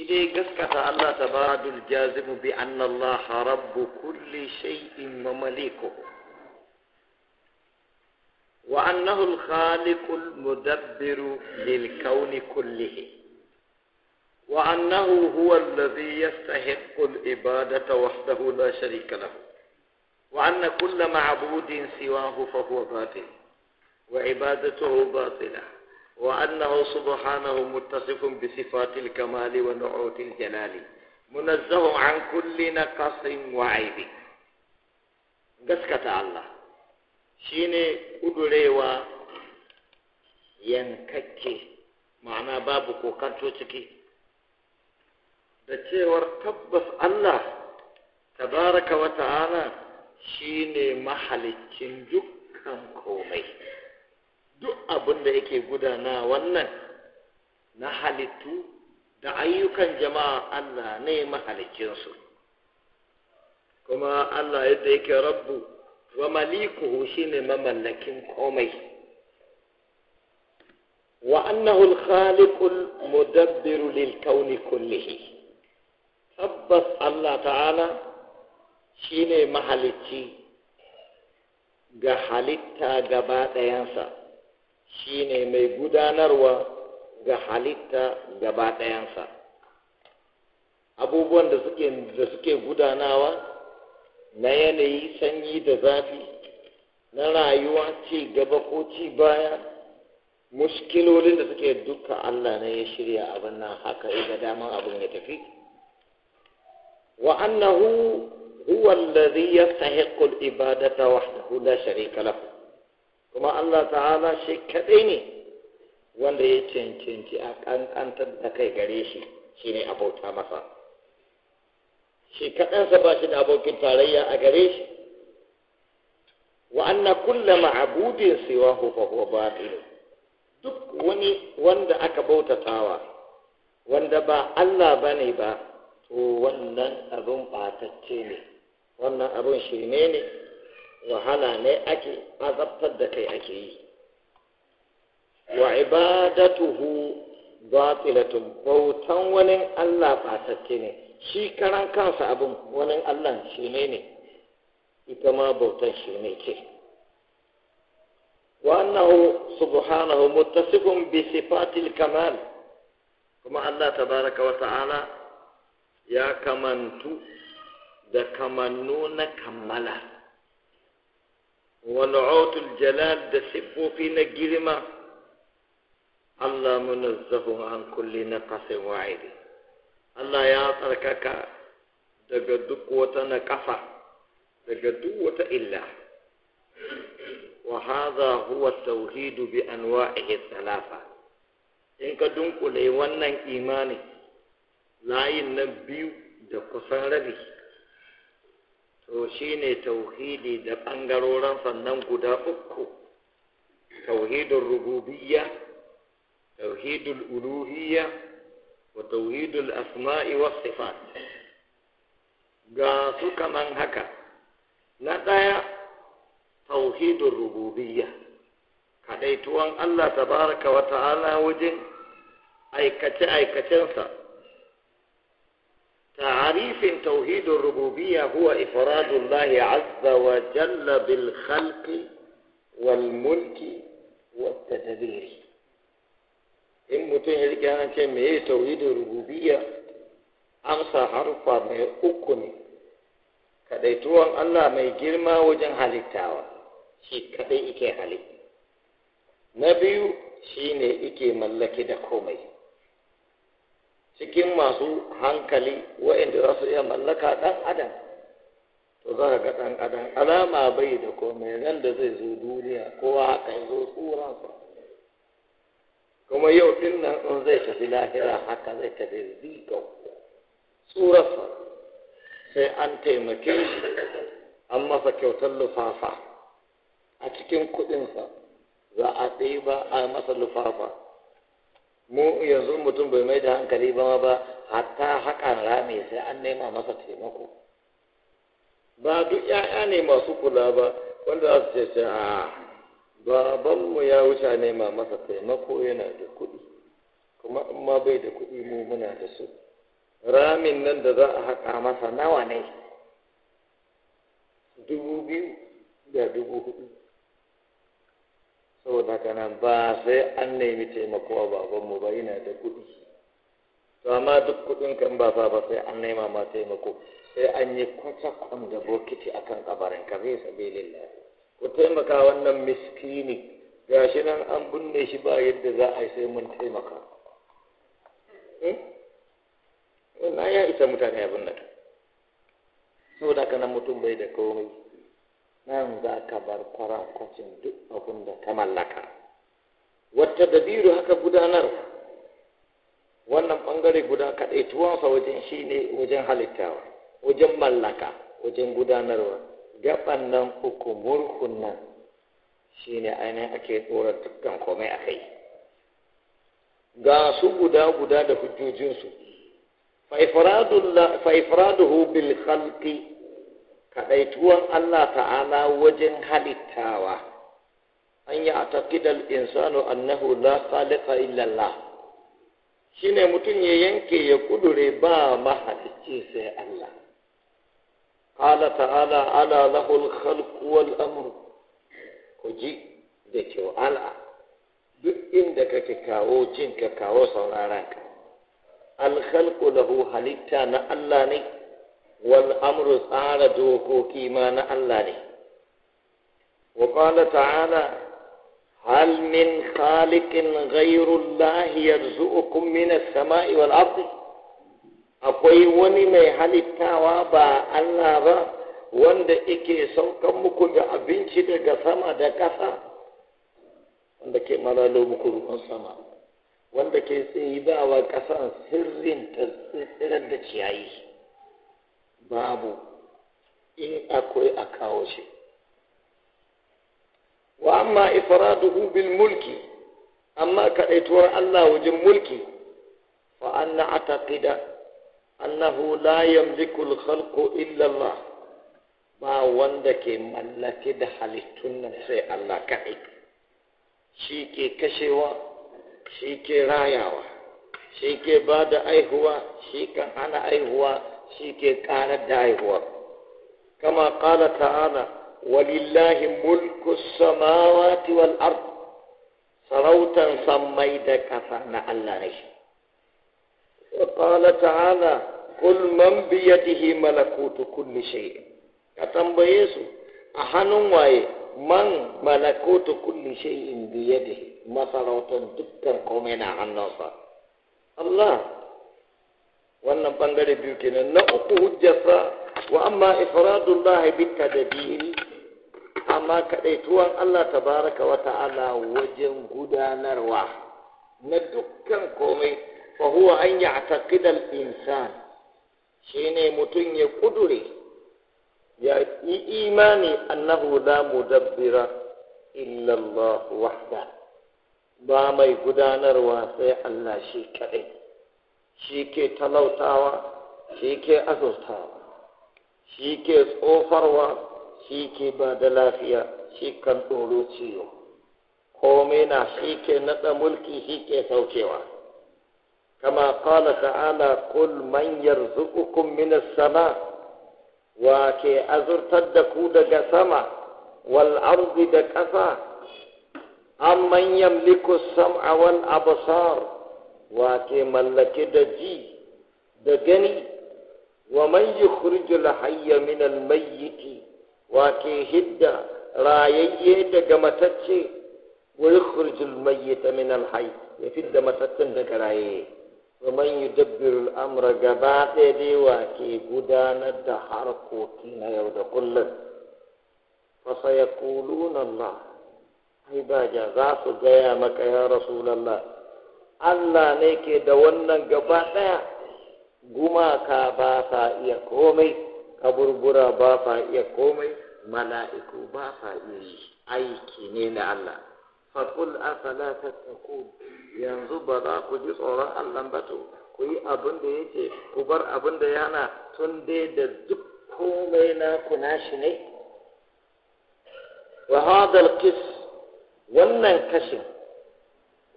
shi dai gaskata Allah tabaradul jazimu bi anna Allah rabbu kulli shay'in wa malikuhu wa annahu al-khaliqul mudabbiru lil kawni kullihi وأنه هو الذي يستحق العبادة وحده لا شريك له وأن كل معبود سواه فهو باطل وعبادته باطلة وأنه سبحانه متصف بصفات الكمال ونعوت الجلال منزه عن كل نقص وعيب قسكت الله شيني أدري و ينككي معنى بابك وكنتوتكي dace war tabbas Allah tabaaraka wa ta'ala shine mahalicin dukkan komai duk abin da yake gudana wannan na halittu da ayyukan jama'a Allah ne mahalicinsu kuma Allah yadda yake rabbu wa malikuhu shine mamallakin komai wa annahu al-khaliqul mudabbiru lil kauni kullihi tabbas Allah ta'ala shine mahalicci ga halitta gaba ɗayansa Shi ne mai gudanarwa ga halitta gaba ɗayansa abubuwan da suke da suke gudanawa na yanayi sanyi da zafi na rayuwa ci gaba ko ci baya muskilolin da suke duka Allah ne ya shirya abin nan haka ga daman abin ya tafi wa annahu huwa alladhi yastahiqqu al-ibadata wahdahu la sharika lahu kuma Allah ta'ala shi kaɗai ne wanda ya cancanci a ƙanƙantar da kai gare shi shi ne abota masa shi kaɗansa ba shi da abokin tarayya a gare shi wa anna kulla ma'abudin siwa fa huwa batil duk wani wanda aka bautatawa wanda ba Allah bane ba to wannan abun batacce ne wannan abun shirme ne wahala ne ake azabtar da kai ake yi wa ibadatuhu batilatun bautan wani Allah batacce ne shi karan kansa abin wani Allah shi ne ne, ita ma bautan shi ne ce wa annahu subhanahu muttasifun bi sifatil kamal kuma Allah tabaraka wa ta'ala ya kamantu da kamannu na kammala wal'autul jalal da siffofi na girma Allah munazzahu an kulli naqasin wa'idi Allah ya tsarkaka daga duk wata naƙasa daga duk wata illa wa hadha huwa tauhidu bi anwa'ihi thalatha in ka dunkule wannan imani layin na biyu da kusan rabi to shine tauhidi da ɓangarorin sannan guda uku tauhidin rububiyya tauhidul uluhiyya wa tauhidul asma'i wa sifat ga su kaman haka na ɗaya tauhidin rububiyya Kaɗaituwan Allah tabaraka wa ta'ala wajen aikace-aikacensa تعريف توحيد الربوبية هو إفراد الله عز وجل بالخلق والملك والتدبير in mutum ya riƙe ana ce me tauhidin rububiyya amsa harfa mai uku ne kaɗaituwan Allah mai girma wajen halittawa shi kaɗai ike halitta na biyu shi ne ike mallaki da komai cikin masu hankali wa'inda za su iya mallaka ɗan adam to za ka ga ɗan adam alama bai da komai nan da zai zo duniya kowa haka ya zo tsuransa kuma yau ɗin nan in zai tafi lahira haka zai tafi zikau tsurarsa sai an taimake shi an masa kyautar lufafa a cikin kuɗinsa za a ba a masa lufafa mu yanzu mutum bai mai da hankali ba ma ba hatta haƙan rami sai an nema masa taimako ba duk ‘ya'ya ne masu kula ba wanda za su ce ce a babanmu ya wuce nema masa taimako yana da kuɗi kuma in ma bai da kuɗi mu muna da su ramin nan da za a haƙa masa nawa ne dubu biyu da dubu hudu saboda haka nan ba sai an nemi taimako a babanmu ba yana da kuɗi to amma duk kuɗin kan ba sa, ba sai an nema ma taimako sai an yi kwatakwan da bokiti akan kabarin ka zai sabi lillahi ku taimaka wannan miskini gashi nan an binne shi ba yadda za a yi sai mun taimaka eh? wannan ya isa mutane abin nan saboda haka nan mutum bai da komai nan za ka bar kwarakwacin duk abin da ka mallaka wata biyu haka gudanar wannan ɓangare guda kaɗai tuwansa wajen shi ne wajen halittawa wajen mallaka wajen gudanarwa gaban nan uku murhun nan shi ne ainihin ake tsoron dukkan komai a kai ga su guda guda da hujjojinsu fa ifraduhu bil khalqi kaɗaituwan Allah ta'ala wajen halittawa an yi a taƙidar insano annahu la khaliqa illallah shine mutum ya yanke ya kudure ba mahalicci sai Allah ala lahul ألا له الخلق ji da ke al'a duk inda kake kawo jinka kawo saurarenka Alkhalku lahu halitta na Allah ne wal amru tsara dokoki ma na Allah ne wa qala ta'ala hal min khaliqin ghayru Allah samai wal akwai wani mai halittawa ba Allah ba wanda yake saukan muku da abinci daga sama da ƙasa wanda ke malalo muku ruwan sama wanda ke tsayi ba ƙasan sirrin ta da ciyayi babu in akwai a kawo shi wa amma ifraduhu bil mulki amma kadaituwar Allah wajen mulki fa anna ataqida annahu la yamliku al khalqu illa Allah ba wanda ke mallake da halittun nan sai Allah kaɗai shi ke kashewa shi ke rayawa shi ke ba da aihuwa shi kan hana aihuwa shi ke karar da haihuwa kama kala ta'ala walillahi mulku samawati wal ard sarautan sammai da kafa na Allah ne shi ta'ala تعالى قل من malakutu ملكوت كل Ka tambaye su a hannun waye man malakutu kulli shay'in biyadihi masarautar dukkan komai na hannunsa Allah wannan bangare biyu kenan na uku hujjarsa wa amma ifradullah bi tadbiri amma kadaituwan Allah tabaraka wa ta'ala wajen gudanarwa na dukkan komai fa huwa an ya'taqida al-insan shine mutum ya kudure ya yi imani annahu la mudabbira illa Allah wahda ba mai gudanarwa sai Allah shi kadai shi ke talautawa shi ke azurtawa shi ke tsofarwa shi ke ba da lafiya shi kan tsoro ciwo komai na shi ke naɗa mulki shi ke saukewa kama kala ta'ala kul manyar yarzuqukum min sama wa ke azurtar da ku daga sama wal ardi da ƙasa An yamliku sam'a wal absar wake mallake da ji da gani wa man yukhrijul hayya min al mayyit wake hidda rayayye daga matacce wa yukhrijul mayyit min al hayy ya fidda matacce daga raye wa man yudabbiru al amra gaba ɗaya wa wake gudanar da harkoki na yau da kullum fa sayaquluna Allah ai ba ja za su gaya maka ya rasulullah Allah ne ke da wannan gaba ɗaya gumaka ba sa iya komai kaburbura ba sa iya komai mala'iku ba sa iya aiki ne na Allah faƙul ta ku yanzu ba za ku ji tsoron Allah ba ku yi abin da ya ku bar abin da yana tun dai da duk komai na ku nashi ne wa hadal kis wannan kashin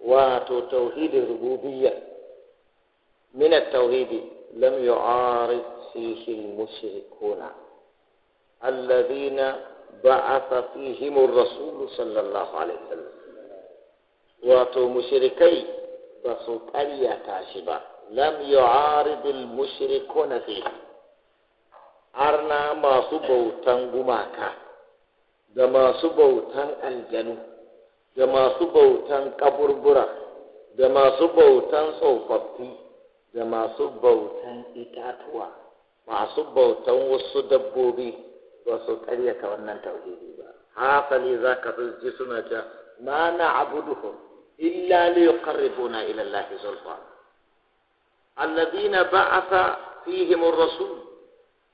وتوحيد الربوبية من التوحيد لم يعارض فيه المشركون الذين بعث فيهم الرسول صلى الله عليه وسلم وتو مشركي بسوكالية تاشبا لم يعارض المشركون فيه أرنا ما سبوتان غماكا دما سبوتان الجنوب da masu bautan kaburbura da masu bautan tsofaffi da masu bautan itatuwa masu bautan wasu dabbobi ba su karyata wannan tauhidi ba hasali za ka ji suna ta ma na abuduhum illa li yuqarribuna ila Allah zulfa alladhina ba'atha fihim ar-rasul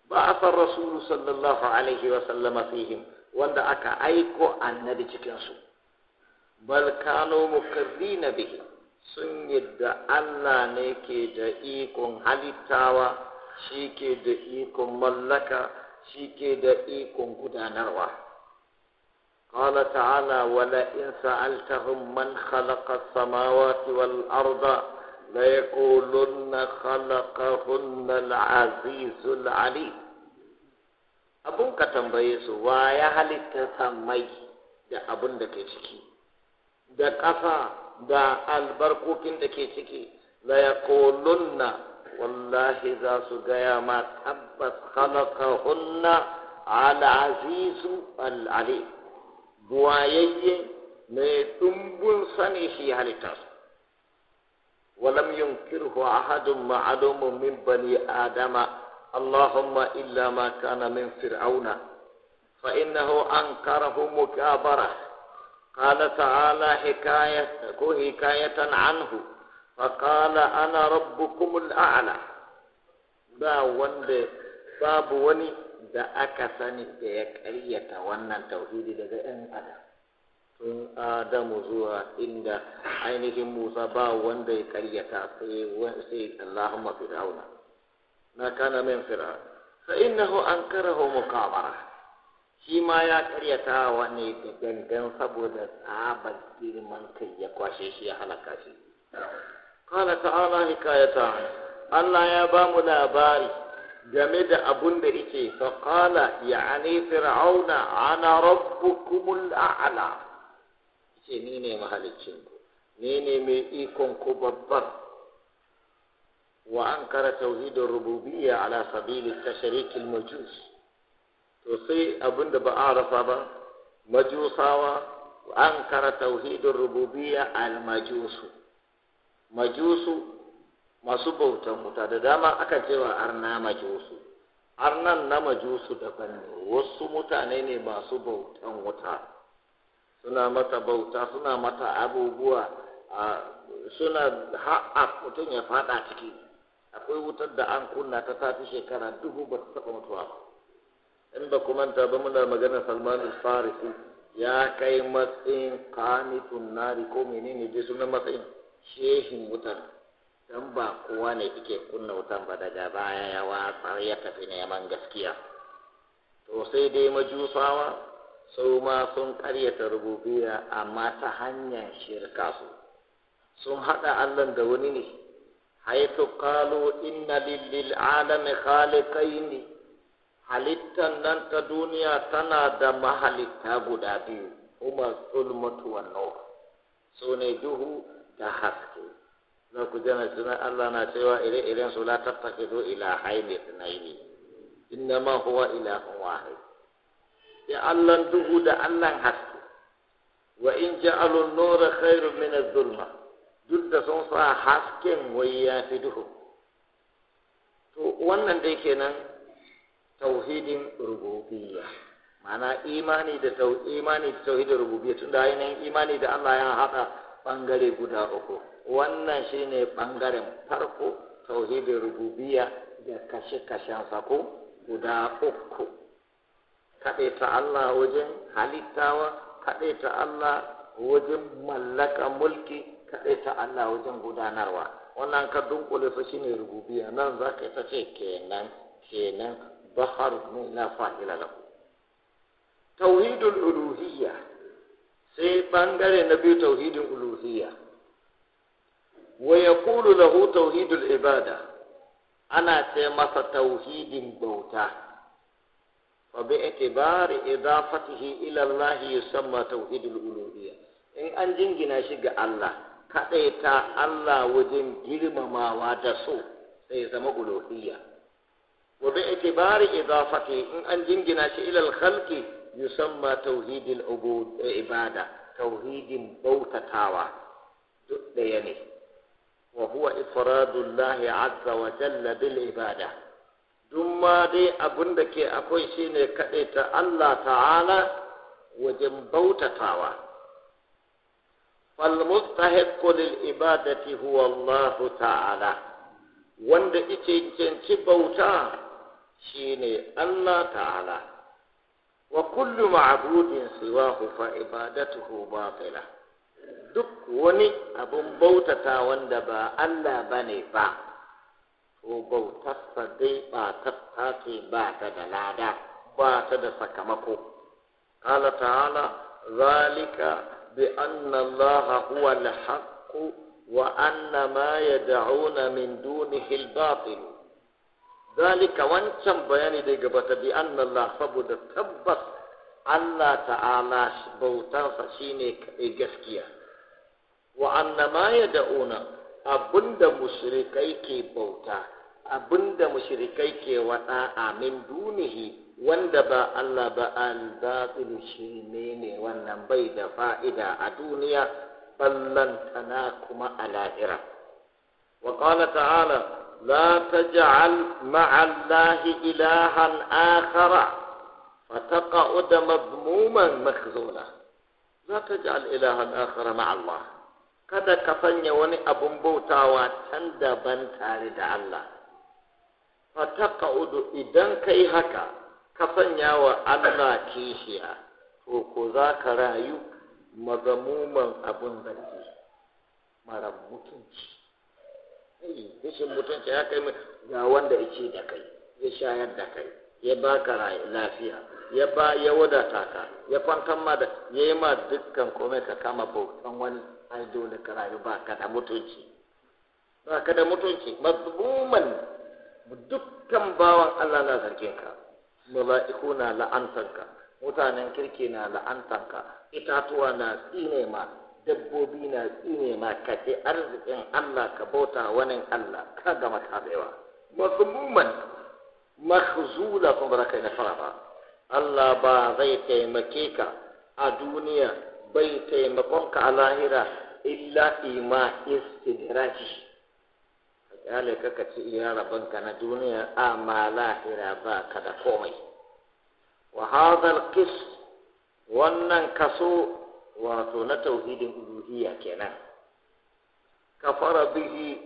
ba'atha ar-rasul sallallahu alaihi wa sallama fihim wanda aka aiko annabi cikin su bal kanu muqirrina bihi sun yadda Allah ne ke da ikon halittawa shi ke da ikon mallaka shi ke da ikon gudanarwa قال تعالى ولئن سألتهم من خلق السماوات والأرض ليقولن خلقهن العزيز العليم abun ka tambaye su wa ya halitta mai da abun da ke ciki da ƙasa da albarkokin da ke ciki la yaqulunna wallahi za su gaya ma tabbas a al azizu al buwayayye ne tumbul sani shi halitta su walam yunkirhu ahadun ma'lumun min Allahuma adama allahumma fir'auna. ma kana min fir'auna fa innahu ankarahu mukabara hala تعالى حكاية حكاية عنه فقال أنا ربكم ala. ba wanda babu wani da aka sani da ya karyata wannan tauhidi daga 'yan adam tun adamu zuwa inda ainihin musa ba wanda ya karyata sai allahumma fir'auna na kana min fir'a fa innahu ankarahu muqabara shi ma ya karyata wani gangan saboda tsabar girman kai ya kwashe shi ya halaka shi kala ta'ala hikayata Allah ya ba mu labari game da abun da yake fa ya ya'ani fir'auna ana rabbukumul a'la ce ni ne mahalicin ku ni ne mai ikon ku babbar wa ankara tauhidur rububiyya ala sabili tashriqil majus to sai abin da ba a rasa ba majusawa an kara tauhidin rububiyya al majusu majusu masu bautan wuta da dama aka cewa arna majusu arnan na majusu daban ne wasu mutane ne masu bautan wuta suna mata bauta suna mata abubuwa suna ha'a mutum ya fada ciki akwai wutar da an kunna ta tafi shekara dubu ba ta taɓa mutuwa ba in ba ku manta ba muna magana salman farisi ya kai matsayin kanitun nari ko menene dai sunan matsayin shehin wutar dan ba kowa ne ike kunna wutan ba daga baya ya watsar ya tafi neman gaskiya to sai dai majusawa sau ma sun karyata rububiya amma ta hanyar shirka su sun haɗa allah da wani ne haitu kalu inna lil alami ne halittan nan ta duniya tana da mahalitta guda biyu umar tsulmatu wa nur su ne duhu da haske za ku jana suna Allah na cewa ire-iren su la tattakidu ila haini tunaini ma huwa ilahun wahid ya Allah duhu da Allah haske wa in ja'alun nura khairun min az-zulma duk da sun sa hasken wai ya fi duhu to wannan dai kenan tauhidin rububiyya mana imani da tau imani da tauhidin rububiyya tun da ainihin imani da Allah ya haɗa bangare guda uku wannan shine bangaren farko tauhidin rububiyya da kashe-kashen sako guda uku kaɗaita Allah wajen halittawa kaɗaita Allah wajen mallaka mulki kaɗaita Allah wajen gudanarwa wannan ka dunkule su shine rububiyya nan za ka ita ce kenan kenan ظهر من لا فاعل له توحيد الألوهية sai bangare na biyu tauhidin uluhiyya wa yaqulu lahu tauhidul ibada ana taimaka tauhidin bauta fa bi itibari idafatihi ila Allah yusamma tauhidul uluhiyya in an jingina shi ga Allah ta Allah wajen girmamawa da so sai zama uluhiyya wa bi itibari idafati in an jingina shi ila al-khalqi yusamma tauhidil e, tauhidin bautatawa duk ɗaya ne wa huwa ifradullahi azza wa jalla bil ibada duk dai abin da ke akwai shine ta Allah ta'ala wajen bautatawa fal mustahiqqu lil ibadati huwa Allah ta'ala wanda ice cancanci bauta Shi ne Allah ta'ala wa kullu ma'budin siwahu fa ibadatuhu batila duk wani abun bautata wanda ba Allah bane ba to bautarsa dai ba ta take ba ta da lada ba ta da sakamako qala ta'ala zalika bi anna Allah huwa al-haqq wa anna ma yad'una min dunihi al-batil zalika wancan bayani da gabata bi annallah saboda tabbas Allah ta'ala bautansa shine kaɗai gaskiya wa annama ya da'una abinda mushrikai ke bauta abinda mushrikai ke wada amin dunihi wanda ba Allah ba al-batil shine ne wannan bai da fa'ida a duniya ballantana kuma a lahira wa qala ta'ala لا تجعل مع الله إلها آخر فتقعد مذموما مخذولا لا تجعل إلها آخر مع الله kada ka sanya wani abun bautawa can daban tare da Allah fataqa'udu idan ka yi haka ka sanya wa Allah kishiya to ko za ka rayu mazamuman abun ke mara mutunci rashin mutunci ya kai ga wanda ya da kai ya shayar da kai ya baka lafiya ya ba ya wadata ka ya kwantar ma da ya yi ma dukkan komai ka kama bautan wani ai dole ka rayu ba ka da mutunci ba ka da mutunci mazmuman dukkan bawan Allah na zargin ka mala'iku na la'antanka mutanen kirki na la'antanka itatuwa na tsine ma dabbobi na tsine ma ka ce arzikin Allah ka bauta wani Allah ka gama ka baiwa mazmuman mahzula kuma ba kai nasara ba Allah ba zai taimake ka a duniya bai taimakon ka a lahira illa ima istidraji kyale ka ka ci iya rabanka na duniya amma lahira ba ka da komai wa hadha wannan kaso wato na tauhidin uluhiyya kenan kafara bihi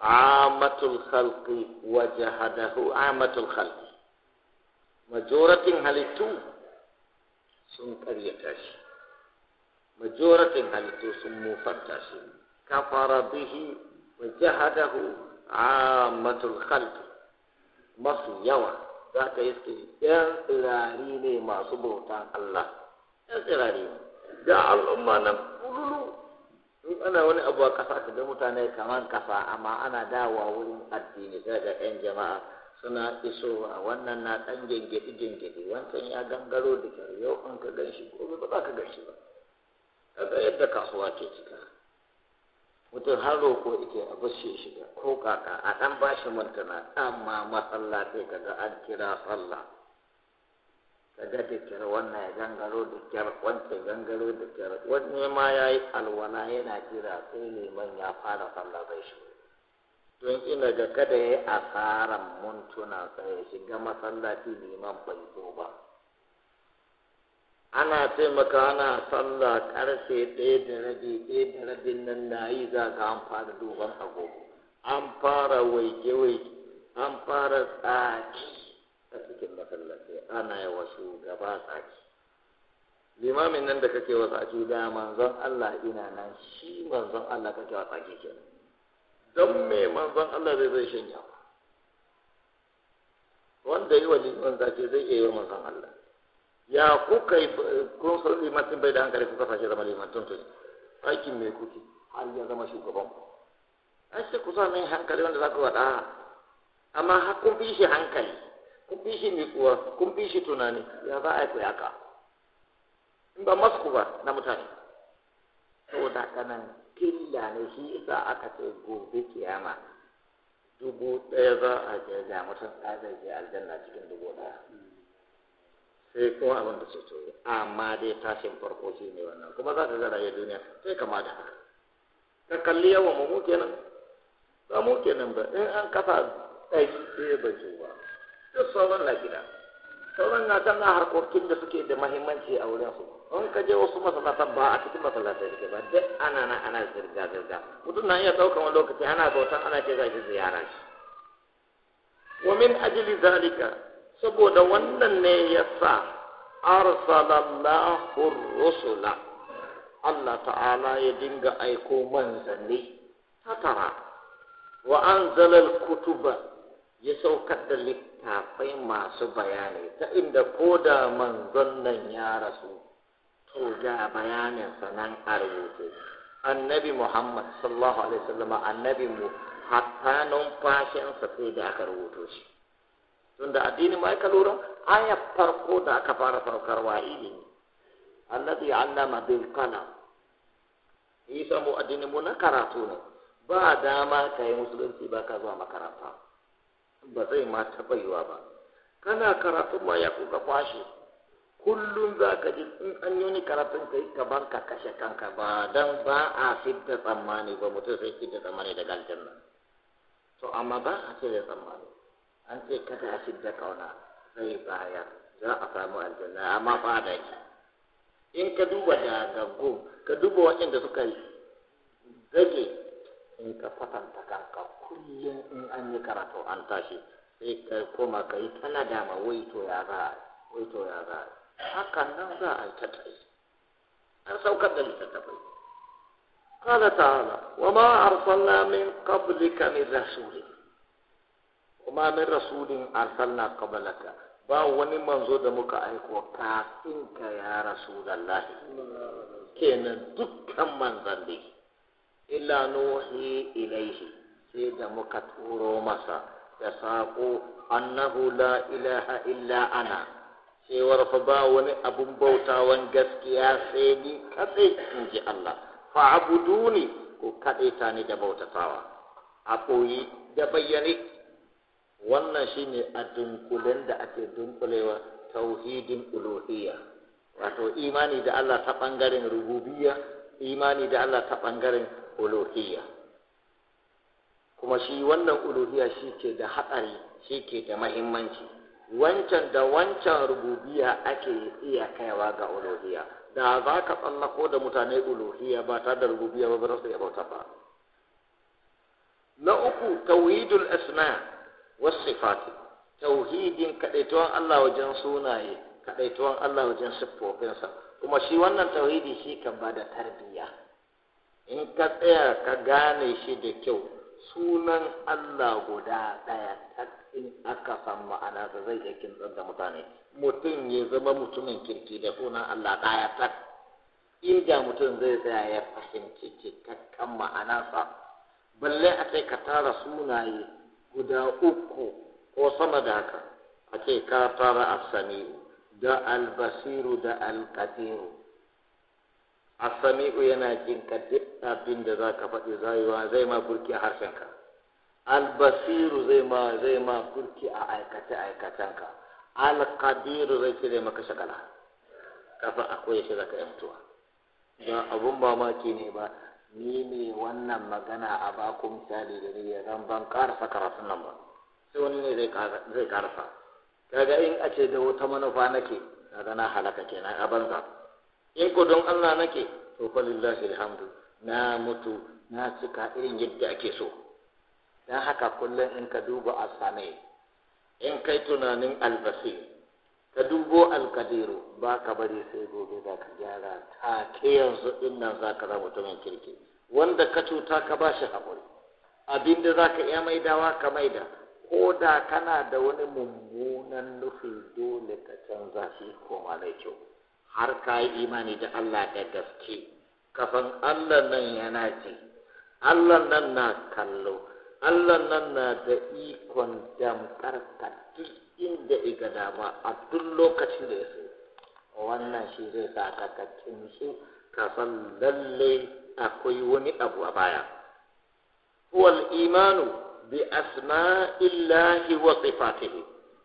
amatul khalqi wa jahadahu amatul khalqi majoratin halittu sun karyata shi majoratin halittu sun mufanta shi kafara bihi wa jahadahu amatul khalqi masu yawa za ka yi su yan tsirari ne masu bautan Allah yan tsirari ne ga al'umma nan kululu. in ana wani abu a kasa shiga mutane kamar kasa amma ana dawowa wurin addini sai ga yan jama'a suna iso a wannan na dan gengedi gengedi wancan ya gangaro da kyau yau in ka gan shi gobe ba za ka gan shi ba kaga yadda kasuwa ke cika mutum har roko ike a bashe shiga ko kaka a dan bashi mantana amma masallaci kaga an kira sallah kaga da kyar wannan ya gangaro da kyar wancan gangaro da kyar wani ma ya yi alwala yana jira sai liman ya fara sallah shi don ina ga kada ya yi asaran muntuna sai ya shiga masallaci liman bai zo ba ana taimaka ana sallah karfe ɗaya da rabi ɗaya da rabin nan na yi za ka an fara duban agogo an fara waike-waike an fara tsaki a cikin masallaci ana wa shugaba tsaki limamin nan da kake wa tsaki da manzon Allah ina nan shi manzon Allah kake wa tsaki cikin don me manzon Allah zai zai shanya wanda yi wa liman zaki zai iya yi wa manzon Allah ya kuka yi kun san limatin bai da hankali kuka fashe zama limatin tun? aikin mai kuke har ya zama shugaban ku an ce ku sa mai hankali wanda za ku waɗa amma har kun fi shi hankali kun fi shi nutsuwa kun fi shi tunani ya za a yi haka in ba masku ba na mutane saboda haka nan killa ne shi isa aka ce gobe kiyama dubu ɗaya za a je ga mutum ɗaya je aljanna cikin dubu ɗaya sai kuma abin da ceto amma dai tashin farko shi ne wannan kuma za ka ga rayuwar duniya sai kama da haka ka kalli yawan mu kenan ba mu kenan ba in an kafa ɗari ɗaya ba ba duk sauran na gida sauran na kan harkokin da suke da mahimmanci a wurin su in ka je wasu masalatan ba a cikin masalatan suke ba duk ana na ana zirga zirga mutum na iya ɗaukan wani lokaci ana bautan ana ce za shi ziyara shi wa min ajli zalika saboda wannan ne ya sa arsalallahu rusula Allah ta'ala ya dinga aiko manzanni ta tara wa an zalal kutuba ya saukar da littafai masu bayani ta inda ko da manzon nan ya rasu to ga bayanin sanan a rubutu. annabi muhammad sallallahu alaihi wasallam annabi mu hatta numfashinsa sai da aka rubuto shi tunda addini ma ka lura ayar farko da aka fara saukarwa ilimi Annabi allama bil qalam isa mu addini mu na karatu ne ba dama kai musulunci ba ka zuwa makaranta ba zai ma taɓa yiwa ba kana karatun ma ya kuka kwashe kullum za ka ji in an yi wani karatun kai ka bar ka kashe kanka ba dan ba a fidda tsammani ba mutum sai fidda tsammani daga aljanna to amma ba a ce da tsammani an ce kada a fidda kauna zai bayar za a samu aljanna amma ba da ki in ka duba da gaggo ka duba waɗanda suka rage in ka kwatanta kanka kullum in an yi karatu an tashi sai ka koma ka yi tana dama wai to ya za a wai to ya za a hakan nan za a yi ta tsaye an saukar da littattafai قال تعالى وما أرسلنا من قبلك من رسول وما من رسول أرسلنا قبلك ba wani manzo da muka aiko kafin ka ya rasulallahi kenan dukkan manzanni illa nuhi ilaihi sai da muka turo masa da saƙo annahu la ilaha illa ana cewar fa ba wani abun bautawan gaskiya sai ni kaɗai in ji Allah ni ko kaɗai ta ni da bautatawa a koyi da bayyane wannan shine a dunkulen da ake dunkulewa tauhidin uluhiyya wato imani da Allah ta ɓangaren rububiyya imani da Allah ta ɓangaren uluhiyya kuma shi wannan uluhiyya shi ke da hatsari shi ke da mahimmanci wancan da wancan rububiya ake iya kaiwa ga uluhiyya da za ka tsallako da mutane uluhiyya ba tare da rububiya ba ba su iya bauta ba na uku tauhidul asma wa sifati tauhidin kadaituwan Allah wajen sunaye kadaituwan Allah wajen siffofinsa kuma shi wannan tauhidi shi kan da tarbiyya in ka tsaya ka gane shi da kyau sunan Allah guda ɗaya in aka san ma'anarsa zai iya kintsar da mutane mutum ya zama mutumin kirki da sunan Allah ɗaya tak inda mutum zai tsaya ya fahimci cikakken ma'anarsa balle a kai ka tara sunaye guda uku ko sama da haka a kai ka tara asami'u da albasiru da alkadiru asami'u yana jin ka duk abin da za ka faɗi zayuwa zai ma burki a harshenka albasiru zai ma zai ma burki a aikace aikacenka alkadiru zai cire maka shakala kafa akwai shi zaka yi mutuwa ba abun mamaki ne ba ni ne wannan magana a baku misali da ni zan ban karasa karatun nan ba sai wani ne zai karasa kaga in a ce da wata manufa nake kaga na halaka kenan a banza in ko don Allah nake to fa lillahi alhamdu na mutu na cika irin yadda ake so dan haka kullum in ka duba asane in kai tunanin albasi ka dubo alkadiru ba ka bari sai gobe za ka gyara ta ke yanzu din nan za ka zama mutumin kirki wanda ka cuta ka ba shi haƙuri abinda za ka iya maidawa ka maida ko da kana da wani mummunan nufin dole ka canza shi koma mai kyau har ka yi imani da Allah da gaske kafan Allah nan yana ji Allah nan na kallo Allah nan na da ikon damkar ka duk inda iga dama a duk lokacin da ya so wannan shi zai sa ka ka kinsu kafan lalle akwai wani abu a baya huwal imanu bi asma'illahi wa sifatihi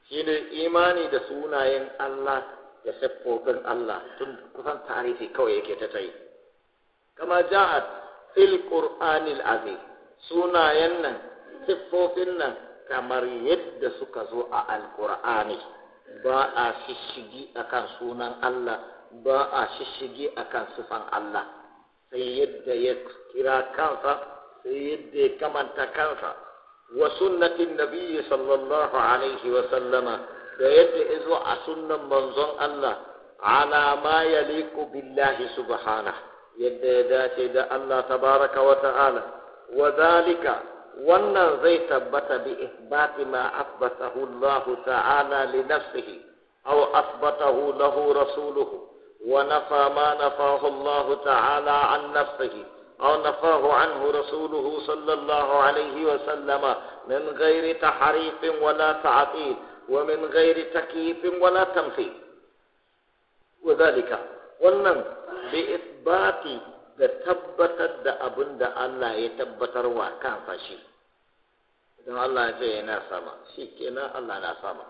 shine imani da sunayen Allah da siffofin Allah tun kusan tarihi kawai yake ta ta yi kama ja'at fil qur'anil azim sunayen nan siffofin nan kamar yadda suka zo a alqur'ani ba a shishigi akan sunan Allah ba a shishigi akan sifan Allah sai yadda ya kira kansa sai yadda ya kamanta kansa wa sunnatin nabiyyi sallallahu alaihi wa sallama da yadda ya zo a sunnan manzon Allah ala ma yaliqu billahi subhana yadda ya dace da Allah tabaraka wa ta'ala wa zalika wannan zai tabbata bi isbati ma asbatahu Allah ta'ala li nafsihi aw asbatahu lahu rasuluhu wa nafa ma nafahu Allah ta'ala an nafsihi أو نفاه عنه رسوله صلى الله عليه وسلم من غير تحريف ولا تعطيل ومن غير تكييف ولا تمثيل وذلك wannan bi'ithbati da tabbatar da abin da Allah ya tabbatar wa kansa shi idan Allah ya ce yana sama shi kenan Allah na sama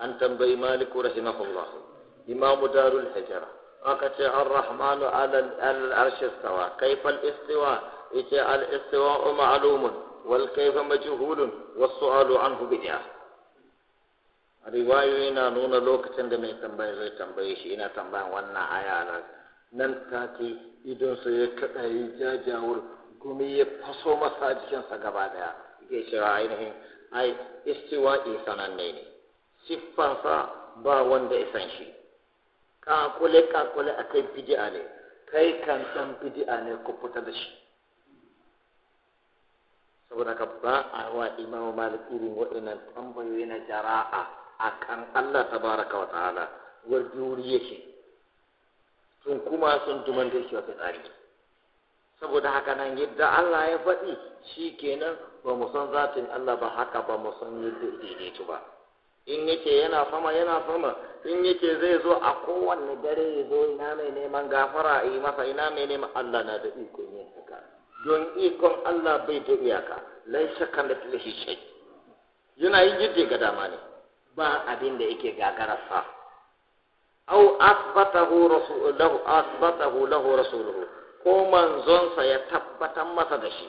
an tambayi maliku rahimahullah imamu darul hijra aka ce ar-rahmanu ala al-arshi istawa kayfa al-istiwa yace al-istiwa ma'lumun wal kayfa majhulun was-su'alu anhu bid'ah riwayoyi na nuna lokacin da mai tambaya zai tambaye shi ina tambayan wannan aya na nan take idon sa ya kada yi jajawar gumi ya faso masa jikinsa gaba daya yake cewa ainihin ai istiwa'i sananne ne siffansa ba wanda ya san shi kakule kakule akai bidi'a ne kai kan san ne ku fita da shi saboda ka ba a wa imamu malik irin waɗannan tambayoyi na jara'a akan Allah tabaraka wa ta'ala war juriye yake, sun kuma sun tumanta shi wata tsari saboda haka nan yadda Allah ya faɗi shi kenan ba mu san zatin Allah ba haka ba mu san yadda daidaitu ba in yake yana fama yana fama in yake zai zo a kowanne dare ya zo ina mai neman gafara a yi masa ina mai neman Allah na da ikon yin haka don ikon Allah bai da iyaka lai shakkan da tilashi shai yana yi yadda ga dama ne ba abin da yake gagararsa au asbatahu rasuluhu asbatahu lahu rasuluhu ko manzonsa ya tabbatar masa da shi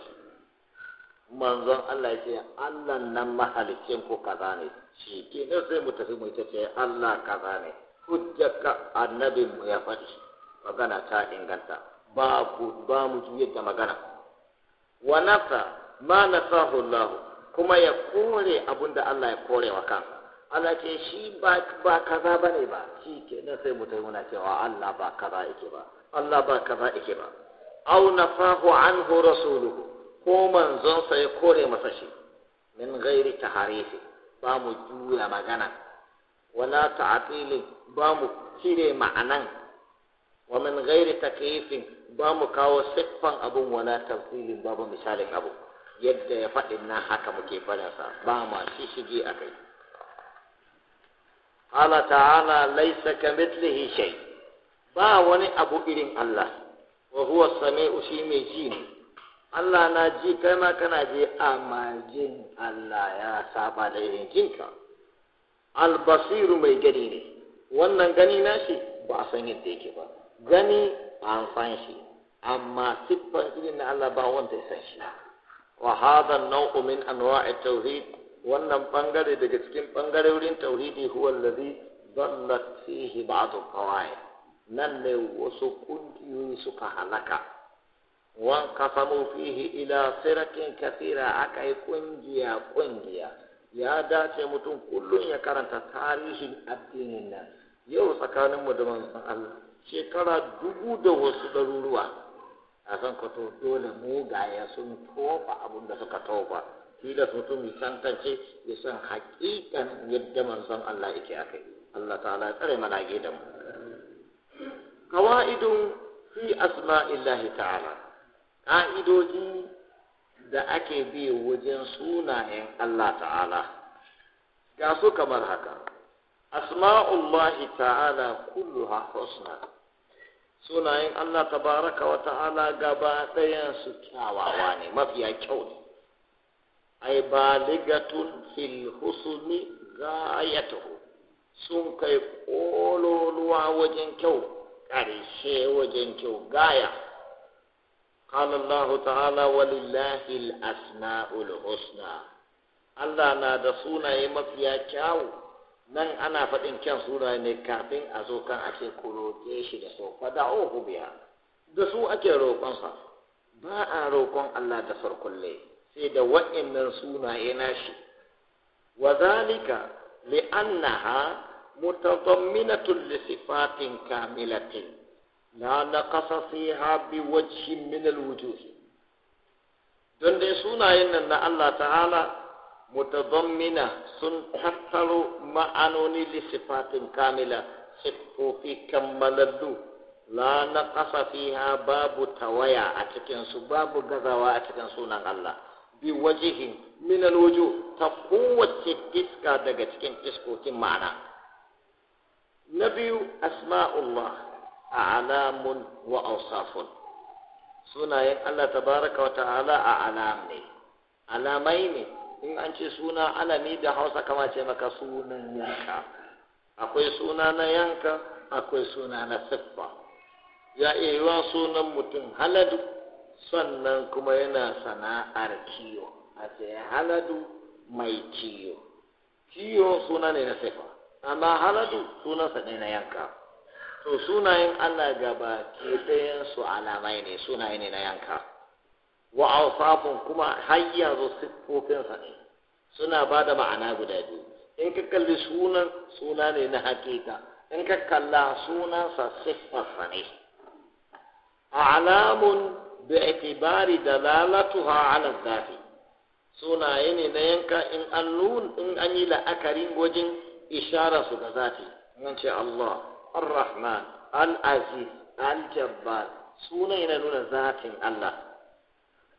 manzon Allah ya ce Allah nan mahalicin ko kaza ne shi ke ne sai mu tafi mu ita ce eh, Allah kaza ne hujjaka annabi mu ya faɗi magana ta inganta ba ku ba mu juye da magana wa nasa ma nasahu Allah kuma ya kore abunda Allah ya kore wa kansa Allah ce shi ba kaza ba ne ba shi ke nan sai mu tai muna cewa Allah ba kaza yake ba Allah ba kaza yake ba aw nafahu anhu rasuluhu ko manzon sa ya kore masa shi min ghairi taharifi ba mu juya magana wala ta'tili ba mu cire ma'anan wa min ghairi takyifin ba mu kawo siffan abun wala ba babu misalin abu yadda ya faɗin na haka muke sa ba ma shi shige a kai qala ta'ala laysa kamithlihi shai. ba wani abu irin Allah wa huwa samiu shi mai ji ne Allah na ji kai ma kana ji amma jin Allah ya saba da irin jinka albasiru mai gani ne wannan gani na shi ba a san yadda yake ba gani an san shi amma siffan irin na Allah ba wanda ya san shi wa hadha an anwa'i tawhid wannan bangare daga cikin bangarorin tauhidi huwa allazi dallat fihi ba'd al nan ne wasu kungiyoyi suka halaka wan kasamu fihi ila sirakin kathira aka yi kungiya kungiya ya dace mutum kullum ya karanta tarihin addinin nan yau mu da manzon Allah shekara dubu da wasu ɗaruruwa a san ka to dole mugaye sun tofa abin da suka tofa tilas mutum ya san kance ya san hakikan yadda manzon Allah yake akai Allah ta'ala ya tsare mana gidan mu qawaidun fi asma'illahi ta'ala ka'idoji da ake bi wajen sunayen Allah ta'ala ga su kamar haka asma'ullah ta'ala kulluha husna sunayen Allah tabaraka wa ta'ala gaba ɗayan su kyawawa ne mafiya kyau ne ay baligatun fil husni gayatuhu sun kai kololuwa wajen kyau ƙarshe wajen kyau gaya قال الله تعالى ولله الأسماء Allah na da sunaye mafiya kyawu nan ana faɗin kyan sunaye ne kafin a zo kan ake ku shi da so fada'uhu biya da su ake roƙonsa ba a roƙon Allah da farkulle sai da wa'annan sunaye nashi wa zalika li'annaha mutadamminatul li sifatin kamilatin la naqasa fiha bi wajhin min al-wujuh don dai sunayen nan na Allah ta'ala mutadammina sun tattaro ma'anoni li sifatin kamila siffofi kammaladu la naqasa fiha babu tawaya a cikin su babu gazawa a cikin sunan Allah bi wajihin min alwujuh ta kowace iska daga cikin iskokin ma'ana na biyu asma'ullah a'lamun wa awsafun sunayen Allah tabaraka wa ta'ala a alam ne alamai ne in an ce suna alami da hausa kama ce maka sunan yanka akwai suna na yanka akwai suna na siffa ya iya wa sunan mutum haladu sannan kuma yana sana'ar kiyo a sai haladu mai kiyo kiyo suna ne na sefa amma haladu suna ne na yanka to sunayen Allah gaba ke su alamai ne sunaye ne na yanka wa awsafun kuma har yanzu siffofinsa ne suna ba da ma'ana guda biyu in ka kalli sunan suna ne na hakika in ka kalla sunansa siffarsa ne alamun bi'tibari dalalatuha ala zafi sunaye na yanka in an in an yi la'akarin wajen ishara su ga zafi nan Allah ar-Rahman al-Aziz al-Jabbar sunaye nuna zafin Allah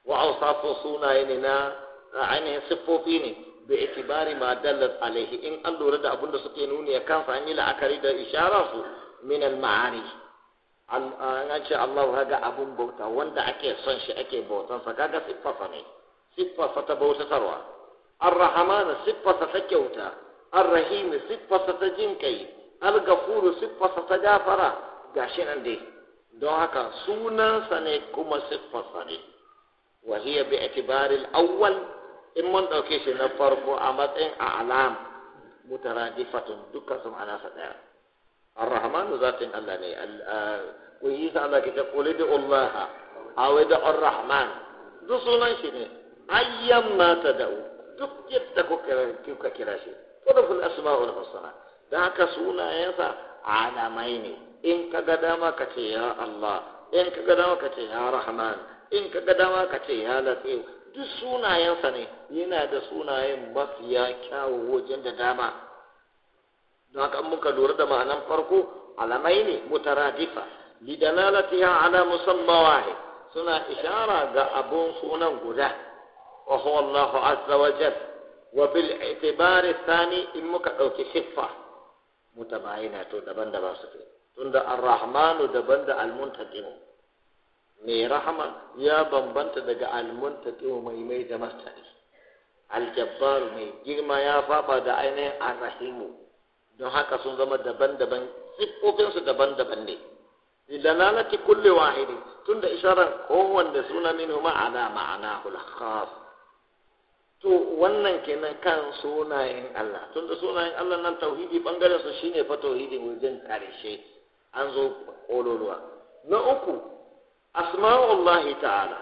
wa awsafu sunaye ne na ainihin siffofi ne bi itibari ma dallat alaihi in an lura da abunda suke nuni ya anyi la'akari da ishararsu su min an ce Allah ga abun bauta wanda ake son shi ake bautansa kaga siffasa ne siffasa ta bautatarwa ar-rahman siffasa ta kyauta ar-rahim siffasa ta jin kai al ghafuru siffasa ta gafara gashi nan dai don haka sunansa ne kuma siffasa ne wa hiya bi itibari al-awwal in mun dauke shi na farko a matsayin a'lam mutaradifatun dukkan su sa daya zatin allah ne. Kun الرحمن ذات الله ني ويجيس الله كده قل ادعوا الله او ادعوا الرحمن دو سنن شي ني ايما تدعو duk yadda ka kira shi wadafin asma'ul husna da haka sunayensa alamai ne in ka ga dama ka ce ya Allah in ka ga dama ka ce ya Rahman in ka ga dama ka ce ya Latif duk sunayensa ne yana da sunayen mafiya kyawu wajen da dama don haka muka lura da ma'anan farko alamai ne mutaradifa dalalatiha ala musamma wahid suna ishara ga abun sunan guda wa huwa Allahu azza wa jal wa bil i'tibar thani in muka dauki siffa mutabayina to daban-daban ke tunda ar daban da al-muntaqim mai rahama ya bambanta daga al-muntaqim mai mai da martani al-jabbar mai girma ya faɓa da ainihin ar-rahimu don haka sun zama daban-daban siffofinsu daban-daban ne lilalati kulle wahidi tunda isharar kowanne suna min ma'ana ma'ana, ma'anahul khas to wannan kenan kan sunayen Allah tunda sunayen Allah nan tauhidi bangaren su shine fa tauhidi wajen karshe an zo kololuwa na uku asma'ullahi ta'ala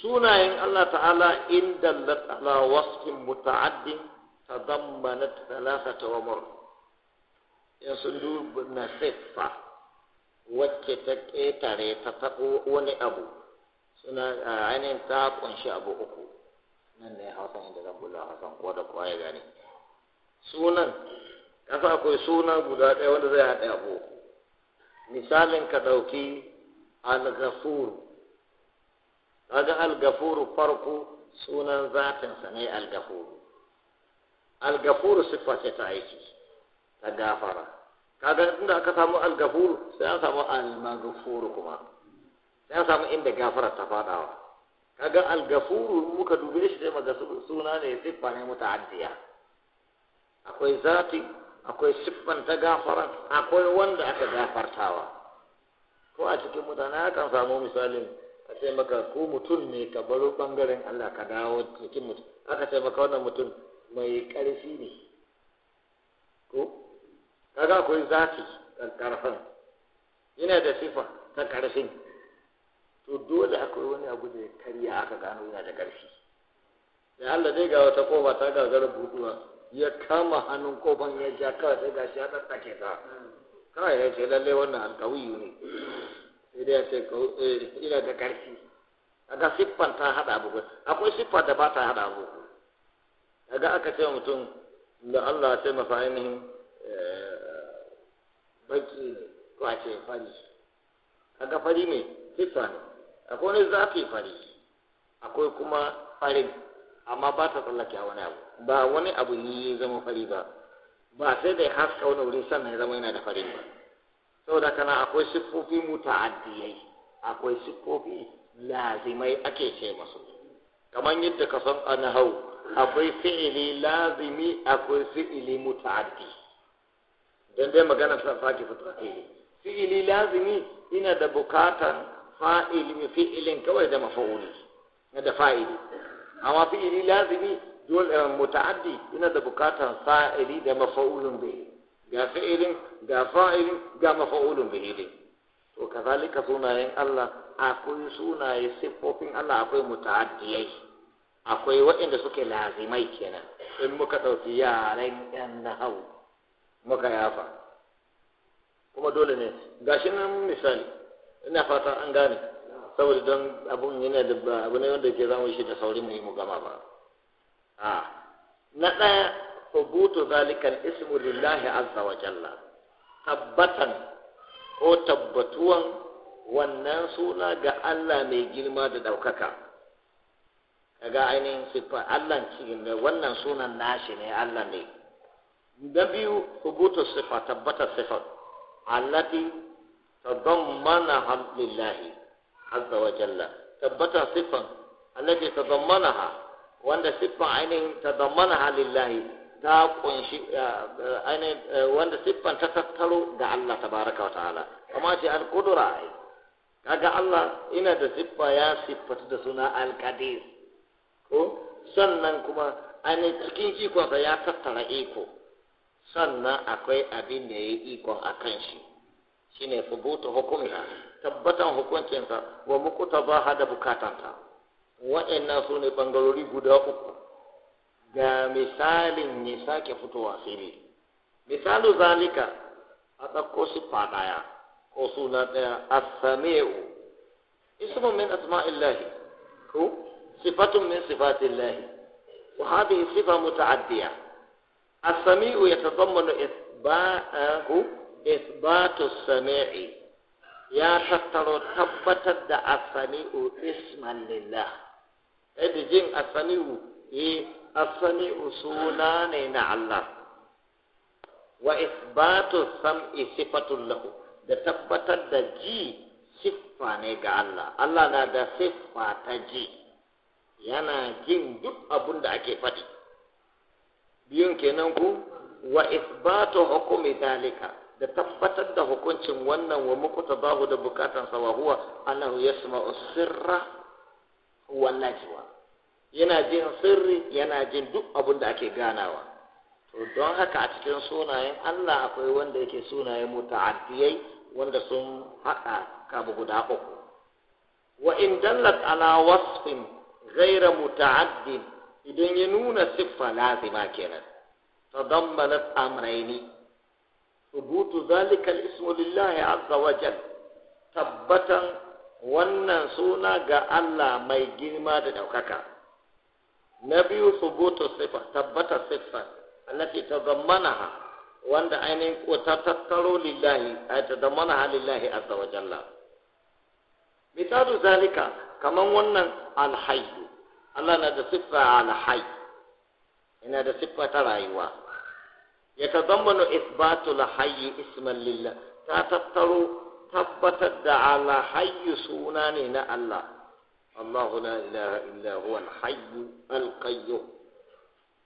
sunayen Allah ta'ala in dallat ala wasfin muta'addin tadammanat thalathata umur in sun duba na fa. wacce ta ƙetare ta taɓo wani abu suna ainihin ta ƙunshi abu uku nan ne hausa inda zan bula hausa ko da kowa ya gani. sunan kasa akwai suna guda ɗaya wanda zai haɗe abu misalin ka ɗauki AlGafuru, kaga al farko sunan zatinsa ne AlGafuru. AlGafuru sifa ce ta aiki ta gafara kaga inda aka samu al-gafur sai an samu al-maghfur kuma sai an samu inda gafara ta fadawa kaga al-gafur muka dube shi sai maga suna ne siffa ne muta'addiya akwai zati akwai siffan ta gafara akwai wanda aka gafartawa ko a cikin mutane akan samu misalin a ce maka ko mutum ne ka baro bangaren Allah ka dawo cikin mutum aka ce maka wannan mutum mai ƙarfi ne ko kaga akwai zati kan ƙarfin yana da sifa ta ƙarfin to dole akwai wani abu da ya karya aka gano yana da ƙarfi, da Allah dai ga wata kofa ta gagara buduwa ya kama hannun kofan ya ja kawai sai gashi ya tsattsake ta kawai ya ce lalle wannan alkawiyu ne sai dai ya ce eh, ina da ƙarfi a ga siffan ta haɗa abu akwai siffa da ba ta haɗa abu ga aka ce mutum da Allah ya masa ainihin eh, baki ne ko a ce fari kaga fari ne sifa ne akwai wani zafi fari akwai kuma farin amma ba ta tsallake wani abu ba wani abu ne ya zama fari ba ba sai da haska wani wurin sannan ya zama yana da farin ba saboda kana akwai siffofi addiyai akwai siffofi lazimai ake ce masu kamar yadda ka san hau akwai fi'ili lazimi akwai fi'ili muta'addi don dai magana sa faki fitrati eh, fi'ili lazimi ina da bukatan fa'ili fi'ilin kawai da mafa'uli na da fa'ili amma fi'ili lazimi dole eh, muta'addi ina da bukatan fa'ili da mafa'ulun bihi ga fi'ilin ga fa'ilin ga mafa'ulun bihi din to kazalika sunayen Allah akwai sunaye siffofin Allah akwai muta'addiyai akwai waɗanda suke lazimai kenan in muka ɗauki yaren yan nahau muka yafa kuma dole ne gashi nan misali ina fata an gane saboda don abun yana da abu ne wanda ke zamu shi da sauri mu yi mu gama ba a na ɗaya hubutu zalikal ismu lillahi azza wa jalla tabbatan ko tabbatuwan wannan suna ga Allah mai girma da ɗaukaka kaga ainihin sifa Allah cikin wannan sunan nashi ne Allah ne na biyu hubutu sifa tabbatar sifa allati tadammana hamdillahi azza wa jalla Tabbata sifan allati tadammanaha wanda siffan ainihin tadammanaha lillahi ta kunshi aini eh, wanda siffan ta tattaro da Allah tabaraka wa ta'ala kuma ce al-qudura kaga Allah ina da siffa ya siffatu da suna al-qadir ko sannan kuma aini cikin ikonsa ya tattara iko sannan akwai abin da ya yi ikon a kan shi shine fubutu hukumiha tabbatan hukuncinsa wa mukuta ba hada bukatanta wa'annan su ne bangarori guda uku ga misalin ya sake fitowa sai misalu zalika a ɗauko su fadaya ko suna ɗaya as-sami'u ismu min asma'illahi ko sifatun min sifatillahi wa hadhihi sifa muta'addiya as-sami'u yatadammanu isba'ahu isbatu as-sami'i ya tattaro tabbatar da as-sami'u isman lillah da jin as-sami'u eh as-sami'u suna ne na Allah wa isbatu sam'i sifatun lahu da tabbatar da ji siffa ne ga Allah Allah na da siffa ta ji yana jin duk abunda da ake faɗi biyun kenan ku wa isbatu hukumi dalika da tabbatar da hukuncin wannan wa mukuta bahu da bukatansa wa huwa annahu yasma'u sirra huwa najwa yana jin sirri yana jin duk abin da ake ganawa to don haka a cikin sunayen Allah akwai wanda yake sunayen muta'addiyai wanda sun haɗa kabu guda uku wa in dallat ala wasfin ghayra muta'addin idan ya nuna siffa lazima kenan ta tadammanat amrayni Zalika, ذلك الاسم لله عز wajen tabbatan wannan suna ga Allah mai girma da ɗaukaka na biyu subutu sifa tabbata sifa allati tazammanaha wanda ainihin ko ta tattaro lillahi ay tazammanaha lillahi azza wa jalla misalu zalika kaman wannan alhayyu Allah na da siffa alhai yana da siffa ta rayuwa ya tazammanu isbatul hayyi isman lillah ta tattaro tabbatar da alhayyu suna ne na Allah الله لا إله إلا wa الحي القيوم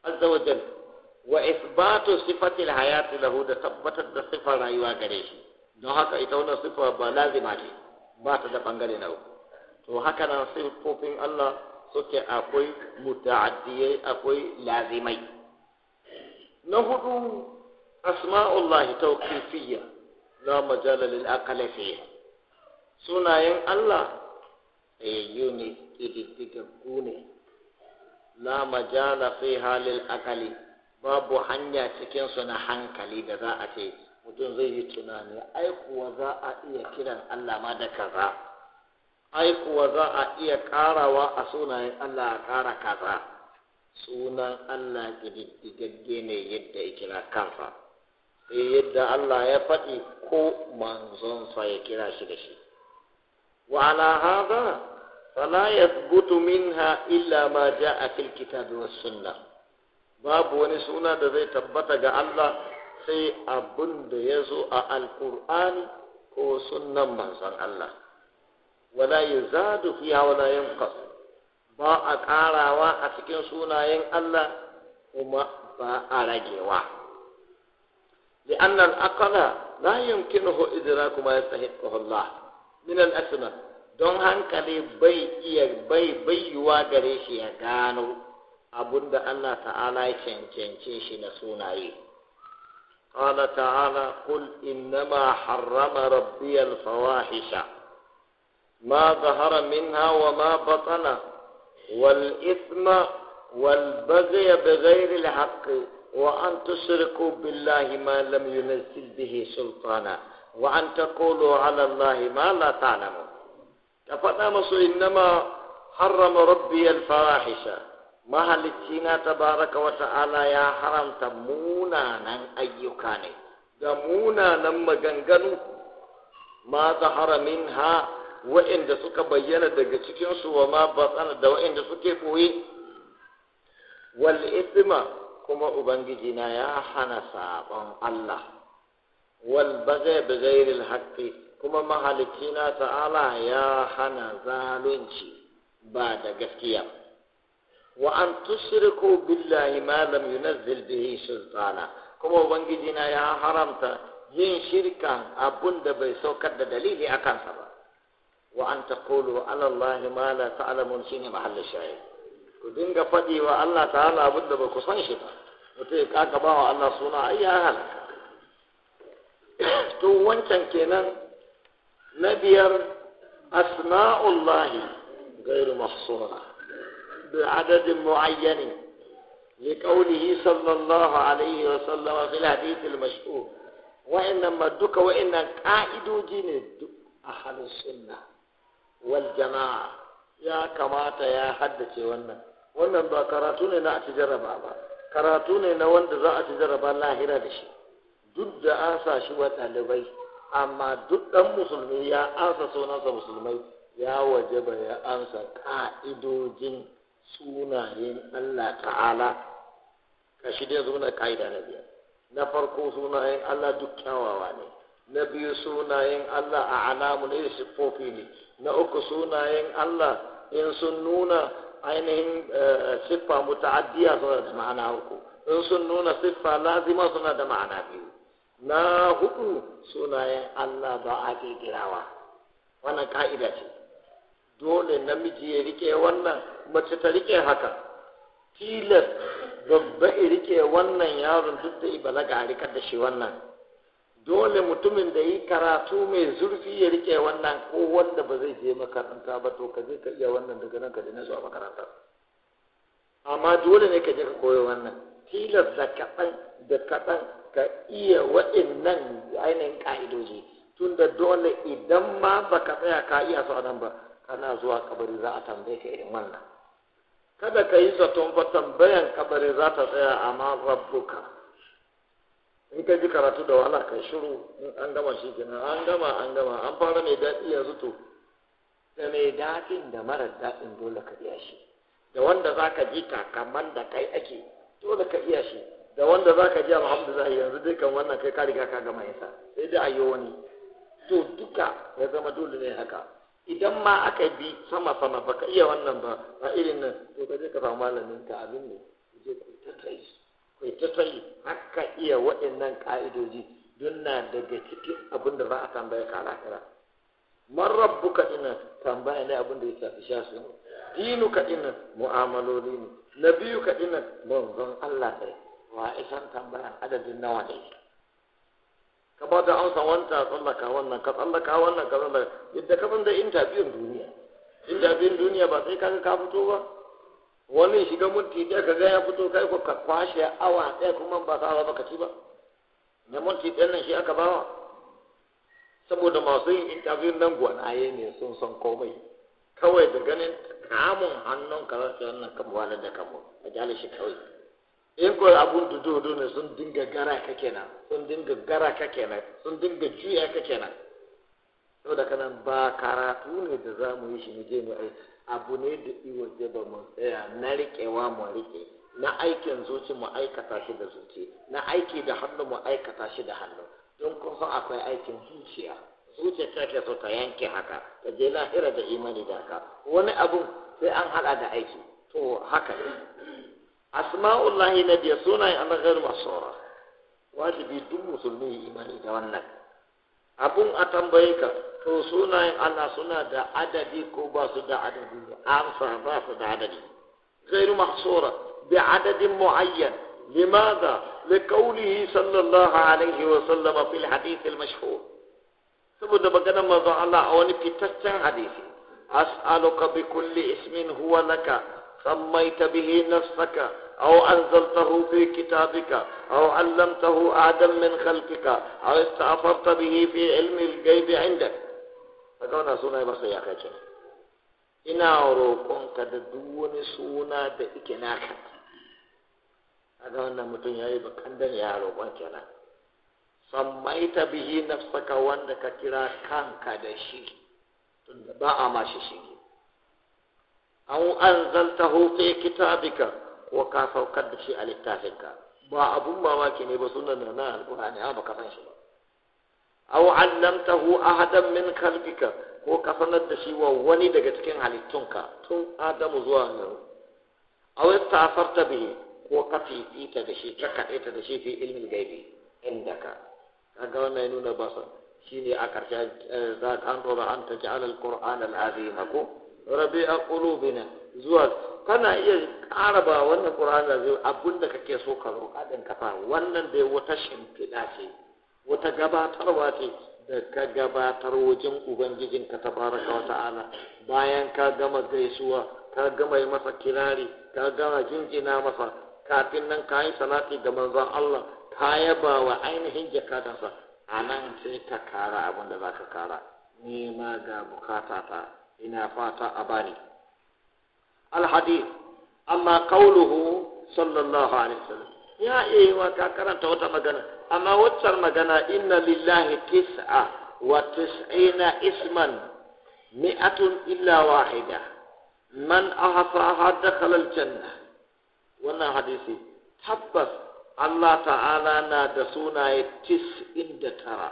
عز وجل وإثبات صفة الحياة له ده ثبتت صفة رأيوا قريش don haka ita wannan sifa ba lazima ce ba ta da bangare na to haka nan sifofin Allah suke akwai muta'addiyai akwai lazimai na hudu asma'ullahi tawqifiyya la majala lil aqli sunayen Allah ayyu ne kididdigaggu ne la majala fi lil aqli babu hanya cikin su na hankali da za a ce mutum zai yi tunani ai kuwa za a iya kiran Allah ma da kaza ai kuwa za a iya karawa a sunayen Allah a kara kaza sunan Allah gididdigagge ne yadda ya kira kansa sai eh, yadda Allah ya faɗi ko manzonsa ya kira shi da shi wa ala hada fala yathbutu minha illa ma jaa fil kitabi was sunnah babu wani suna da zai tabbata ga Allah sai abin da ya zo a alkur'ani ko sunnan manzon Allah wala yuzadu fiha wala yanqas ba a ƙarawa a cikin sunayen Allah kuma ba a ragewa al-aqla la yumkinuhu idraku ma ما Allah min al-asma don hankali bai iya bai baiwa gare shi ya gano abunda Allah ta'ala ya cancance shi na sunaye قال تعالى قل إنما حرم ربي الفواحش ما ظهر منها وما بطن والإثم والبغي بغير الحق وأن تشركوا بالله ما لم ينزل به سلطانا وأن تقولوا على الله ما لا تعلمون فنامس إنما حرم ربي الفواحش ما هلتشينا تبارك وتعالى يا حرم تمونا نن أيكاني تمونا نم جنجنو ما ظهر منها wa'inda suka bayyana daga cikinsu wa ma tsana da wa'inda suke koyi wal isma kuma ubangiji na ya hana sabon Allah wal bagai bi haqqi kuma na ta'ala ya hana zalunci ba da gaskiya wa an tushriku billahi ma lam yunzil bihi sultana kuma ubangiji na ya haramta yin shirka abun da bai saukar da dalili a kansa ba wa an taqulu ala Allah ma la ta'lamun shine mahallin ku dinga faɗi wa Allah ta'ala abin da ba ku san shi ba mutum ya kaka ba wa Allah suna ai ya halaka wancan kenan na biyar asma'ullahi غير محصورة بعدد معين لقوله صلى الله عليه وسلم في الحديث المشهور وإنما دك وإن قائد جند أهل السنة wal ya kamata ya haddace wannan wannan ba karatu ne na ci jaraba ba karatu ne na wanda za a ci jarraba lahira da shi duk da an shi wa ɗalibai amma duk ɗan musulmi ya ansa sunansa musulmai ya wajaba ya ansa ƙa'idojin sunayen Allah ta'ala ka shi dai zuna ƙa'ida na biyar na farko sunayen Allah duk kyawawa ne na biyu sunayen Allah a alamu ne siffofi ne na uku sunayen Allah in sun nuna ainihin eh, siffa muta'addiya suna da ma'ana uku in sun nuna siffa lazima suna da ma'ana biyu na hudu sunayen Allah ba a ke girawa, wannan ka'ida ce dole namiji ya rike wannan mace ta rike haka tilas babba ya rike wannan yaron duk da ibala ga rikar da shi wannan dole mutumin da yi karatu mai zurfi ya rike wannan ko wanda ba zai je makaranta ba to ka je ka iya wannan daga nan ka je na zuwa makaranta amma dole ne ka je ka koyo wannan tilasta kaɗan da kaɗan ka iya waɗannan ainihin ƙa'idoji tun da dole idan ma ba ka tsaya ka iya su nan ba kana zuwa kabari za a tambaye ka irin wannan kada ka yi zaton ba tambayan kabari za ta tsaya amma rabbuka in ka ji karatu da wahala kai shiru in an gama shi kenan an gama an gama an fara mai daɗi yanzu to da mai daɗin da mara daɗin dole ka iya shi da wanda za ka ji takaman da kai ake dole ka iya shi da wanda za ka ji alhamdulillah yanzu dai kan wannan kai ka riga ka gama yasa sai dai ayyo wani to duka ya zama dole ne haka idan ma aka bi sama sama baka iya wannan ba ba irin nan to ka je ka samu malamin ka abin ne je ka ta kai kai ta tsayi haka iya waɗannan ƙa'idoji don na daga cikin abin da za a tambaya ka al'akira man rabbuka ina tambaya ne abin da ya shafi Dinu dinuka ina mu'amaloli ne Na biyu ka ina manzon Allah ne wa isan tambayan adadin nawa ne ka ba da amsa wanta tsallaka wannan ka tsallaka wannan ka tsallaka yadda ka san da intabiyun duniya intabiyun duniya ba sai kaga ka fito ba wani shiga minti ɗaya ka ga ya fito kai ko ka kwashe awa ɗaya kuma ba ka awa baka ci ba ne minti ɗaya nan shi aka bawa saboda masu yin interview nan gwanaye ne sun san komai kawai da ganin kamun hannun karatu rasu wannan kan wani da kamo a jale shi kawai in ko abun dudu ne sun dinga gara ka kenan sun dinga gara ka kenan sun dinga juya ka kenan saboda kanan ba karatu ne da za mu yi shi mu je mu aiki abu ne da iwa ba mu tsaya na riƙewa mu riƙe na aikin zuci mu aikata shi da zuci na aiki da hannu mu aikata shi da hannu don kun san akwai aikin zuciya zuciya ta ke so ta yanke haka ta je lahira da imani da haka wani abu sai an haɗa da aiki to haka ne asma'ullahi na biya sunayen an gairu masu wajibi duk musulmi imani da wannan abun a tambaye ka to sunayen Allah suna da adadi ko ba su da adadi amsa ba su da adadi غير محصورة بعدد معين لماذا؟ لقوله صلى الله عليه وسلم في الحديث المشهور saboda maganar manzon Allah a wani fitaccen hadisi as'aluka bi kulli ismin huwa laka sammaita bihi nafsaka أو أنزلته في كتابك أو علمته آدم من خلقك أو استأثرت به في علم الغيب عندك kaga wannan suna ba sai ya kace ina roƙonka ka da duk wani suna da ike naka kaga wannan mutum yayi bakan dan ya roƙon kenan sammaita bihi nafsaka wanda ka kira kanka da shi tunda ba a ma shi an anzaltahu fi kitabika ko ka saukar da shi a littafinka ba abun mamaki ne ba sunan na alƙur'ani ba ka san shi ba aw allamtahu ahadan min kalbika ko ka sanar da shi wa wani daga cikin halittunka tun adamu zuwa nan aw ta'afarta bihi ko ka ta da shi ka kadaita da shi fi ilmin gaibi indaka kaga wannan ya nuna ba shine a karshe eh, za ka an roba an taj'al al-qur'ana al-azima ko rabi'a qulubina zuwa kana iya ƙara ba wannan qur'ani da abinda kake so ka roƙa din kafa wannan dai wata shimfiɗa ce wata gabatarwa ce da ka gabatar wajen ubangijinka ta baraka wa ta'ala bayan ka gama gaisuwa ka gama yi masa kirari ka gama jinjina masa kafin nan ka yi salati ga manzon Allah ka yaba wa ainihin jakatansa a nan sai ka kara abin da za ka kara ni ma ga bukata ta ina fata a bani alhadith amma kauluhu sallallahu alaihi wasallam ya iya wa ka karanta wata magana amma waccan magana inna lillahi tis'a wa tis'ina isman mi'atun illa wahida man ahsaha dakhala janna wannan hadisi tabbas Allah ta'ala na da sunaye tis'in da tara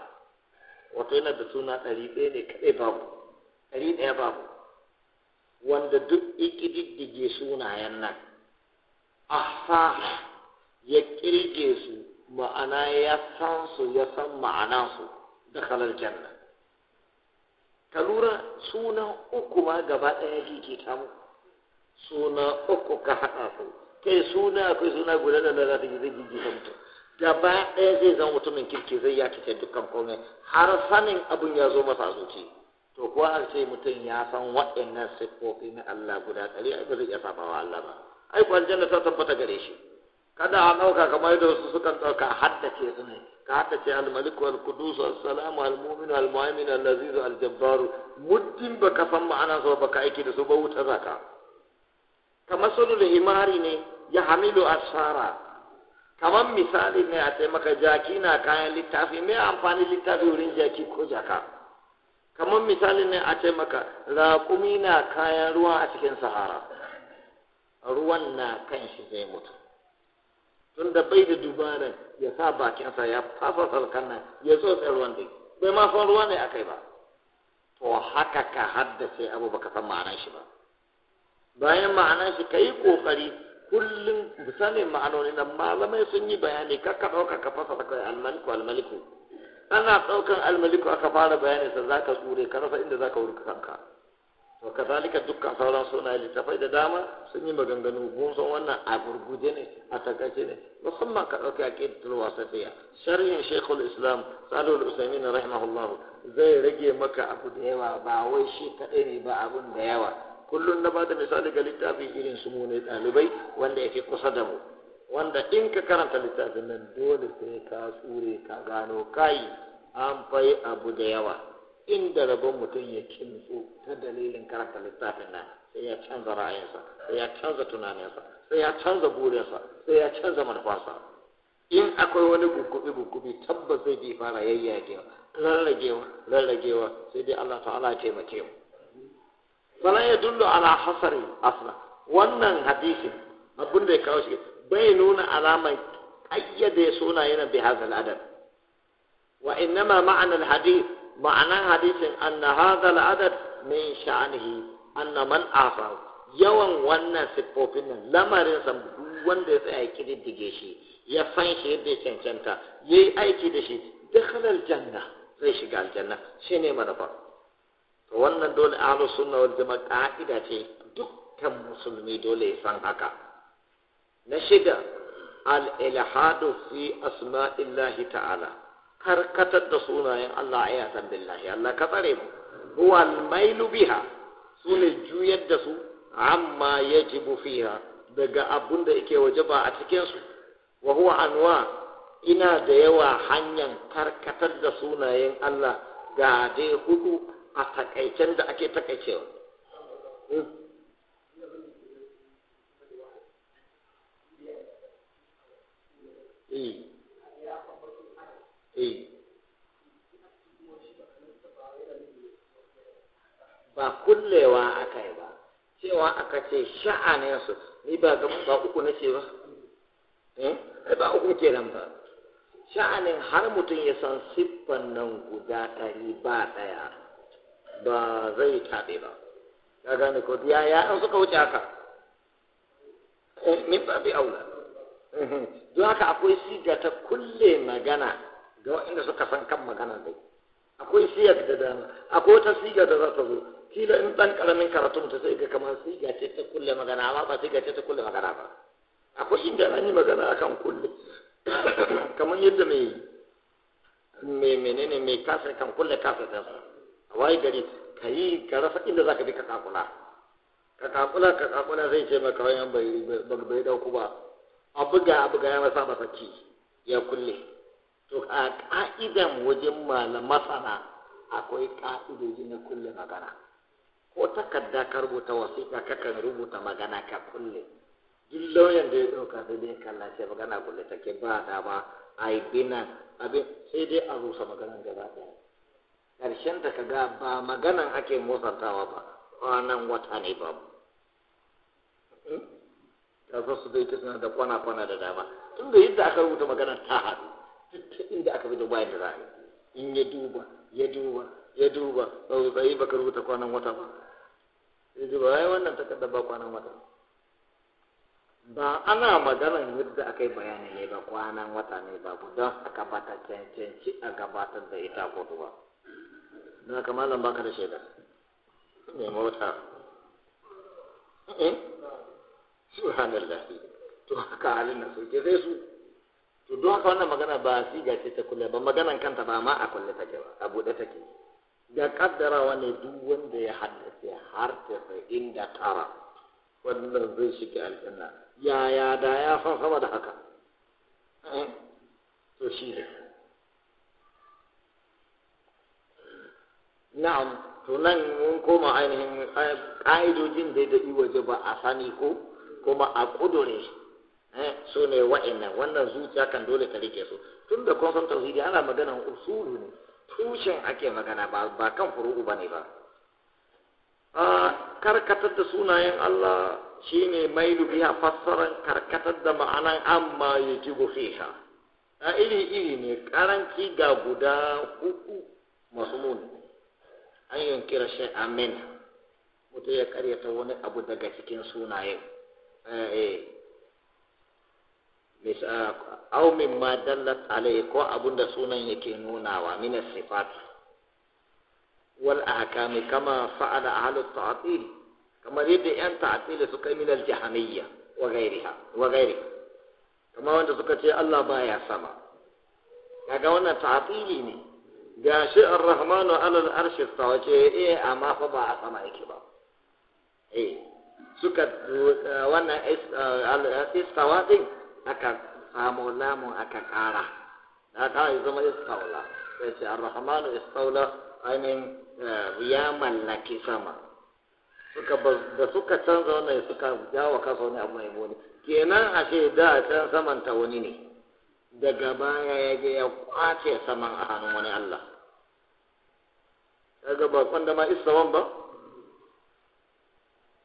wato yana da suna ɗari ɗaya ne kaɗai babu ɗari ɗaya babu wanda duk ikididdige sunayen nan ahfa ya kirge su ma'ana ya san su ya san ma'anansu da halar janna ka lura suna uku ma gaba ɗaya kike ta mu suna uku ka haɗa su kai suna akwai suna guda da lalata ta zai gigi ta mutum gaba ɗaya zai zama mutumin kirki zai ya kice dukkan komai har sanin abin ya zo masa zuci to kuwa an ce mutum ya san waɗannan siffofi na Allah guda ɗari ai ba zai iya saba wa Allah ba ai kuwa aljanna ta tabbata gare shi kada a ɗauka kamar yadda wasu suka ɗauka haddace su ne ka haddace almaliku alkudusu assalamu almuminu almuhaimin allazizu aljabbaru muddin ba ka san ma'ana su ba ka aiki da su ba wuta ka. kamar sunu da himari ne ya hamilu asfara kamar misali ne a taimaka maka jaki na kayan littafi me amfani littafi wurin jaki ko jaka kamar misali ne a ce maka raƙumi na kayan ruwa a cikin sahara ruwan na kan shi zai mutu tun da bai da ne ya sa bakinsa ya fasa salkan nan ya sai ruwan dai bai ma san ruwa ne akai ba to haka ka haddace abu baka san ma'anar shi ba bayan ma'anar shi ka yi kokari kullum sanin ma'anoni nan malamai sun yi bayani kar ka ɗauka ka fasa kai almaliku almaliku ana ɗaukan almaliku aka fara bayani sa zaka tsure ka rasa inda zaka wurka kanka wa kazalika dukkan sauran suna littafai da dama sun yi maganganu mun san wannan a gurguje ne a takaice ne musamman ka ɗauki a ƙetar wasafiya sharhin shekul islam salul usaimin rahimahullahu zai rage maka abu da yawa ba wai shi kaɗai ne ba abun da yawa kullum na bada misali ga littafi irin su mu ɗalibai wanda yake kusa da mu wanda in ka karanta littafin nan dole sai ka tsure ka gano kayi, an fai abu da yawa inda rabon mutum ya kintsu ta dalilin karanta littafin nan sai ya canza ra'ayinsa sai ya canza tunaninsa sai ya canza burinsa sai ya canza manufarsa in akwai wani gugubi gugubi tabbas zai bi fara yayyagewa rarragewa rarragewa sai dai Allah ta'ala ya taimake mu sanan ya dullu ala hasari asla wannan hadisin abin da ya kawo shi bai nuna alamar ayyade sunayen bi hadal adab wa innama ma'anar hadith ma'anan hadisin anna hadha adad min sha'anihi anna man afa yawan wannan siffofin nan lamarin sa wanda ya tsaya kididdige shi ya san shi yadda ya cancanta ya yi aiki da shi da dakhala janna, zai shiga aljanna shine madafa to wannan dole ahlus sunna wal jamaa ka'ida ce dukkan musulmi dole ya san haka na shida al ilhadu fi asma'illahi ta'ala karkatar da sunayen Allah a yasan billahi Allah ka tsare mu huwa mailu biha su ne juyar da su amma yajibu fiha daga abun da waje ba a cikinsu? su wa huwa anwa ina da yawa hanyar karkatar da sunayen Allah ga dai hudu a takaicen da ake takaicewa Eh. eh ba kullewa aka yi ba cewa aka ce sha'aninsu ni ba ga ba uku na ce ba eh ba uku kenan ba sha'anin har mutum ya san siffan nan guda ɗari ba ɗaya ba zai taɓe ba ka gane ko ya ya an suka wuce haka hmm, min ba bi aula hmm, don haka akwai siga ta kulle magana da waɗanda suka san kan magana dai akwai siya da dama akwai wata siga da za ta zo kila in ɗan ƙaramin karatu mutum sai ga kamar siga ce ta kulle magana amma ba siga ce ta kulle magana ba akwai inda an yi magana akan kulle kamar yadda mai mai menene mai kasa kan kulle kasa ta a wayi gari ka yi ka rasa inda za ka bi ka kakula ka kakula ka kakula zai ce maka wayan bai dauku ba a buga a buga ya masa masa ki ya kulle to a ka'idan wajen masana akwai ka'idoji na kulle magana ko takarda ka rubuta wasiƙa kakan rubuta magana ka kulle duk lauyan da ya ɗauka sai dai kalla ce magana kulle take ba dama a yi binan abin sai dai a rusa maganan gaba ɗaya ƙarshen ta ga ba maganan ake motsantawa ba kwanan wata ne ba hmm? ta su dai suna da kwana-kwana da dama tun da yadda aka rubuta magana ta haɗu duk inda aka fi dubai da za in ya duba ya duba ya duba ba su yi baka rubuta kwanan wata ba ya duba ya wannan takardar ba kwanan wata ba ana magana yadda aka yi bayanin ne ba kwanan wata ne ba don aka bata cancanci a gabatar da ita ko ba na kama zan baka da shaidar ne mota eh? subhanallah to haka halin na soke zai su to don haka wannan magana ba siga ce ta kulle ba maganan kanta ba ma a kulle take ba a buɗe take da kaddarawa ne duk wanda ya haddace har sai inda tara wannan zai shiga aljanna yaya da ya san sama da haka to shi ne na'am to nan mun koma ainihin ƙa'idojin eh, da da iwaje ba a sani ko kuma a ƙudure su ne wa'annan wannan zuciya kan dole ta rike su tun da kun san tauhidi ana magana usulu ne tushen ake magana ba kan furu'u ba ne ba a karkatar da sunayen Allah shine mailu biya fassaran karkatar da ma'anan amma ya ji gufiha a iri iri ne karanci ga guda uku masu muni an yankira shi amin mutum ya karyata wani abu daga cikin sunayen eh, eh. min ah, ma dallat alai ko abunda sunan yake nunawa min sifat wal ahkami kama fa'ala ahlu ta'til kamar yadda yan ta'til suka min al jahamiyya wa ghairiha wa ghairi kama wanda suka ce Allah baya sama kaga wannan ta'tili ne gashi ar-rahmanu ala al-arshi tawace eh amma fa ba a sama yake ba eh suka eh, wannan istawa eh, eh, din aka samu lamun aka kara da ta yi zama istaula sai ce arrahmanu istaula ainihin eh, ya mallaki sama suka da suka canza wannan suka jawo kasa wani abu mai boni kenan a ce da can saman ta wani ne daga baya ya je ya kwace saman a hannun wani Allah daga bakon da ma istawan ba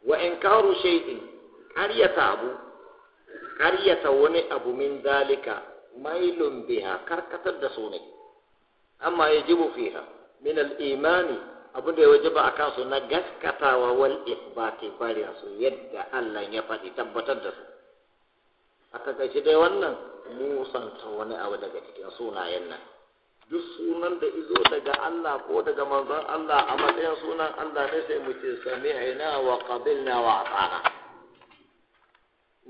wa in karu shaidin karyata abu karyata wani abu min zalika mailun biha karkatar da su ne amma ya jibu fiha min al'imani abin da ya ba a kansu na gaskatawa wal isbati bari su yadda Allah ya faɗi tabbatar da su a takaice dai wannan musanta wani abu daga cikin sunayen nan duk sunan da izo daga Allah ko daga manzan Allah a matsayin sunan Allah ne sai mu ce sami'na wa qabilna wa ata'na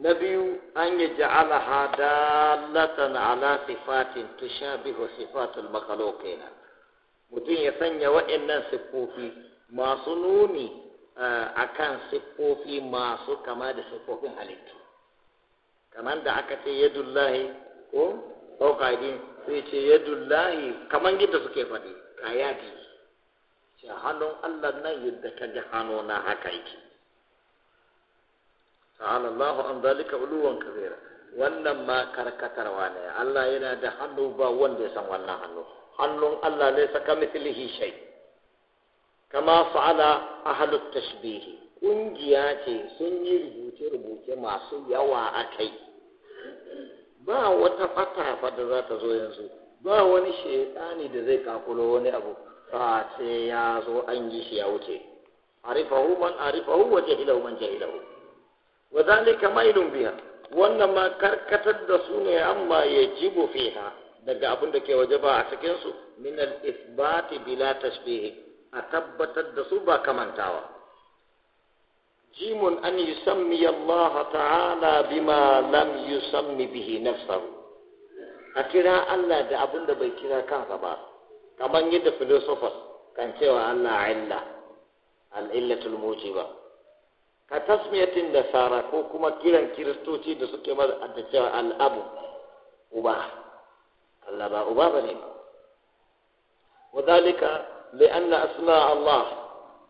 na biyu an yi ja'ala hadalatan ala sifatin tushabihu sifatul makhluqina mutum ya sanya waɗannan siffofi masu nuni eh, akan siffofi masu kama da siffofin halittu kamar da aka ce yadullahi ko ɗaukaɗi sai ce yadullahi kamar yadda suke faɗi kayadi ce hannun allah nan yadda ka ji hannu na haka yake ta'ala Allahu an zalika uluwan kabira wannan ma karkatarwa ne Allah yana da hannu ba wanda ya san wannan hannu hannun Allah ne saka mithlihi shay kama fa'ala ahlu tashbih kungiya ce sun yi rubuce rubuce masu yawa akai ba wata fata da za ta zo yanzu ba wani shaidani da zai kakulo wani abu ba sai ya zo an yi shi ya wuce arifahu man arifahu wa jahilahu man jahilahu wa zalika mailun biha wannan ma karkatar da su ne amma yajibu daga abin da ke waje ba a cikin su min al isbati bila tashbih a tabbatar da su ba kamantawa jimun an yusammi Allah ta'ala bima lam yusammi bihi nafsahu a kira Allah da abin da bai kira kansa ba kamar yadda philosophers kan cewa Allah illa al illatul mujiba ka tasmiyatin da sara ko kuma kiran kiristoci da suke ba da al'abu uba Allah ba uba ba ne wa zalika li anna asma Allah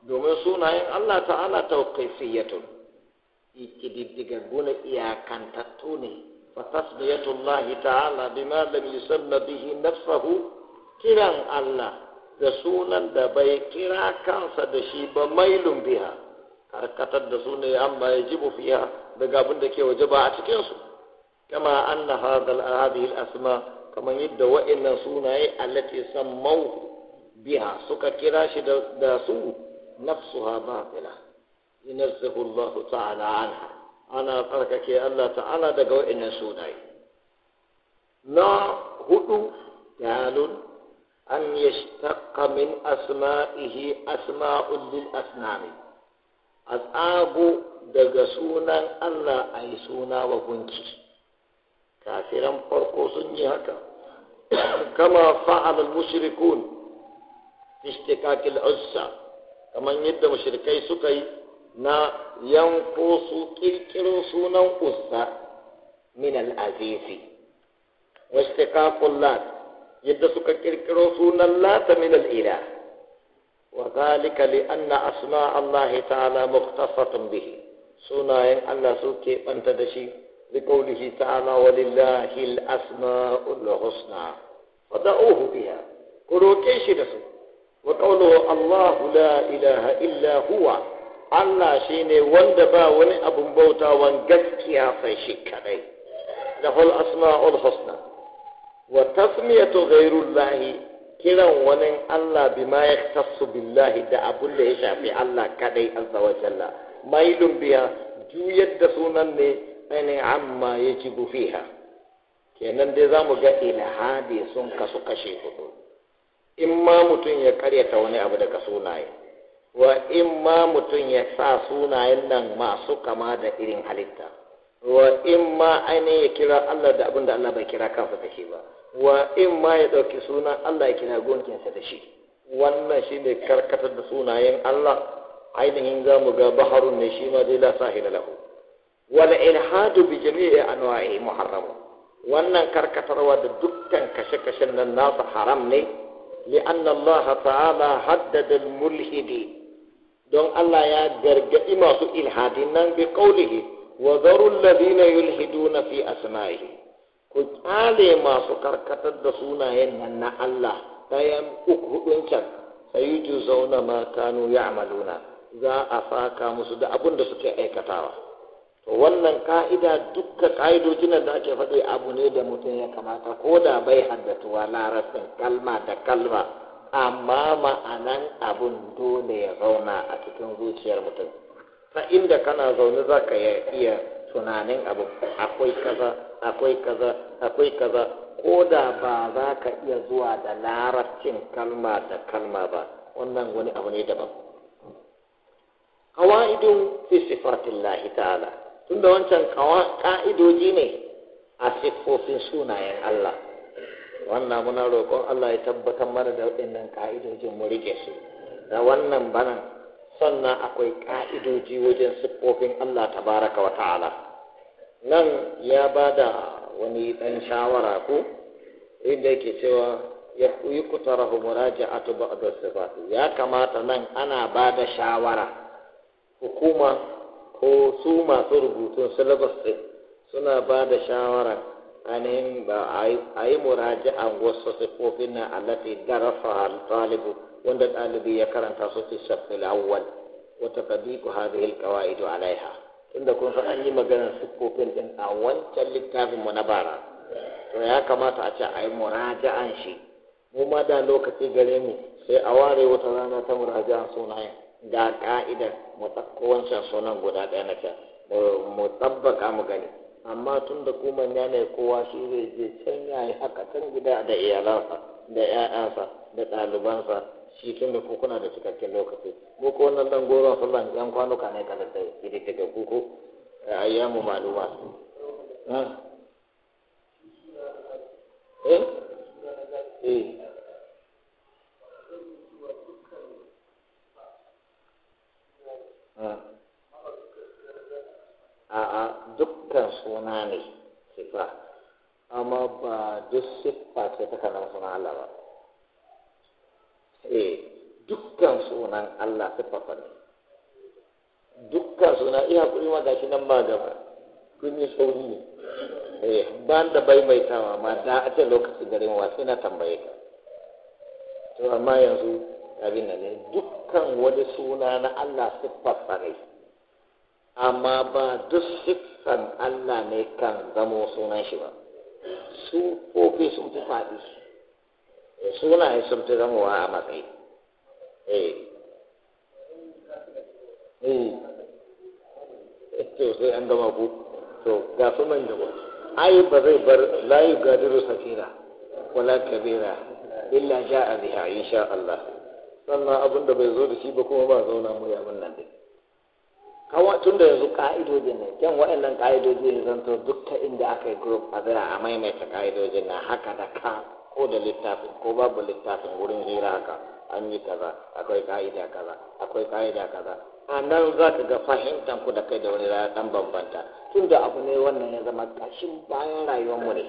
domin sunayen Allah ta'ala tawqifiyatun ikididdigaggu na iyakantattu ne فتسمية الله تعالى بما لم يسمى به نفسه كلا da sunan da bai kira kansa da shi ba mailun biha karkatar da su ne amma ya jibu fiya daga abin da ke waje ba a cikinsu kama an na hadhihi al-asma kamar yadda wa'annan sunaye allati sammau biha suka kira shi da su nafsuha batila yunazzahu Allah ta'ala anha ana tsarkake Allah ta'ala daga wa'annan sunaye na hudu dalun an yashtaqqa min asma'ihi asma'ul lil asnami a tsago daga sunan Allah a yi suna wa gunki kafiran farko sun yi haka kama fa'alal mushrikun istikakil ussa kamar yadda mushrikai suka yi na yanko su kirkiro sunan ussa min al'azizi wasu yadda suka kirkiro sunan lata min al’ira وذلك لأن أسماء الله تعالى مختصة به سنة الله سوكي أنت دشي لقوله تعالى ولله الأسماء الحسنى فدعوه بها كروكيش رسول وقوله الله لا إله إلا هو Allah shi ne wanda ba wani abin bautawan gaskiya sai shi kadai da hul asma'ul husna wa tasmiyatu ghairullahi kiran wani Allah bi ma ya tasu billahi da abun da ya shafi Allah kaɗai azza wa jalla yi biya juyar da sunan ne ainihin amma ya ci ha. kenan dai za mu ga ilhadi sun kasu kashe hudu in ma mutum ya karyata wani abu daga sunaye wa in ma mutum ya sa sunayen nan masu kama da irin halitta wa in ma ainihin ya kira Allah da abin da Allah bai kira kansa da shi ba wa in ma ya ɗauki sunan Allah ya kira gunkinsa da shi wannan shi ne karkatar da sunayen Allah ainihin za mu ga baharun ne shi ma zai la sahila lahu wal ilhadu bi jami'i anwa'i muharram wannan karkatarwa da dukkan kashe-kashen nan nasa haram ne li'an Allah ta'ala haddada mulhidi don Allah ya gargadi masu ilhadin nan bi qawlihi wa dharu alladhina yulhiduna fi asma'ihi ku kyale masu karkatar da sunayen nan na Allah ɗayan uku hudun can sai zauna ma kanu ya amaluna za a saka musu da abin da suke aikatawa to wannan ka'ida dukka ka'idojin da ake faɗi abu ne da mutum ya kamata ko da bai haddatuwa larabcin kalma da kalma amma ma'anan abun dole ya zauna a cikin zuciyar mutum ta inda kana zaune za ka iya tunanin abu akwai kaza akwai kaza akwai kaza ko da ba za ka iya zuwa da larabcin kalma da kalma ba wannan wani abu ne daban kawa'idun fi lahi ta'ala tunda wancan ka'idoji ne a siffofin sunayen Allah wannan muna roƙon Allah ya tabbatar mana da waɗannan ka'idojin mu rike su da wannan banan sannan akwai ƙa'idoji wajen siffofin Allah tabaraka wa ta'ala nan ya ba da wani ɗan shawara ko inda yake cewa ya yi kutarahu muraja'atu a sifati ya kamata nan ana ba da shawara hukuma ko su masu rubutun syllabus ɗin suna ba da shawara ainihin ba a yi a wasu siffofin na allafi darafa talibu wanda ɗalibi ya karanta su ce shafil awwal wa taqdiqu hadhihi alqawaid alaiha tunda kun san an yi maganar siffofin ɗin. a wancan littafin mu na bara to ya kamata a ce a yi muraja'an shi mu ma da lokaci gare mu sai a ware wata rana ta muraja'an sunayen ga ka'idar mu ɗauko wancan sunan guda ɗaya na can mu tsabbaka mu gani amma tun da ku manya ne kowa shi zai je can ya yi haka can gida da iyalansa da 'ya'yansa da ɗalibansa shi tun da ku kuna da cikakken lokaci mu ko wannan dan goron sallan yan kwanuka ne kada da idi daga kuku, ko eh, ayyamu maluma eh eh a'a dukkan suna ne sifa amma ba duk siffa ce ta kanan suna Allah ba eh dukkan sunan Allah siffa ne dukkan suna iya kuɗi ma gashi nan ba gaba kun yi sauri ne eh ban da tawa ma da a ce lokacin garin wa sai na tambaye ka to amma yanzu abin nan ne dukkan wani suna na Allah siffarsa ne amma ba duk siffan Allah ne kan zamo sunan shi ba su kofi sun fi faɗi sunaye sun fi zamowa a matsayi eh. eh to sai an gama ku to ga su man gaba ai ba zai bar la yugadiru safira wala kabira illa ja'a biha insha Allah sannan abin da bai zo da shi ba kuma ba zauna mu ya nan din kawai tun da yanzu ka'idojin ne kyan waɗannan ka'idojin zanto duka inda aka yi group a zira a maimaita ka'idojin na haka da ka ko da littafin ko babu littafin wurin hira haka an yi kaza akwai ka'ida kaza akwai ka'ida kaza a nan za ka ga fahimtar ku da kai da wani rayuwa dan bambanta tunda abu ne wannan ya zama kashin bayan rayuwarmu ne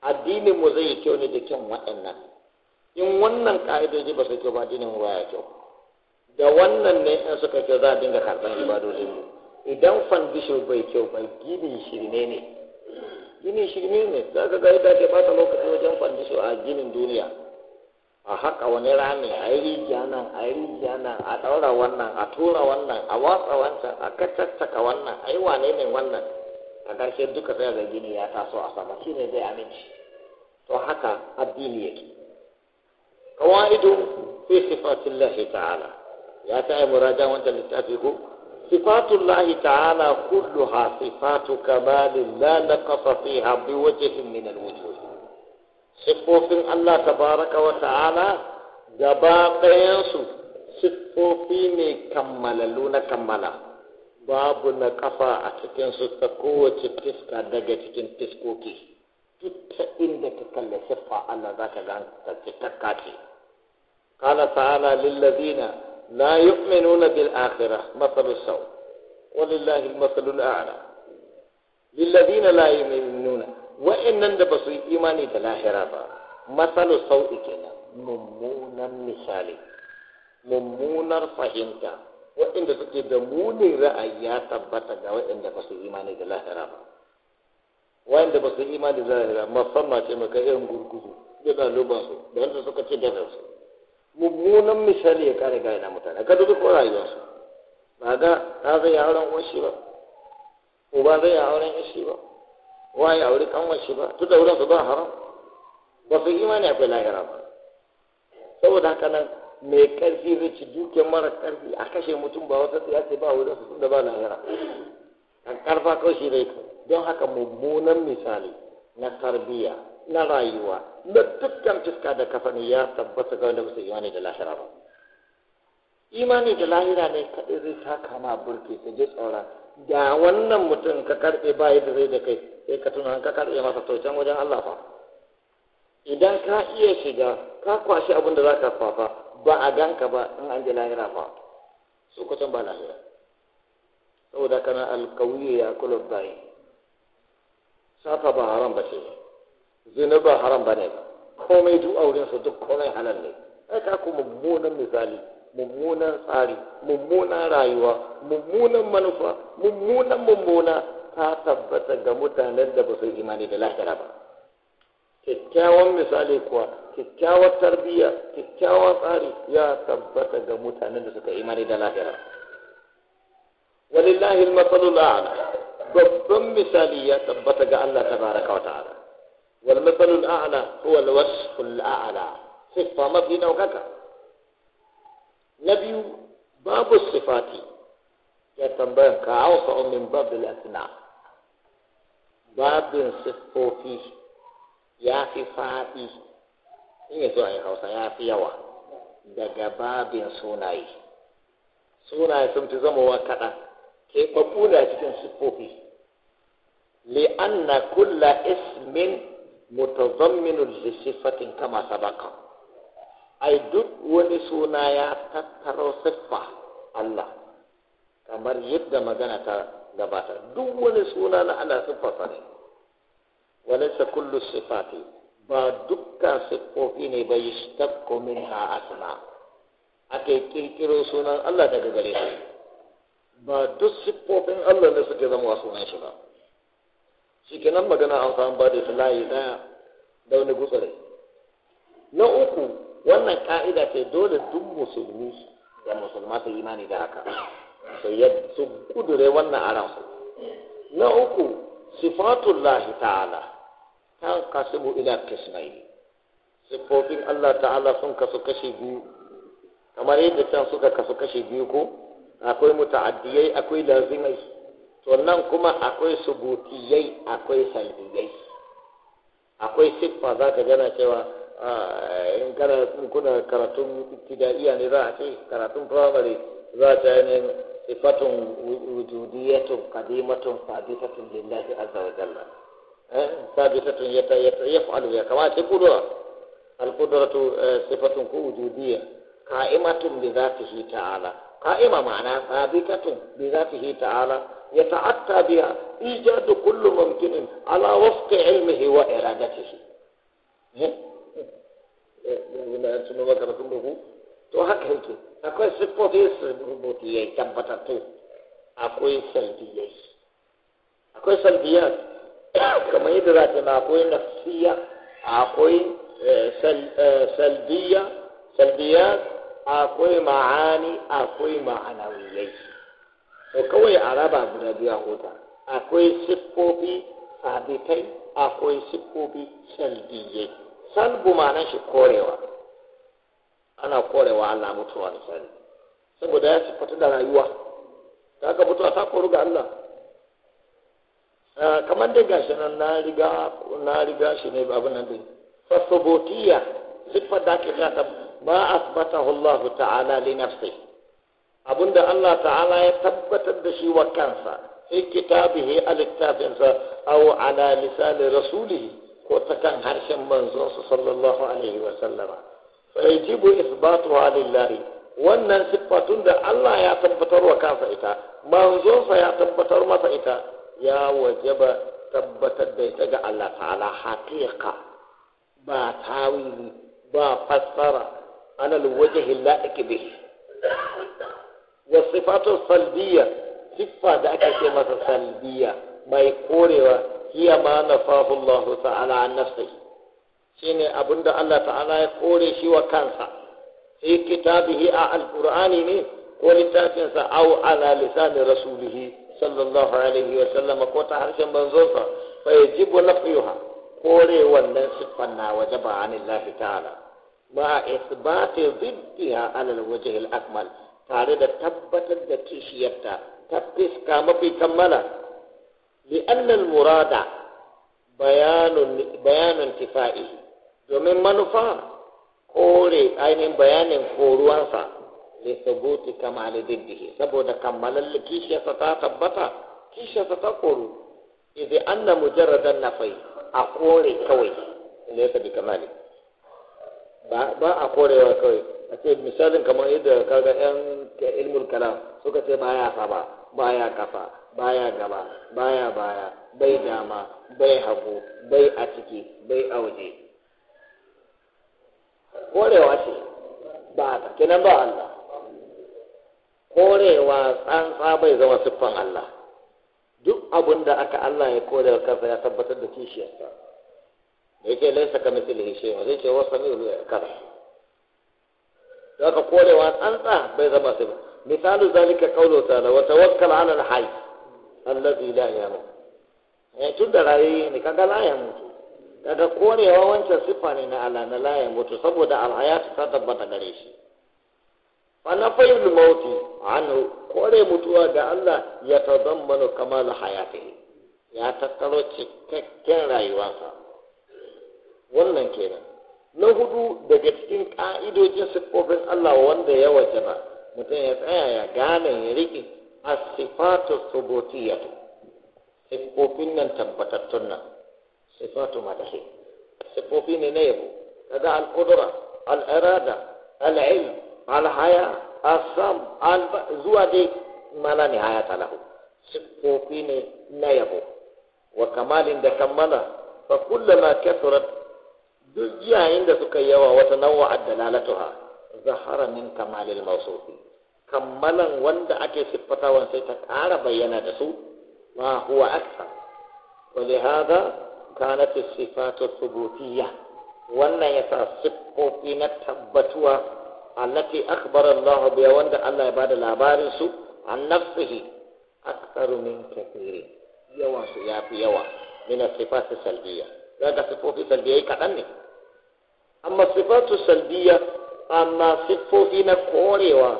addinin mu zai kyau ne da kyan waɗannan in wannan ka'idoji ba su kyau ba addinin mu baya kyau da wannan ne in suka kyau za a dinga karɓar ibadojin mu idan bishiyu bai kyau ba gini shirme ne gini shirme ne za ka ga yadda ke bata lokaci wajen su a ginin duniya a haka wani rami a yi rijiya nan a yi rijiya nan a ɗaura wannan a tura wannan a watsa wancan a kacaccaka wannan a yi wane ne wannan a ƙarshe duka zai ga gini ya taso a sama ne zai aminci to haka addini yake qawaidu fi sifatillahi ta'ala ya ta yi murajan wancan littafi ko sifatullahi ta'ala kulluha sifatu kamalin la naqasa fiha bi wajhin min al-wujuh siffofin Allah wa ta'ala gaba ɗayansu siffofi ne kammala luna kammala babu na kafa a cikinsu ta kowace fiska daga cikin fiskoki dukka inda ka kalla siffa Allah za ka ga ta ce kala ta'ala lillazina la yu'minuna bil akhirah masalu saw walillahi al-masalu al-a'la lil ladina la yu'minuna wa'annan da basu yi imani da lahira ba masalu saw kenan mummunan misali mummunar fahimta waɗanda suke da munin ra'ayi ya tabbata ga waɗanda ba su imani da lahira ba waɗanda ba su da lahira irin gurguzu yana da wanda suka ce da su mummunan misali ya kare gaya na mutane ka dubi ko rayuwarsu ba ga ta zai auren washi ba uba zai auren ishi ba wa ya auri kan shi ba duk da wurin su ba haram ba su imani akwai lahira ba saboda haka nan mai karfi zai ci duke mara karfi a kashe mutum ba wata ya ce ba wurin su da ba lahira kan karfa kawai shi zai don haka mummunan misali na tarbiyya na rayuwa na dukkan fuska da kafani ya tabbata ga wanda musu imani da lahira ba imani da lahira ne kaɗai zai taka ma burke ta je tsora da wannan mutum ka karɓe ba yadda zai da kai sai ka tuna ka karɓe masa to can wajen Allah fa idan ka iya shiga ka kwashi abin da za ka fafa ba a ganka ba in an je lahira fa su kusan ba lahira saboda kana alkawiyu ya kulubbayi safa ba haram ba ce zina ba haram ba ne komai duk sa duk komai halal ne ai ka ku mummunan misali mummunan tsari mummunan rayuwa mummunan manufa mummunan mummuna ta tabbata ga mutanen da ba su imani da lahira ba kyakkyawan misali kuwa kyakkyawar tarbiyya kyakkyawar tsari ya tabbata ga mutanen da suka imani da lahira walillahi al-masalul a'la babban misali ya tabbata ga Allah tabaraka wa ta'ala والمثل الأعلى هو الوصف الأعلى صفة ما في نوكك نبي باب الصفات يا تنبين من باب الأثناء باب صفوفي يا في فاتي in yanzu a yi hausa ya fi yawa daga babin sunaye sunaye sun fi zamowa kaɗan keɓaɓɓu na cikin siffofi anna kulla ismin mutazamminun li sifatin kama sabaka ai duk wani suna ya tattaro siffa Allah kamar yadda magana ta gabata duk wani suna na Allah siffarsa ne walaysa kullu sifati ba dukkan siffofi ne ba yashtaqu minha asma ake kirkiro sunan Allah daga gare ba duk siffofin Allah ne suke zama sunan shi ba shikenan magana an san ba da su layi daya da wani gutsure na uku wannan ka'ida ce dole duk musulmi da musulma ta imani da haka su kudure wannan aran su na uku sifatullahi ta'ala ta kasibu ila kismai sifofin Allah ta'ala sun kasu kashi biyu kamar yadda can suka kasu kashi biyu ko akwai muta'addiyai akwai lazimai to nan kuma akwai subutiyai akwai salbiyai akwai siffa za ka gana cewa in kana kuna karatun ibtidaiya ne za a ce karatun primary za ta yi sifatun wujudiyatun kadimatun sabitatun lillahi azza wa jalla eh sabitatun yata yaf'alu ya kama ce kudura al qudratu eh, sifatun ku wujudiyya ka'imatun bi dhatihi ta'ala ka'ima ma'ana sabitatun bi dhatihi ta'ala يتعتى بها إيجاد كل ممكن على وفق علمه وإرادته يقول إيه؟ يعني أن أنت مذكرة كله توهك هيك أكو سبوت يسر بروبوت يأي كبتا سلبيات كما يدرات ما أكو نفسية أكو آه، آه، سلبية سلبيات أكو معاني اقوى معنوي to kawai a raba guda biyu a huta akwai siffofi sabitai akwai siffofi salbiye salbu ma'anar shi korewa ana korewa Allah mutuwa sani saboda ya siffatu da rayuwa ta ka mutuwa ta koru ga Allah ah, kamar da gashi nan na riga na riga shi ne babu nan din fasobotiya subutiyya siffar da ake ba a asbatahu Allah ta'ala li nafsihi abinda Allah ta'ala ya tabbatar da shi wa kansa fi kitabihi a littafinsa aw ala lisani rasulihi ko ta kan harshen su sallallahu alaihi wa sallama fa yajibu isbatuha lillahi wannan siffatun da Allah ya tabbatar wa kansa ita manzonsa ya tabbatar masa ita ya wajaba tabbatar da ita ga Allah ta'ala haqiqa ba tawili ba fassara alal wajhi la'iki bihi wa sifatu salbiya siffa da aka ce masa salbiya mai korewa hiya ma nafahu Allah ta'ala an nafsihi shine abinda Allah ta'ala ya kore shi wa kansa fi kitabihi a al'kur'ani ne ko littafinsa au ala lisani rasulihi sallallahu alaihi wa sallam ko ta harshen manzonsa fa yajibu nafyuha kore wannan siffan na wajaba anillahi ta'ala ma isbati ziddiha ala alwajhi al-akmal tare da tabbatar da kishiyarta ta fiska mafi kammala annal murada bayanin tifa'i domin manufa kore ainihin bayanin koruwansa da sabuti kamali diddihi saboda kammalan kishiyarsa ta tabbata kishiyarsa ta koru idan anna mujarradan nafai a kore kawai ne ka bi kamali ba a korewa kawai a ce misalin kamar yadda kaga yan ilmul kalam suka ce baya saba baya kafa baya gaba baya baya bai dama bai hagu bai a ciki bai a waje korewa ce ba ta kenan ba Allah korewa tsantsa bai zama siffan Allah duk abin da aka Allah ya korewa kansa ya tabbatar da kishiyarsa yake laisa ka mithlihi wa zai ce wa sami'ul kore wa korewa tsa bai zama sai misalu zalika qawlu ta'ala wa tawakkal 'ala al-hayy alladhi la yamut eh tun da rayi ne kaga la yamut kaga korewa wancan sifa ne na ala na la yamut saboda al-hayat ta tabbata gare shi fa na fayil mauti an kore mutuwa ga Allah ya tadammanu kamal hayatihi ya tattaro cikakken rayuwarsa wannan kenan na hudu daga cikin ka'idojin siffofin Allah wanda ya ba mutum ya tsaya ya gane ya riƙe as-sifatu subutiyatu siffofin nan tabbatattun nan sifatu madahi siffofi ne na yabo kaga al-qudra al-irada al-ilm al-haya zuwa dai mala ne haya lahu siffofi ne na yabo wa kamalin da kammala fa kullama kathurat duk jiyayen da suka yawa wata nawa addalalatuha zahara min kamalil mawsufi kammalan wanda ake siffatawan sai ta ƙara bayyana da su ma huwa akthar wa lihada kanat sifatu thubutiyya wannan yasa siffofi na tabbatuwa allati akhbara Allah biya wanda Allah ya bada labarin su an nafsihi aktharu min kathiri yawa su yafi yawa min as-sifati salbiyya daga sifofi salbiyai kaɗan ne amma sifatu salbiya amma siffofi na korewa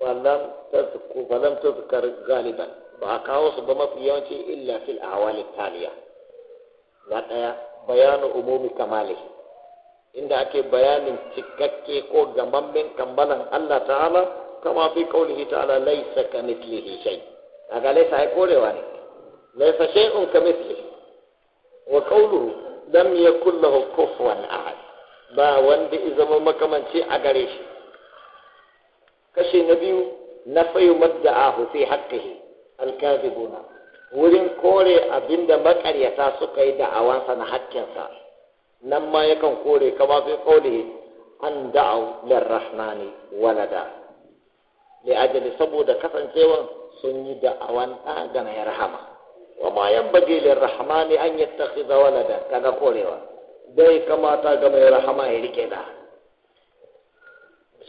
falam tazku falam tazkar galiban ba a kawo su ba mafi yawanci illa fil ahwali taliya na daya bayanu umumi kamali inda ake bayanin cikakke ko gamammen kambalan Allah ta'ala kama fi qaulihi ta'ala laysa kamithlihi shay kaga laysa ai korewa ne laysa shay'un kamithlihi wa qawluhu lam yakul lahu kofuwan ahad ba wanda ya zama makamanci a gare shi kashe na biyu na fayu madda'ahu fi haqqihi al-kadhibuna wurin kore abinda makaryata suka yi da'awansa na haƙƙinsa nan ma yakan kore kama fi qawlihi an da'u lirrahmani walada li ajali saboda kasancewan sun yi da'awan ɗa ga mai rahama wa ma yanbaghi lirrahmani an yattakhidha walada kaga korewa bai kamata ga mai rahama ya rike da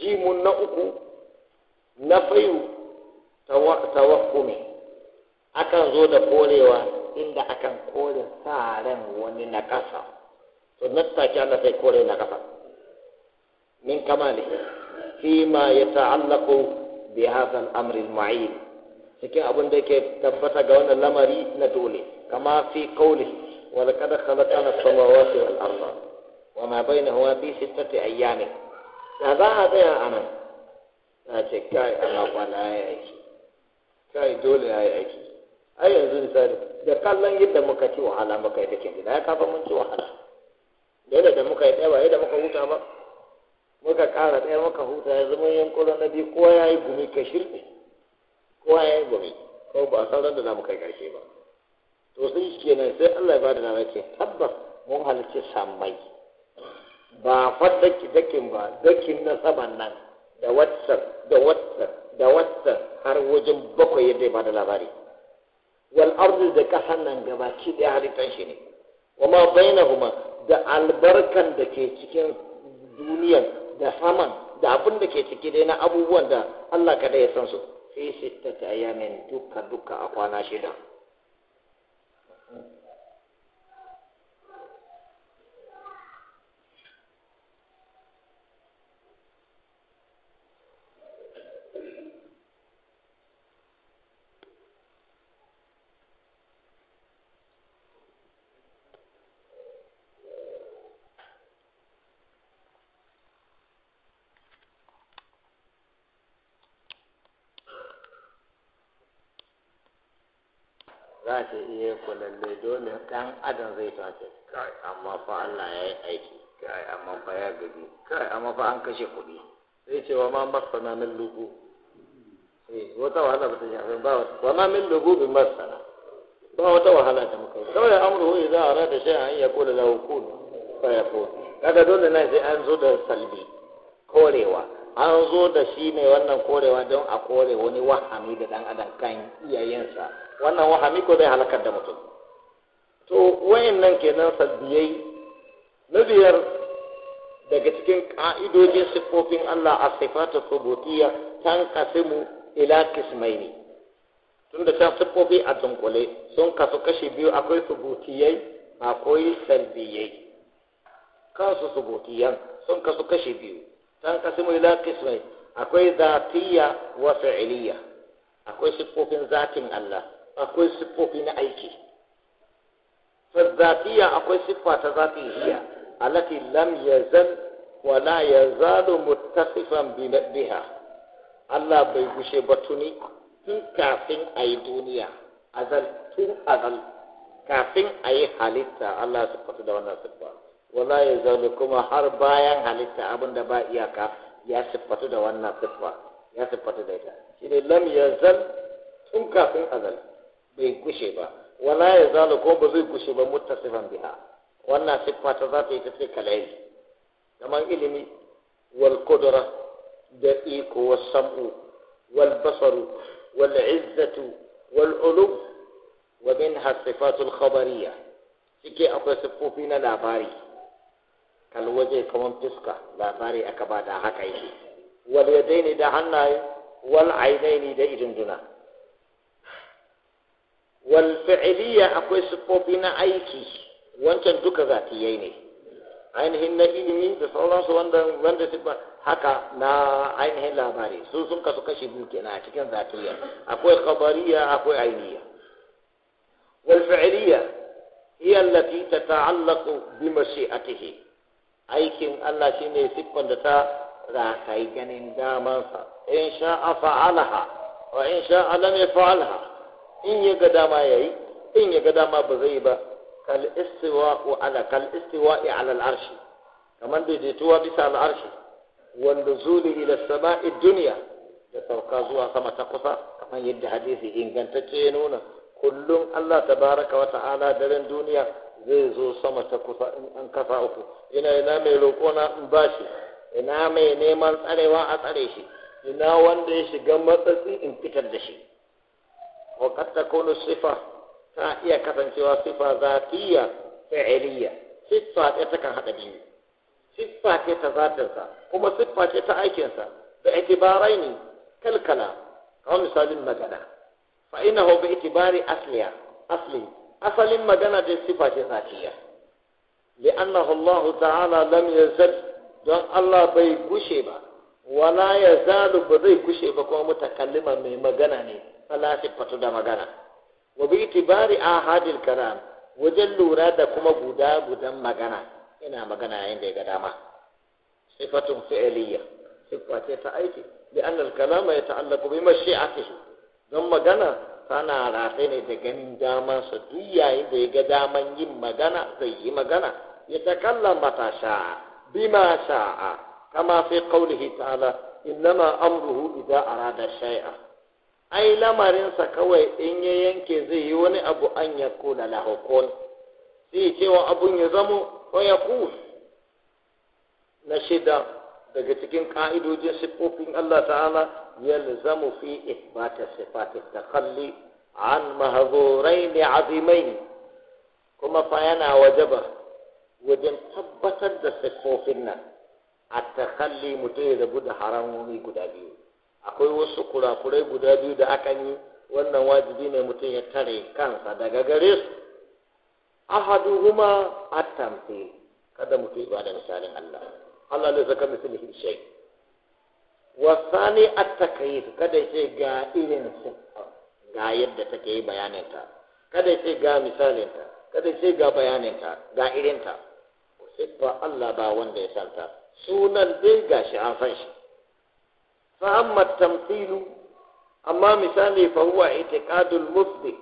jimun na uku na fayu tawakkumi akan zo da korewa inda akan kore ran wani na ƙasa to na take Allah sai kore na ƙasa min kamali fi ma ya ta'allaku bi hadha al-amr al-ma'in cikin abin da yake tabbata ga wannan lamari na dole kama fi qawlihi ولقد خلقنا السماوات والأرض وما بينهما في ستة أيام هذا هذا أنا ce kai ana kwana ya yi aiki kai dole ya yi aiki ai yanzu misali da kallon yadda muka ci wahala muka yi dakin gida ya kafa mun ci wahala dole da muka yi ɗaya ba yadda muka huta ba muka ƙara ɗaya muka huta ya zama yankunan na biyu kowa ya yi gumi ka shirme kowa ya yi gumi ko ba san da za mu kai ƙarshe ba to sai kenan sai Allah ya bada mamaki tabbas mun halarci samai. ba faddaki dakin ba dakin na saman nan da watsar da waccan da har wajen bakwai yadda ya bada labari wal ardu da kasan nan ki da halittar shi ne kuma bainahuma da albarkan da ke cikin duniya da saman da abin da ke ciki dai na abubuwan da Allah kada ya san su sitta ta ayamin duka duka a kwana shida ko lallai dole dan adam zai tace kai amma fa Allah ya yi aiki kai amma fa ya gani. kai amma fa an kashe kuɗi sai ce wa ma masana min lugu eh wata wahala ba ta shafe ba wa ma min lugu bi masana ba wata wahala ta muka kawai amru idza arada shay'an an yaqula lahu kun fa yakun kaga dole nan sai an zo da salbi korewa an zo da shi ne wannan korewa don a kore wani wahami da dan adam kan iyayensa wannan wahami ko zai halakar da mutum to nan kenan sabbiyai na biyar daga cikin ka'idojin siffofin Allah a sifatu subutiyya tan kasimu ila kismaini tunda can siffofi a tunkule sun kasu kashi biyu akwai subutiyai akwai sabbiyai kansu subutiyan sun kasu kashi biyu tan kasimu ila kisrai akwai zatiya wa fi'liya akwai siffofin zatin Allah akwai siffofi na aiki fa zatiya akwai siffa ta zatiyya allati lam yazal wa la yazalu muttasifan biha Allah bai gushe ba tuni tun kafin a yi duniya azal tun azal kafin a yi halitta Allah ya siffatu da wannan siffa wala ya kuma har bayan halitta abin da ba iyaka ya siffatu da wannan siffa ya siffatu da ita shi ne lam ya zal tun kafin azal bai gushe ba wala ya ko ba zai gushe ba muttasifan biha wannan siffa ta za ta yi ta sai kalai kamar ilimi wal kudura da iko was sam'u wal basaru wal izzatu wal ulum wa minha sifatul khabariyah cike akwai siffofi na labari kalli waje kaman fuska labari aka ba da haka yake wal yadaini da hannaye wal ainaini da idunduna wal fi'liya akwai siffofi na aiki wancan duka zatiyai ne ainihin na ilimi da sauransu wanda wanda haka na ainihin labari su sun kasu kashi biyu kenan a cikin zatiyya akwai khabariya akwai ainiya wal fi'liya hiya allati tata'allaqu bi mashi'atihi aikin Allah shine siffan da ta rakai ganin damansa in sha'a fa'alaha wa in sha'a lam yaf'alha in ya ga dama yayi in ya ga dama ba zai ba kal istiwa'u ala kal istiwa'i ala al-arshi kamar daidaituwa bisa al-arshi wanda zuli ila sama'i duniya. da sauka zuwa sama ta kusa kamar yadda hadisi ingantacce ya nuna kullum Allah tabaraka wa ta'ala daren duniya zai zo sama ta kusa in an kasa uku ina ina mai roƙo na in ba shi ina mai neman tsarewa a tsare shi ina wanda ya shiga matsatsi in fitar da shi wa qad takunu sifa ta iya kasancewa sifa zatiyya fa'iliya sifa ta takan hada biyu siffa ce ta zatinsa kuma siffa ce ta aikinsa da itibarai ne kalkala kawai misalin magana fa inahu bi itibari asliya asli asalin magana da sifa ce zatiya li'annahu Allah ta'ala lam yazal don Allah bai gushe ba wala yazalu ba zai gushe ba kuma mutakallima mai magana ne ala sifatu da magana wa bi itibari ahadil karam. wajen lura da kuma guda gudan magana ina magana yayin da ya ga dama sifatun fi'liyya sifa ce ta aiki li'anna al-kalama yata'allaqu bi mashi'atihi don magana tana rafe ne da ganin damansa duk yayin da ya ga daman yin magana zai yi magana ya ta kallon mata sha'a bima sha'a kama fi kaulihi ta'ala innama amruhu idza arada shay'a ai lamarinsa kawai in ya yanke zai yi wani abu an ya kula la hukun sai cewa abun ya zamo ko ya ku na shida daga cikin ka'idojin siffofin Allah ta'ala يلزم في إثبات صفات التخلي azimai kuma عظيمين كما فينا وجبه وجن tabbatar da siffofin nan a takalli mutum ya rabu da guda biyu akwai wasu kurakurai guda biyu da aka yi wannan wajibi ne mutum ya tare kansa daga gare su ahaduhuma at-tamthil kada mutum ya bada misalin Allah Allah ne saka misali shay wasani at-takyif kada ce ga irin siffa ga yadda take yi bayaninta kada ce ga misalinta kada ce ga bayaninta ga irinta siffa Allah ba wanda ya santa sunan dai shi an san shi fa amma tamthilu amma misali fa huwa i'tiqadul musbih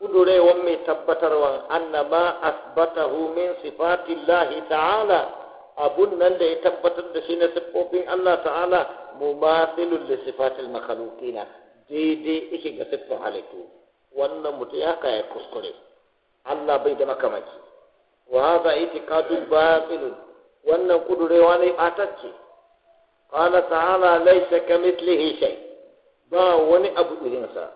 kudurewan mai tabbatarwa annama asbatahu min sifatillahi ta'ala abun nan da ya tabbatar da shi na siffofin Allah ta'ala mumathilul da sifatil makhluqina daidai yake ga siffin halittu wannan mutum ya kaya kuskure Allah bai da makamaki wa hadha itiqadun batilun wannan kudurewa ne batacce qala ta'ala laysa kamithlihi shay ba wani abu irinsa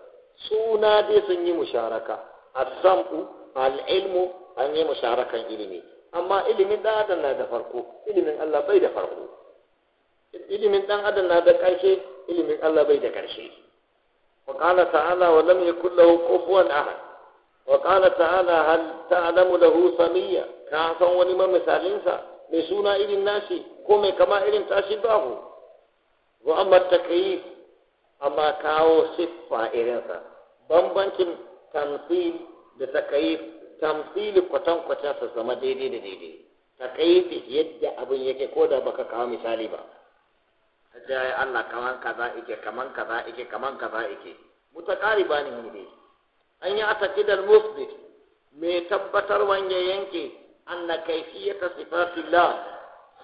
suna dai sun yi musharaka as-sam'u al-ilmu an yi musharakan ilimi amma ilimin ɗan adam na da farko ilimin Allah bai da farko ilimin ɗan adam na da ƙarshe ilimin Allah bai da ƙarshe wa qala ta'ala wa lam yakul lahu kufuwan ahad wa qala ta'ala hal ta'lamu lahu samiyya ka san wani ma misalinsa Me suna irin nashi ko mai kama irin tashi babu wa amma takyif amma kawo siffa irinsa bambancin tamthil da takayif tamthili kwatan kwatan sa zama daidai da daidai takaifi yadda abin yake ko da baka kawo misali ba kaje ai Allah kaman kaza ike kaman kaza ike kaman kaza yake ba ni ne an yi kidan musbit mai tabbatar wanda yanke ta kaifiyata sifatillah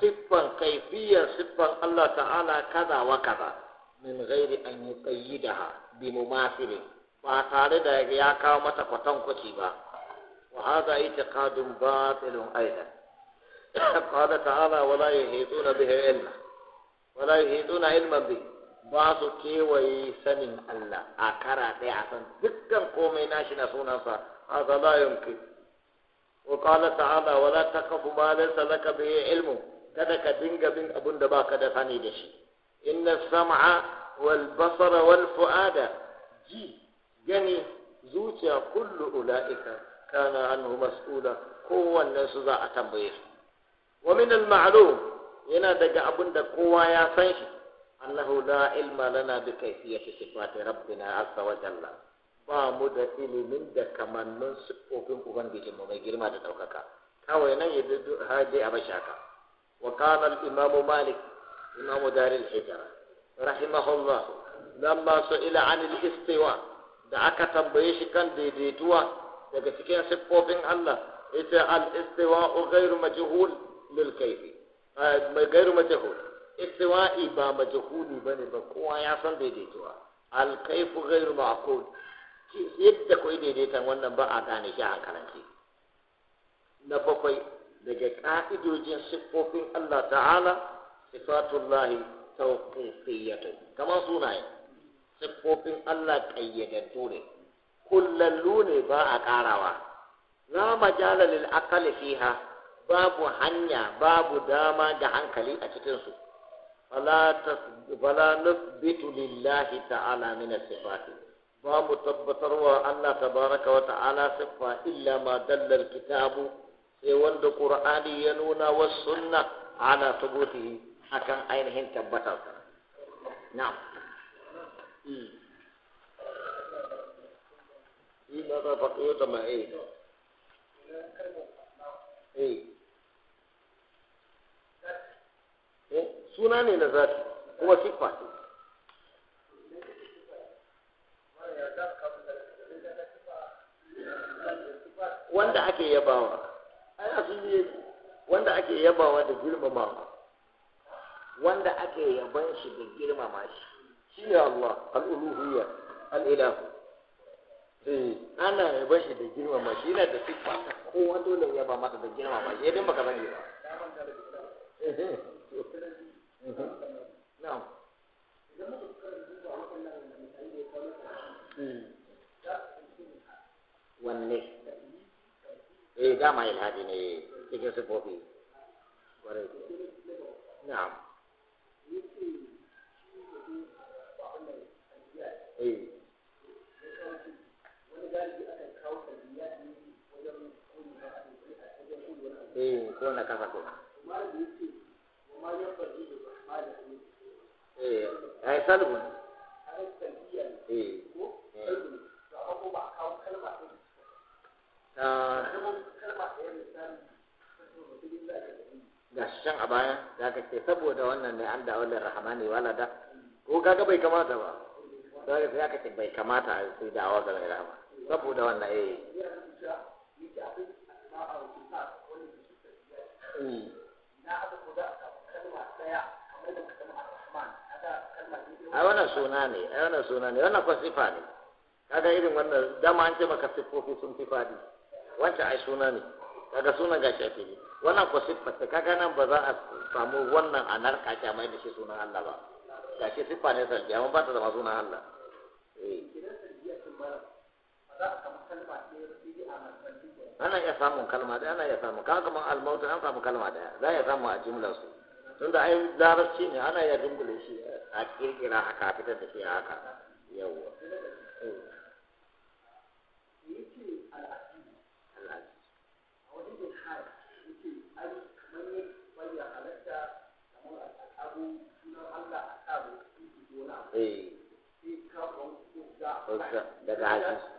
siffan kaifiyar siffan Allah ta'ala kaza wa kaza min ghairi an yi da ha. bi mumathilin ba tare da ya kawo mata kwatankwaci ba وهذا اعتقاد باطل ايضا قال تعالى ولا يهيدون به علما ولا يهيدون علما به باطل كي ويسن الله اكرا دي عسن قومي ناشنا سونسا هذا لا يمكن وقال تعالى ولا تقف ما ليس لك به علم كذا دنگا بن ابن دبا كذا ثاني دشي ان السمع والبصر والفؤاد جي جني يعني زوجة كل اولئك kana anhu mas'ula kowanne su za a tambaye su wa min al yana daga abin da kowa ya san shi annahu la ilma lana bi kayfiyati sifati rabbina azza wa jalla ba mu da ilimin da kamannin siffofin ubangiji mu mai girma da ɗaukaka. kawai nan ya haje a bashaka wa kana al-imam malik imam dar al-hijra rahimahullah lamma su'ila 'an al-istiwa da aka tambaye shi kan daidaituwa daga cikin siffofin Allah ita al istiwa ghairu majhul lil kayfi mai ghairu majhul istiwa'i ba majhuli bane ba kowa ya san daidaituwa al-kayfu ghairu ma'qul yadda kai daidaitan wannan ba a gane shi a karanci na bakwai daga ka'idojin siffofin Allah ta'ala sifatullahi tawqifiyyatu kamar sunaye siffofin Allah ƙayyadaddu ne kullallu ne ba a ƙarawa la majala lil aqali fiha babu hanya babu dama da hankali a cikin su fala nusbitu lillahi ta'ala min sifati ba mu tabbatar wa Allah tabaraka wa ta'ala siffa illa ma dalla kitabu sai wanda qur'ani ya nuna wa sunna ala thubutihi akan ainihin tabbatar na'am hmm. suna ne na zati kuma siffa Wanda ake yabawa, ana sun yi wanda ake yabawa da girmamawa, wanda ake yaban shi da girmama shi, shi ne Allah, al'uluhiyya, al'ilahu. Eh, ana yaba shi da girmama shi yana da siffa kowa dole ya ba mata da girma shi idan baka sani ba hmm. wanne eh ne cikin eh eh ko na kafa ko eh ai salbun eh ga shan a baya za ka ce saboda wannan ne an da aulin rahamani walada ko kaga bai kamata ba za ka ce bai kamata a sai da awa ga mai rahama saboda wannan eh ai wannan suna ne ai wannan suna ne wannan kwasi sifa ne kaga irin wannan dama an ce maka siffofi sun fi fadi wancan ai suna ne kaga suna gashi shafi ne wannan kwasi siffa ta kaga nan ba za a samu wannan a narka shi a mai da shi sunan Allah ba gashi siffa ne sarki amma ba ta zama sunan Allah eh ana iya samun kalma daya ana iya samun kaga kamar almautu an samu kalma daya za iya samu a jimlar su tun da ai larabci ne ana iya dunkule shi a kirkira haka fitar da shi a haka yawwa daga hajji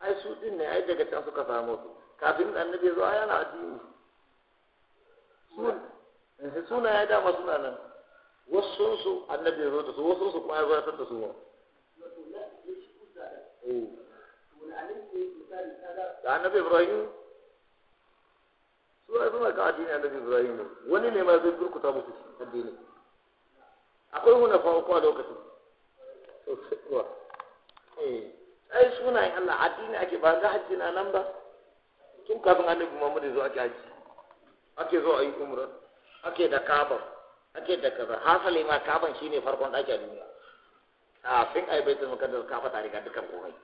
ai su din ne ai daga can suka samu su kafin annabi zuwa yana addini eh, suna ya dama suna nan wasu su annabi ya zo da su wasu su kuma ya zo ya san da su ma eh. da annabi ibrahim su ai suna ka addini annabi ibrahim ne wani ne ma zai burkuta musu addini akwai hunafa lokacin sosai kuwa eh ai sunayen Allah addini ake ba ga hajji na nan ba tun kafin annabi Muhammad ya zo ake hajji ake zo a yi umra ake da kaba ake da kaza hasali ma kaban shine farkon ɗaki a duniya a fin ai baitul muqaddas kaba ta riga dukkan komai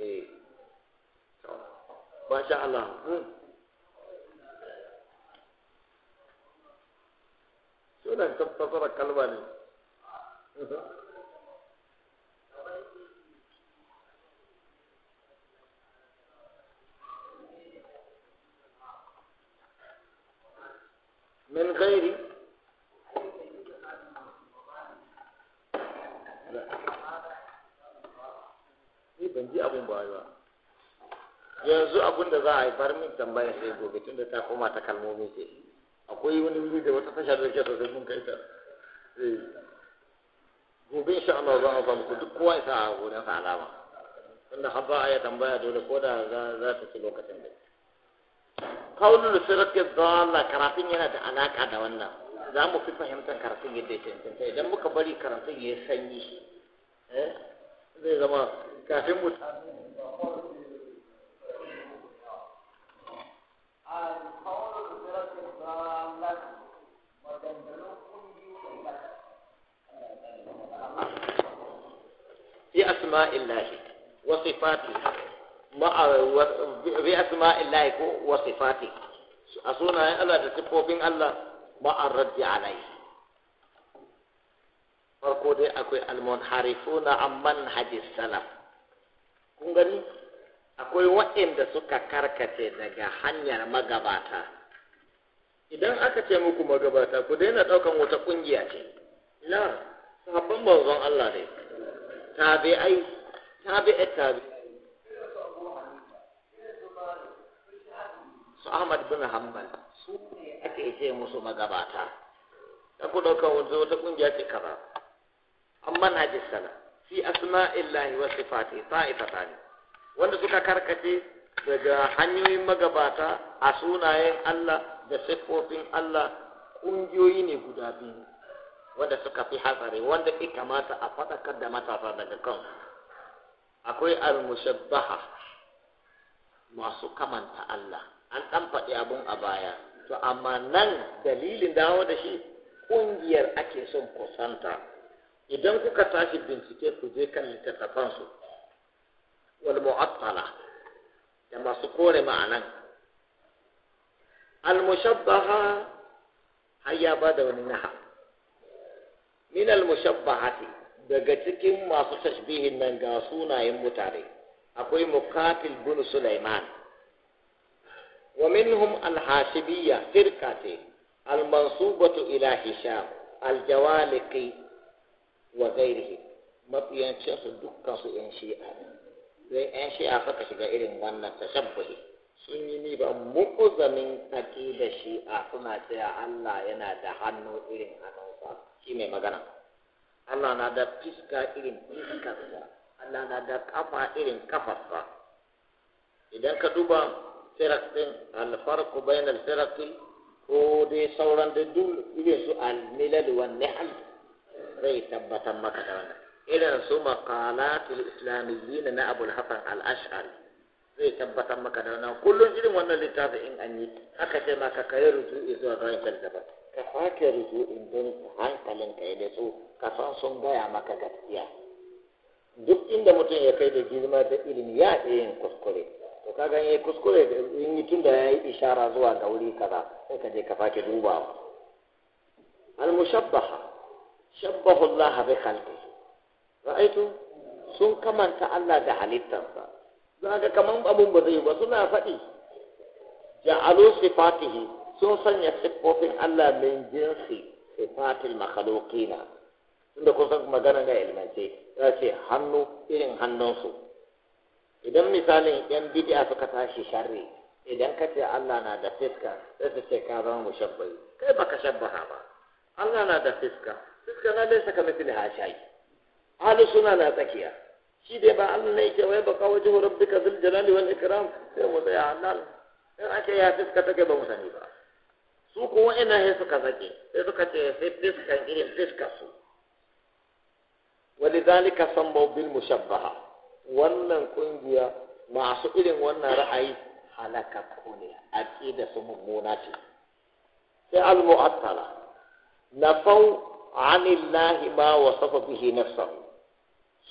eh ba sha Allah hmm. sunan tafsara kalma ne من غير ni ban ji abun ba ba yanzu abun da za a yi bar min tambaya sai gobe tun da ta koma ta kalmomi ce akwai wani wuri da wata tashar da ke sosai mun kai ta eh, gobe insha Allah za a ba duk kowa ya sa a gurin sa alama tunda har za a yi tambaya dole ko da za ta ci lokacin da kaulul sirati la karatun yana da alaka da wannan za mu fi fahimtar karatun yadda ya cancanta idan muka bari karatun ya sanyi eh, zai zama kafin mu في أسماء الله وصفاته bi asma'illahi ko wa sifati a sunayen Allah da sifofin Allah Ba a raddi alai farko dai akwai harifuna amman hadis salaf kun gani akwai waɗanda suka karkace daga hanyar magabata idan aka ce muku magabata ku daina ɗaukan wata ƙungiya ce na sabon manzon Allah ne tabi'ai tabi'ai tabi'ai su Ahmad bin Hanbal su ne ake ce musu magabata da ku dauka wanda wata kungiya ce kaza na ji sana fi asma'illahi wa sifati ta'ifatani wanda suka karkace daga hanyoyin magabata a sunayen Allah da siffofin Allah kungiyoyi ne guda biyu wanda suka fi hatsari wanda ya kamata a faɗakar da matasa daga kan akwai al-mushabbaha masu kamanta Allah an ɗan faɗi abun a baya to amma nan dalilin dawo da shi ƙungiyar ake son kusanta idan kuka tashi bincike ku je kan littattafansu wal mu'attala da masu kore ma'anan al mushabbaha har ba da wani naha min al mushabbahati daga cikin masu tashbihin nan ga sunayen mutane akwai mukatil bin sulaiman wa minhum al-hashibiyya firka ce al-mansubatu ila hisham al-jawaliki wa ghairihi mafiyancin su dukkan su yan shi'a zai yan shi'a suka shiga irin wannan tashabbuhi sun yi ni ba mu'uzamin da shi'a suna cewa Allah yana da hannu irin hannunsa shi mai magana Allah na da fiska irin fiskarsa Allah na da kafa irin kafarsa idan ka duba firak din alfarku bainal firaki ko dai sauran da duk irin su almilal wa nihal zai tabbatar maka da wannan irin su maqalatul islamiyyin na abul hasan al ash'ari zai tabbatar maka da wannan kullum irin wannan littafi in an yi aka ce maka kai ruju'i zuwa ga wancan daban ka sake ruju'in don hankalinka ya datsu ka san sun gaya maka gaskiya duk inda mutum ya kai da girma da ilimi ya iya yin kuskure to ka ganye kuskure in yi tunda ya yi ishara zuwa ga wuri kaza sai ka je ka sake dubawa al-mushabbaha shabbahu Allah bi khalqihi ra'aitu sun kamanta Allah da halittarsa za ga kaman abun ba zai ba suna faɗi ja'alu sifatihi sun sanya siffofin Allah min jinsi sifatil makhluqina tunda kun magana ga ilmance ya ce hannu irin hannunsu idan misalin yan bid'a suka tashi sharri idan ka ce Allah na da fiska sai su ce ka zama mushabbahi kai baka shabbaha ba Allah na da fiska fiska na laysa ka mithli shayi. ahli suna na tsakiya shi dai ba Allah ne yake wai baka wajhu rabbika zul jalali wal ikram sai mu tsaya Allah in ake ya fiska take ba mu sani ba su ko ina sai suka zake sai suka ce sai fiska irin fiska su ولذلك سموا بالمشبهه wannan kungiya masu irin wannan ra'ayi halaka ne aqida su mummuna ce sai al-mu'attala nafau anillahi ma safa bihi nafsahu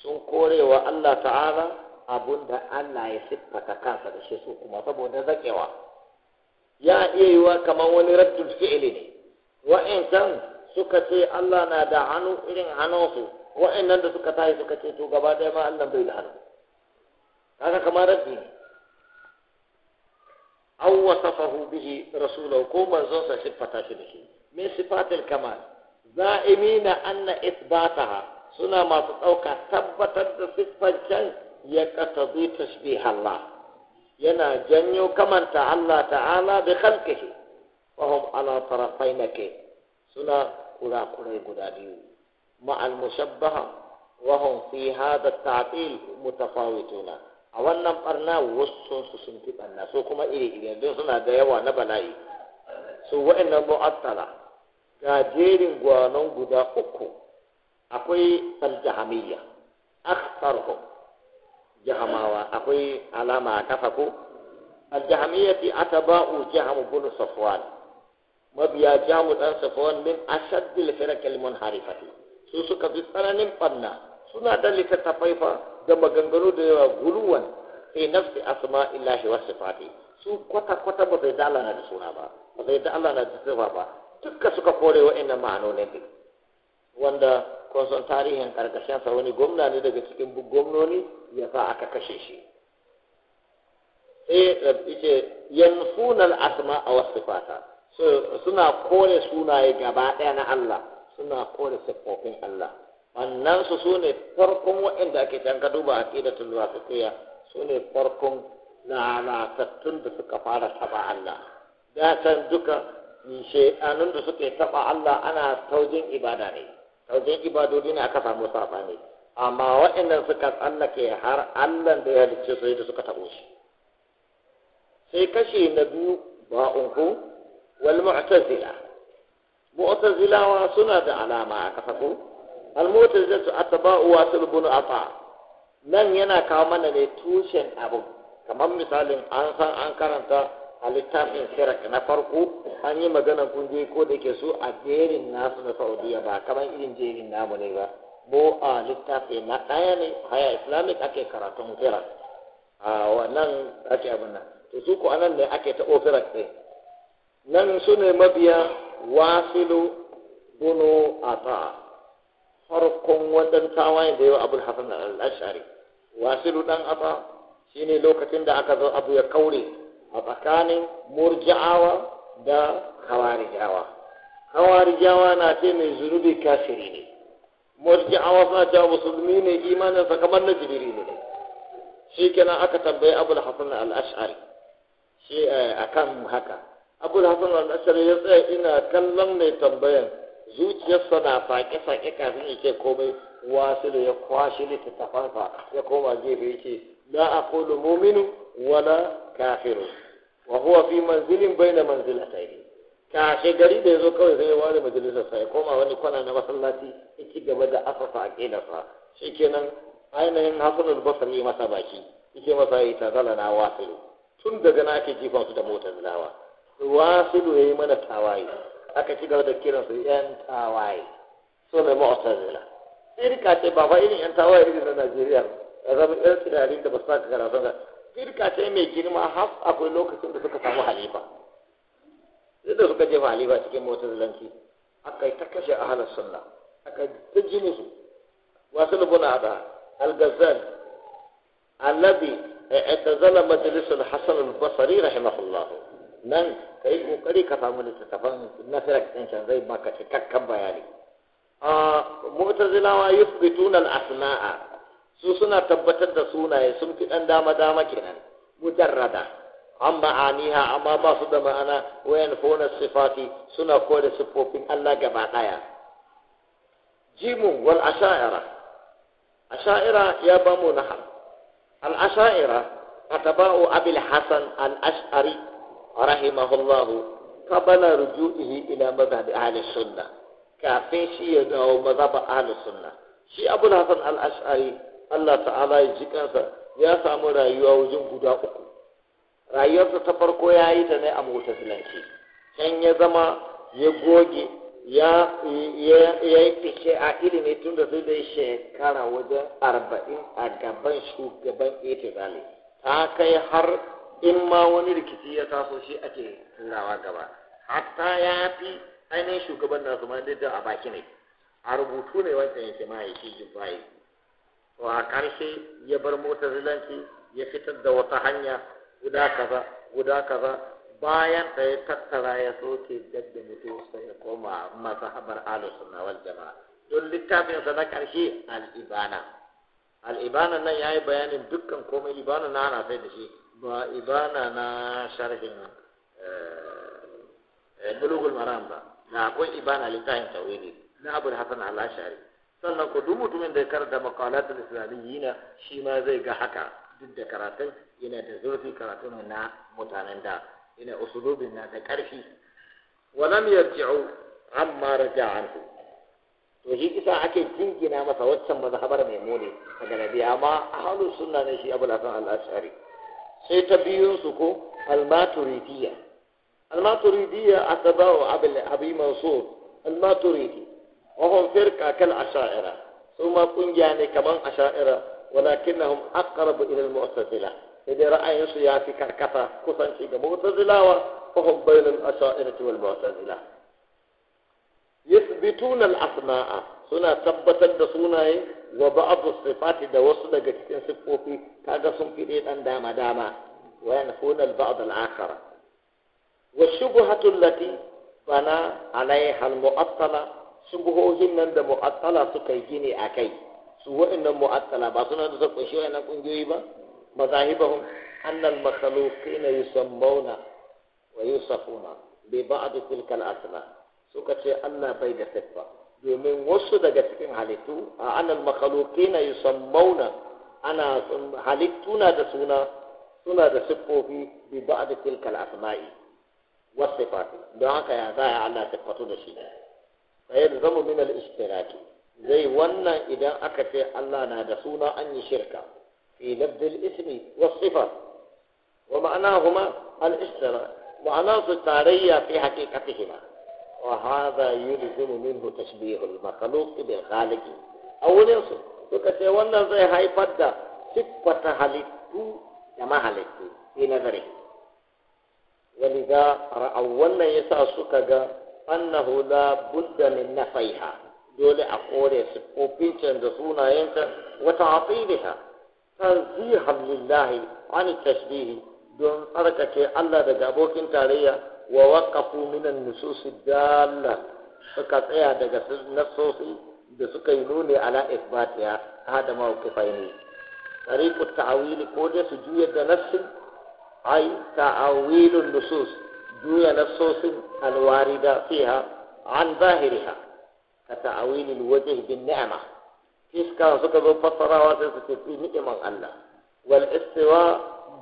sun korewa Allah ta'ala abunda Allah ya siffata kansa da shi su kuma saboda zakewa ya iya yiwa kamar wani raddul fi'li ne wa'incan suka ce Allah na da hannu irin hannunsu wa'annan da suka tashi suka ce to gaba ɗaya ma Allah bai da hannu هذا كما رد أو وصفه به رسوله كما زوصة صفة شنشي من صفات الكمال زائمين أن إثباتها سنة ما تتوقع ثبتت صفة جن يكتضي تشبيه الله ينا جنيو كمن تعالى تعالى بخلقه وهم على طرفين كي سنة كلا كلا قداديو مع المشبهة وهم في هذا التعطيل متفاوتون a wannan barna wasu su sun fi barna so kuma iri iri don suna da yawa na bala'i su wa'annan mu'attala ga jerin gwanon guda uku akwai aljahamiyya akhtarhum jahamawa akwai alama a kafa ko fi atba'u jaham bin safwan mabiya jamu dan safwan min ashaddil firaq munharifati su suka fi tsananin barna suna da littattafai fa da maganganu da yawa guluwan fi illa shi wa sifati su kwata kwata ba zai dala na da suna ba ba zai da Allah na da sifa ba duka suka kore ma'ano ma'anonin ne wanda kwanson tarihin karkashin sa wani gwamna ne daga cikin gwamnoni ya sa aka kashe shi sai yace yanfuna al-asma wasu sifata suna kore sunaye gaba ɗaya na Allah suna kore siffofin Allah annan su ne farkon waɗanda ake can ka duba a ƙida tun su tafiya su ne farkon lalatattun da suka fara taɓa Allah da san duka anan da suke taɓa Allah ana taujin ibada ne taujin ibadodi ne aka samu safa ne amma waɗannan suka tsallake har Allah da ya halicce su da suka taɓo shi sai kashe na biyu ba unku wal mu'tazila mu'tazilawa suna da alama a kasa almotar zai su atba'u wa a fa nan yana kawo mana ne tushen abu kamar misalin an san an karanta a littafin sirak na farko an yi magana kunje ko da ke su a jerin nasu na saudiya ba kamar irin jerin namu ne ba mu a littafi na ɗaya ne haya islamic ake karatun sirak a wannan ake abin nan to su ko anan ne ake ta sirak ɗin nan su ne mabiya wasilu bunu ata farkon wadan tawayen da yawa abul hasan al-ashari wasilu dan aba shine lokacin da aka zo abu ya kaure a tsakanin murji'awa da khawarijawa khawarijawa na ce mai zunubi kafiri ne murji'awa suna cewa musulmi ne imanin sa kamar na jibiri ne shi kenan aka tambayi abul hasan al-ash'ari shi eh, akan haka abul hasan al ya tsaya ina kallon mai tambayan zuciyarsa na faƙe saƙe kafin ya ce komai wasu da ya kwashe littattafansa ya koma gefe ya ce la aqulu mu'minu wala kafiru wa huwa fi manzilin bai ta yi, kashe gari da zo kawai zai wani majalisar ya koma wani kwana na masallaci ya ci gaba da a asasa aqidarsa shikenan ainihin hasunan basri masa baki yake masa yi tazala na wasu tun daga na ake jifansu su da motar wasu ya yi mana tawaye aka ci gaba da kiran su yan tawaye su ne mu'tazila firka ce ba fa irin yan tawaye irin na Najeriya ya zama yan tsirarin da ba su ka karatu ba firka ce mai girma har akwai lokacin da suka samu halifa da suka jefa halifa cikin motar zalanci aka yi ta kashe a ahlus sunna aka ta jini su wasu lubuna da algazan annabi a alladhi اعتزل مجلس الحسن البصري basari rahimahullahu nan ka yi ƙoƙari ka samu littattafan nasarar ɗin zai maka cikakken bayani fi yuthbituna a asmaa su suna tabbatar da sunaye sun fi ɗan dama dama kenan mujarrada an ma'aniha amma ba su da ma'ana wayan fona sifati suna kore siffofin Allah gaba ɗaya jimu wal asha'ira asha'ira ya ba mu nahar al asha'ira ataba'u abil hasan al ash'ari rahimahullahu qabala ruju'ihi ila mazhab ahli sunna kafin shi ya dawo mazhab ahli sunna shi abu hasan al-ash'ari Allah ta'ala ya ji kansa ya samu rayuwa wajen guda uku rayuwarsa ta farko ya yi ta ne a mutazilanci can ya zama ya goge ya yi fice a ilimi tun da sai da shekara wajen arba'in a gaban shugaban itizali ta kai har in ma wani rikici ya taso shi ake tunawa gaba hatta ya fi ainihin shugaban nasu ma da a baki ne a rubutu ne wancan yake ma ya shi jibbayi to a ƙarshe ya bar mota zilanci ya fitar da wata hanya guda kaza guda kaza bayan da ya tattara ya soke jadda mutum sai ya koma habar ahlus na wal jamaa don littafin sa na ƙarshe al-ibana al-ibana nan yayi bayanin dukkan komai ibana na ana sai da shi ba ibana na sharhin bulugul maram ba na akwai ibana littafin tawili na abul hasan al-ashari sannan ko duk mutumin da ya karanta maqalatul islamiyyin shi ma zai ga haka duk da karatun yana da zurfi karatun na mutanen da yana usulubin na da karfi walam yarji'u amma raja'a anhu to shi isa ake jingina masa waccan mazhabar mai mune daga nabi amma ahlus sunna ne shi abul hasan al-ashari sai ta biyun su ko almaturidiya almaturidiya atba'u abul abi mansur almaturidi wa hum firqa kal asha'ira suma kungiya ne kaman asha'ira walakinnahum aqrabu ila almu'tazila idan ra'ayin su ya fi karkata kusanci ga mu'tazilawa fa hum bainal asha'ira wal mu'tazila yathbituna al asma'a suna tabbatar da sunaye wa ba'adu sifati da wasu daga cikin siffofi kaga sun fi ɗan dama dama wa yanfuna al-ba'd al wa shubhatu allati bana alaiha hal muattala shubuhohin nan da mu'attala suka yi gini kai su wa'annan mu'attala ba suna da zai kunshi wa'annan kungiyoyi ba mazahibahum anna al-makhluqina yusammawna wa yusafuna bi ba'd tilka asma suka ce Allah bai da siffa domin wasu daga cikin halittu a na yi sambauna ana halittu na da suna suna da siffofi bi ba ba'd tilkal asma'i wasu fati don haka ya za ya Allah siffatu da shi a yadda zama min al ishtiraki zai wannan idan aka ce Allah na da suna an yi shirka fi labd ismi wasu sifa wa ma'ana kuma al ma'ana su tarayya fi hakikatihima وهذا يلزم منه تشبيه المخلوق بالخالق أولا سكت وانا زي هاي فدا صفة هلتو كما هلتو في نظره ولذا رأوا وانا يسا سكت أنه لا بد من نفيها dole a kore siffofin can da sunayenta wata hatsiliha tanzihan lillahi an tashbihi don tsarkake Allah daga abokin tarayya wa waqafu min an-nusus dalla suka tsaya daga nasosi da suka yi nuni ala isbatiya hada mawqifai ne tariqu ta'wili ko da su juya da nassin ai ta'awilun nusus juya nasosin alwarida fiha an zahiriha ka ta'awilil wajh bin ni'ama iska suka zo fassarawa sai su ce ni'iman Allah wal istiwa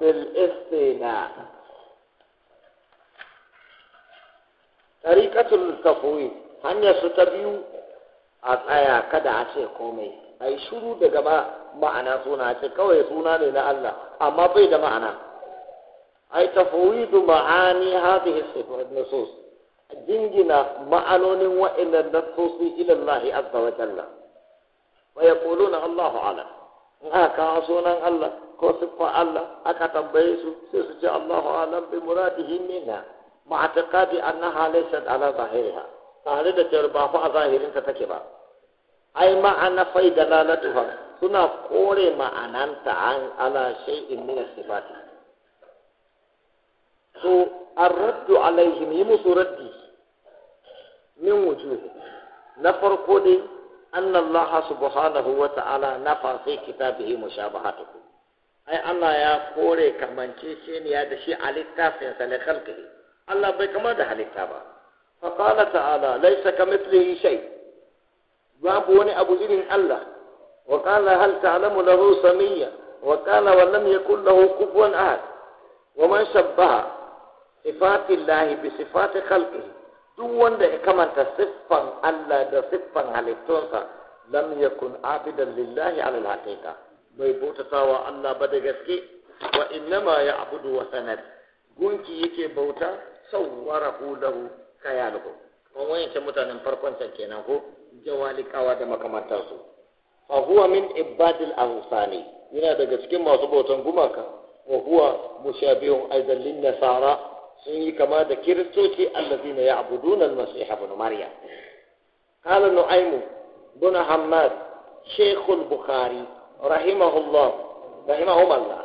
bil istina tariƙatul tafwi hanyar su ta biyu a tsaya kada a ce komai ai shuru da gaba ma'ana suna ce kawai suna ne na Allah amma bai da ma'ana ai tafwidu ma'ani hadhihi sifat nusus jingina ma'anonin wa'annan nasosi ila Allah azza wa jalla wa yaquluna Allahu ala in aka sunan Allah ko sifa Allah aka tambaye su sai su ce Allahu a'lam bi muradihi minna ma ataqadi annaha laysat ala zahiriha tare da cewa ba fa a zahirin ta take ba ai ma'ana fai dalalatuha suna kore ma'ananta an ala shay'in min sifati so arraddu alaihim yi musu raddi min wujuhi na farko dai annallaha subhanahu wa ta'ala nafa fi kitabihi mushabahatukum ai Allah ya kore kamanceceniya da shi a littafinsa na khalqihi Allah bai kama da halitta ba fa ta'ala ta'ala ka kamithlihi shay babu wani abu irin Allah wa qala hal ta'lamu lahu samiyya wa qala wa lam yakul lahu kufuwan ahad wa man shabbaha sifatillahi bi sifati khalqihi duk wanda ya kamanta siffan Allah da siffan halittunsa lam yakun abidan lillahi ala al bai bautatawa Allah ba da gaske wa innama ya'budu wa sanad gunki yake bauta sawwarahu lahu kayaluhu kuma wayancin mutanen farkon can kenan ko jawali kawa da makamantarsu fa huwa min ibadil awsani yana daga cikin masu bautan gumaka wa huwa mushabihun aidan lin nasara sun yi kama da kiristoci allazina ya'buduna al-masih ibn maryam qala nu'aymu bin hammad shaykh bukhari rahimahullah rahimahum allah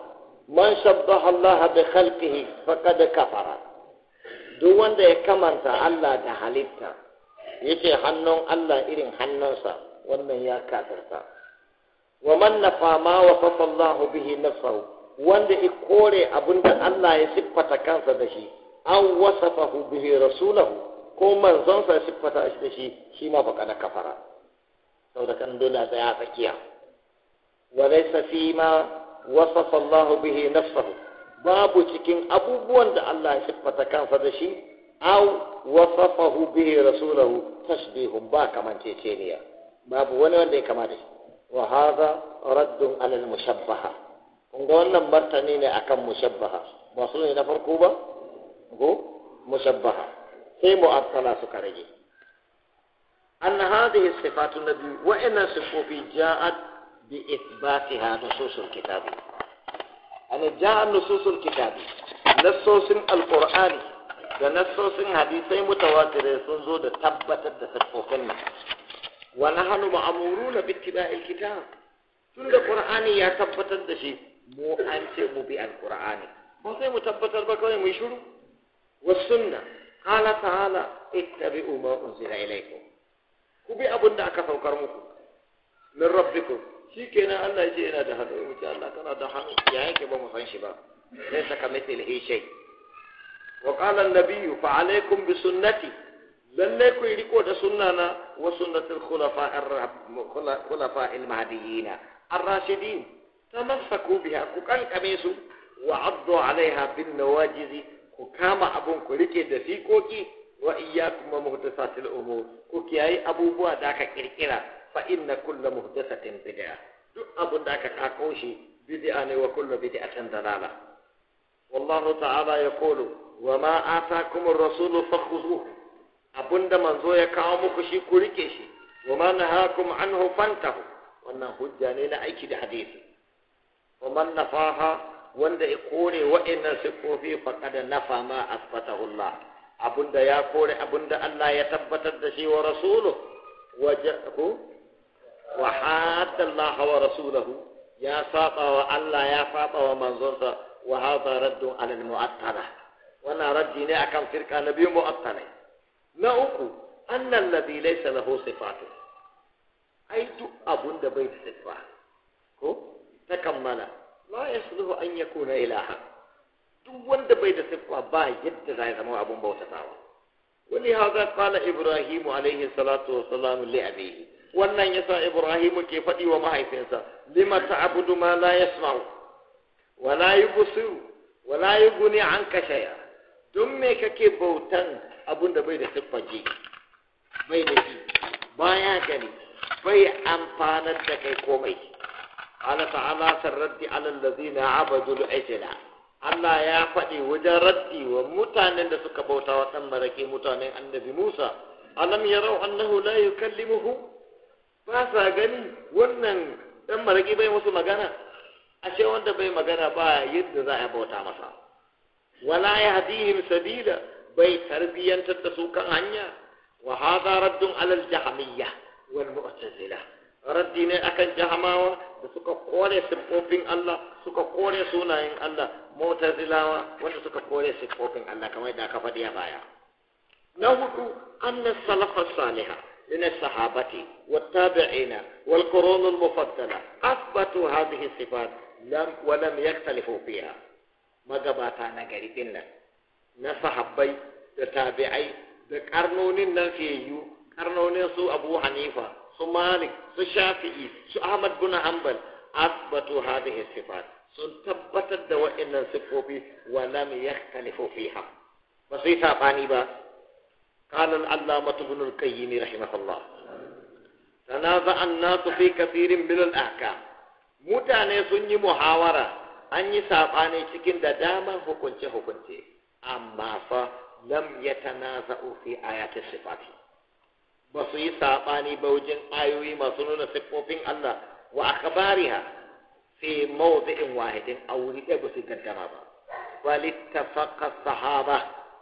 man shabbaha allah bi khalqihi kafara duk wanda ya kamanta Allah da halitta yake hannun Allah irin hannunsa wannan ya kasarta. wa man nafa ma wa sallallahu bihi nafsahu wanda ya kore abinda Allah ya siffata kansa da shi an wasafahu bihi rasulahu ko manzonsa ya siffata shi da shi shi ma faqad kafara saboda kan dole a tsaya tsakiya wa laysa fi ma wasafa Allah bihi nafsahu babu cikin abubuwan da Allah ya siffata kansa da shi aw wasafahu bihi rasulahu tashbihun ba kamanceceniya babu wani wanda ya kamata shi wa hadha raddun ala al mushabbaha kun ga wannan martani ne akan mushabbaha ba su ne na farko ba go mushabbaha sai mu'attala suka rage sifatu هذه wa inna sifati ja'at bi ithbatiha nususul kitabi ana ja'an nususul kitabi nassosin Alƙur'ani da nassosin hadisai mutawatire sun zo da tabbatar da sakokin nan wa nahnu ma'muruna bi ittiba'il kitab tunda qur'ani ya tabbatar da shi mu an ce mu bi alqur'ani ba sai mu tabbatar ba kawai mu yi shiru wa ku bi aka saukar muku min shi kenan Allah yana da hannu mu Allah kana da hannu ya yake ba mu san shi ba sai saka hi shay wa qala an-nabiyyu fa alaykum bi sunnati lalle ku riko da sunnana wa sunnatul khulafa ar-khulafa al-mahdiyyin ar-rashidin tamassaku biha ku kankame su wa addu alaiha bin nawajiz ku kama abun ku rike da fikoki wa iyyakum muhtasatil umur ku kiyayi abubuwa da aka kirkira fa inna kullu muhdathatin bid'a duk abin da aka kako shi bid'a ne wa kullu bid'atin dalala wallahu ta'ala yaqulu wa ma atakum ar-rasulu fakhuzuhu abinda manzo ya kawo muku shi ku rike shi wa ma nahakum anhu fantahu wannan hujja ne na aiki da hadisi wa man nafaha wanda ya kore wa'annan sifofi faqad nafa ma asbatahu Allah abinda ya kore abinda Allah ya tabbatar da shi wa rasuluhu wajahu wa haddallaha wa rasulahu ya saba wa Allah ya saba wa manzonsa wa hadha raddun ala al wannan raddi ne akan firka na biyu mu'attala na uku anna alladhi laysa lahu sifatu ai duk abun da bai da sifa ko ta kammala la yasluhu an yakuna ilaha duk wanda bai da sifa ba yadda zai zama abun bautatawa wani haza qala ibrahim alaihi salatu wa salam li abihi wannan yasa Ibrahimu ke faɗi wa mahaifinsa lima ta'budu ma la yasma'u wa la yubsiru wa la yughni anka shay'a don me kake bautan abun bai da siffaji bai da shi baya gani bai amfanar da kai komai Allah ta'ala sarraddi allazina abadu al ajla Allah ya faɗi wajen raddi wa mutanen da suka bauta wa ɗan marake mutanen annabi Musa alam yarau annahu la yukallimuhu ba sa gani wannan dan maraki bai musu magana ashe wanda bai magana ba yadda za a bauta masa wala ya yahdihim sabila bai tarbiyantar da su kan hanya wa hadha raddun alal jahmiyya wal mu'tazila raddi ne akan jahamawa da suka kore siffofin Allah suka kore sunayen Allah mu'tazilawa wanda suka kore siffofin Allah kamar da ka faɗi a baya na hudu annas salafa salihah من الصحابة والتابعين والقرون المفضلة أثبتوا هذه الصفات لم ولم يختلفوا فيها ما قباتا نقري إنا نصحبي تابعي قرنون نفيو قرنون سو أبو حنيفة سو مالك سو شافعي سو أحمد بن حنبل أثبتوا هذه الصفات sun tabbatar da wa'annan siffofi wa lam yakhtalifu fiha ba su yi sabani ba قال العلامة ابن القيم رحمه الله تنازع الناس في كثير من الأحكام mutane sun yi muhawara an yi saɓani cikin da dama hukunce-hukunce amma fa lam ya tanaza'u fi ayati sifati ba su yi saɓani ba wajen ayoyi masu nuna siffofin Allah wa Sai fi mawdi'in wahidin a wuri ɗaya ba su gaddama ba walittafaqa sahaba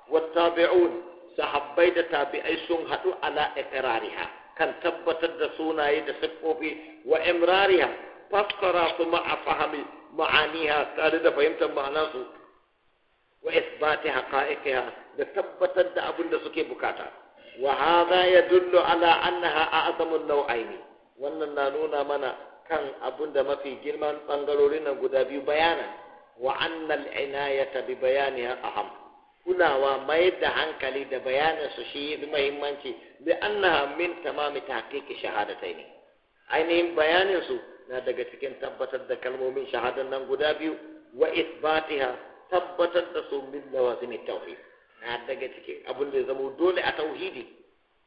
wattabi'un sahabbai da tabi'ai sun haɗu ala iqrariha kan tabbatar da sunaye da siffofi wa imrariha fassara su a fahimi ma'aniha tare da fahimtar ma'anarsu wa isbati haqa'iqiha da tabbatar da abin da suke bukata wa hadha yadullu ala annaha a'zamu an-naw'aini wannan na nuna mana kan abin da mafi girman bangarorin nan guda biyu bayana wa annal inayata bi bayaniha aham kulawa mayar da hankali da bayanin su shi yi muhimmanci bi annaha min tamami tahqiqi shahadatayn ainihin bayaninsu na daga cikin tabbatar da kalmomin shahadan nan guda biyu wa isbatiha tabbatar da su min lawazim tauhid na daga cikin abin da zama dole a tauhidi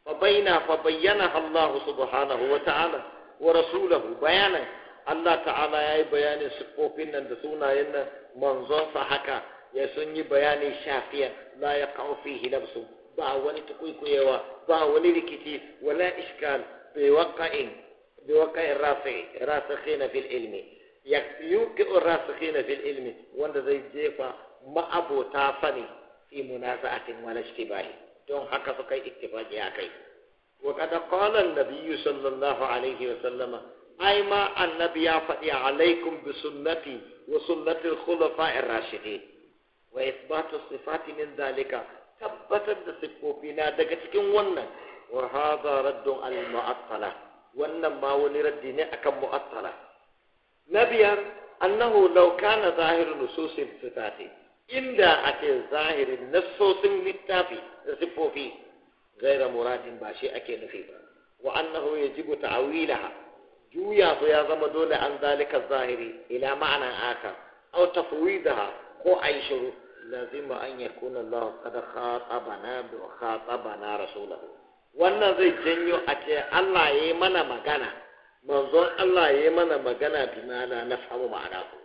fa baina fa bayyana Allah subhanahu wa ta'ala wa rasuluhu bayanan Allah ta'ala yayi bayanin sifofin nan da sunayen nan manzon sa haka ya sun yi bayanin shafiyan la ya kawo fihi nafsu ba wani tukuikuyewa ba wani rikici wala iskal bai waka'in bai waka'in rasikhina fil ilmi ya yuki rasikhina fil ilmi wanda zai jefa ma'abota fani fi munaza'atin wala ishtibahi don haka suka yi ittifaqi akai wa qad qala an-nabiy sallallahu alaihi wa sallama ai ma annabi ya faɗi alaikum bi sunnati wa sunnati al-khulafa ar-rashidin wa isbatu sifati min zalika tabbatar da siffofi na daga cikin wannan wa hadha raddun al mu'attala wannan ma wani raddi ne akan mu'attala na biyar annahu law kana zahirun nususin sifati inda ake zahirin nassosin littafi da siffofi gaira muradin ba shi ake nufi ba wa annahu yajibu ta'wilaha juya su ya zama dole an zalika zahiri ila ma'anan aka aw tafwidaha ko ayi shiru لازم أن يكون الله قد خاطبنا وخاطبنا رسوله wannan zai janyo a ce Allah ya yi mana magana manzon Allah ya yi mana magana bi mana na samu ma'ana ko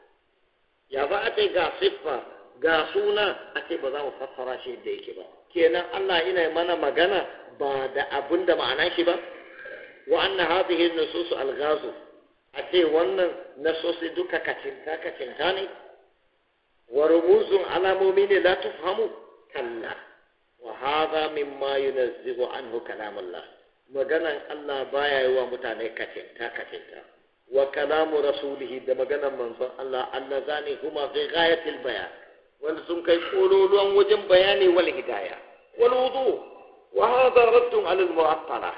ya ba a ce ga siffa ga suna a ce ba za mu fassara shi da yake ba kenan Allah yana mana magana ba da abin da ma'ana shi ba wa anna hadhihi nusus al-ghazu a ce wannan nasosi duka kacinta kacinta ne wa rumuzun alamomi ne la tufhamu kalla wa hadha mimma yunazzihu anhu kalamullah maganan Allah baya yi wa mutane kacinta kacinta wa kalamu rasulihi da maganan manzon Allah Allah zani huma fi ghayatil bayan wanda sun kai kololuwan wajen bayani wal hidaya wal wudu wa hadha raddun ala mu'attala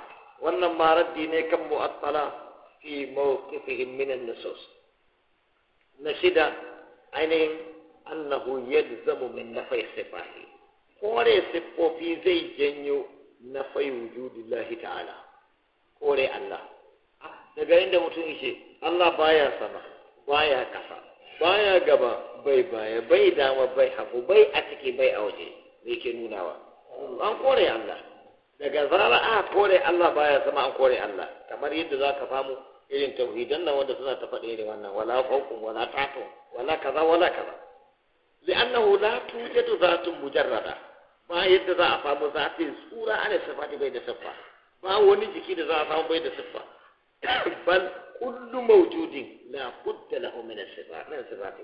wannan ma raddi ne kan mu'attala fi mawqifihim min an-nusus na shida ainihin annahu yalzamu min nafai sifati kore siffofi zai janyo nafai wujudillahi ta'ala kore Allah daga inda mutum yake Allah baya sama baya kasa baya gaba bai baya bai dama bai hagu bai a ciki bai a waje me ke nunawa an kore Allah daga zarar a kore Allah baya sama an kore Allah kamar yadda za ka famu irin tauhidan nan wanda suna ta faɗi irin wannan wala fawqum wala tatun wala kaza wala kaza li'annahu la tujadu zatun mujarrada ba yadda za a samu zatin tsura ana sifati bai da siffa ba wani jiki da za a samu bai da siffa bal kullu mawjudin la budda lahu min sifati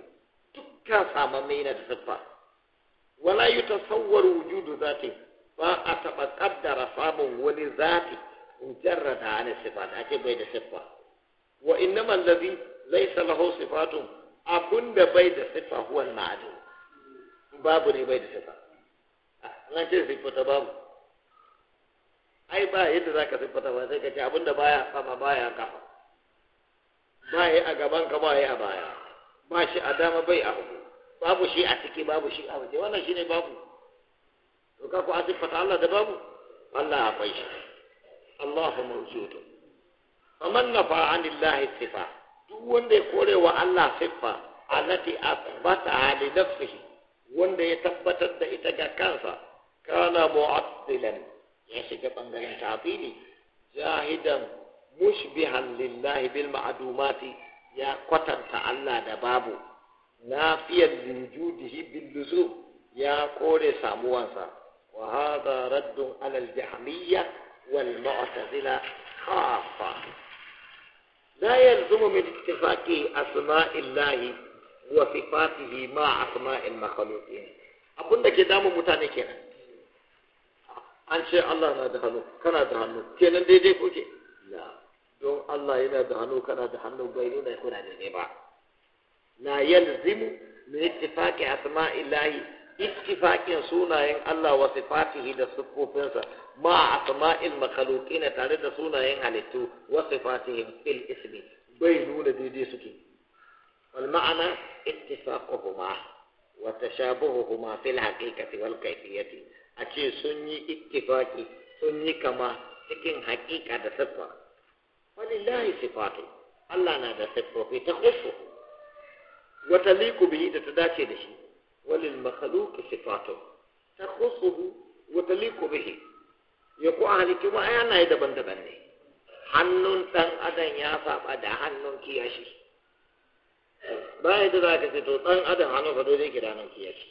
dukkan samamme yana da siffa wala yutasawwaru wujudu zatin ba a taɓa ƙaddara samun wani zafi mujarrada ana sifati ake bai da siffa wa innama allazi laysa lahu sifatun abunda bai da siffa huwa al babu ne bai da sifa ah, nan ce siffata babu ai ba yadda za ka siffata ba sai ka ce abinda baya sama baya kafa ba yi a gaban ka ba yi a baya ba shi a dama bai a hudu babu shi a ciki babu shi a waje wannan ne babu to ka ku a siffata Allah da babu Allah akwai shi Allahu mawjudun faman nafa anillahi sifa duk wanda ya kore wa Allah siffa allati asbata li nafsihi wanda ya tabbatar da ita ga kansa kana mu'attilan ya shiga bangaren ta'dili jahidan mushbihan lillahi bil ma'dumati ya kwatanta Allah da babu nafiyan wujudihi bil luzum ya kore samuwansa wa hadha raddun ala al jahmiyya wal mu'tazila khafa la yalzumu min ittifaqi asma'illahi wa sifatihi ma asma'il makhluqin Abun da ke damu mutane kenan an ce Allah na da hannu kana da hannu kenan daidai kuke la don Allah yana da hannu kana da hannu bai nuna kuna ne ba la yalzimu min ittifaqi asma'illahi ittifaqin sunayen Allah wa sifatihi da sifofinsa ma asma'il makhluqin tare da sunayen halittu wa sifatihi fil ismi bai nuna daidai suke والمعنى اتفاقهما وتشابههما في الحقيقة والكيفية أشي سني اتفاقي سني كما cikin haƙiƙa da siffa walillahi sifatu Allah na da siffofi ta kusu wata liku bihi da ta dace da shi walil makhluqi sifatu ta kusu wata liku bihi ya ku halittu ma yana daban-daban ne hannun ɗan ya da hannun kiyashi bayan da za ka ce to ɗan adam hannunsa dai zai kira nan ya ce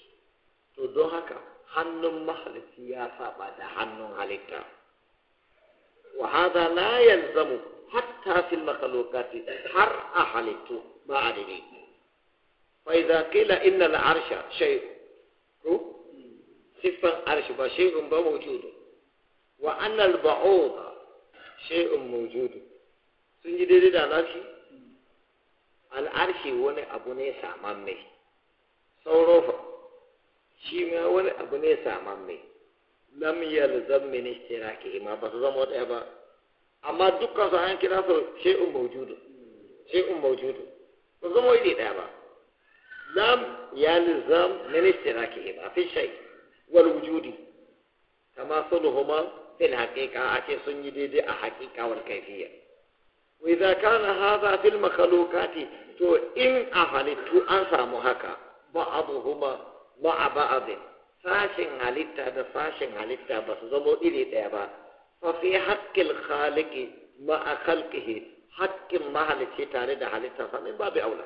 to don haka hannun mahalici ya saba da hannun halitta wa hada la yalzamu hatta fil makhluqati har a halittu ba a dai fa idza qila inna al arsha shay ko sifan arshi ba shay'un ba mawjudu wa anna al ba'udha shay'un mawjudu sun ji daidai da lafiya al'arshi wani abu ne mai sauro fa shi ma wani abu ne mai lam yalzam min ishtiraki ma ba su zama ɗaya ba amma dukkan su an kira su shay'un mawjudu shay'un mawjudu ba zama wani ɗaya ba lam yalzam min ishtiraki ma fi shay wal wujudi kama suluhuma fil haqiqa ake sun yi daidai a haqiqa wal kaifiyya wa idza kana hadha fil makhluqati to in a halittu an samu haka ba ba'dhuhuma ma'a ba'd fashin halitta da fashin halitta ba su zama iri daya ba fa fi haqqil khaliqi ma'a khalqihi haƙƙin mahalicci tare da halitta halittarsa min babu aula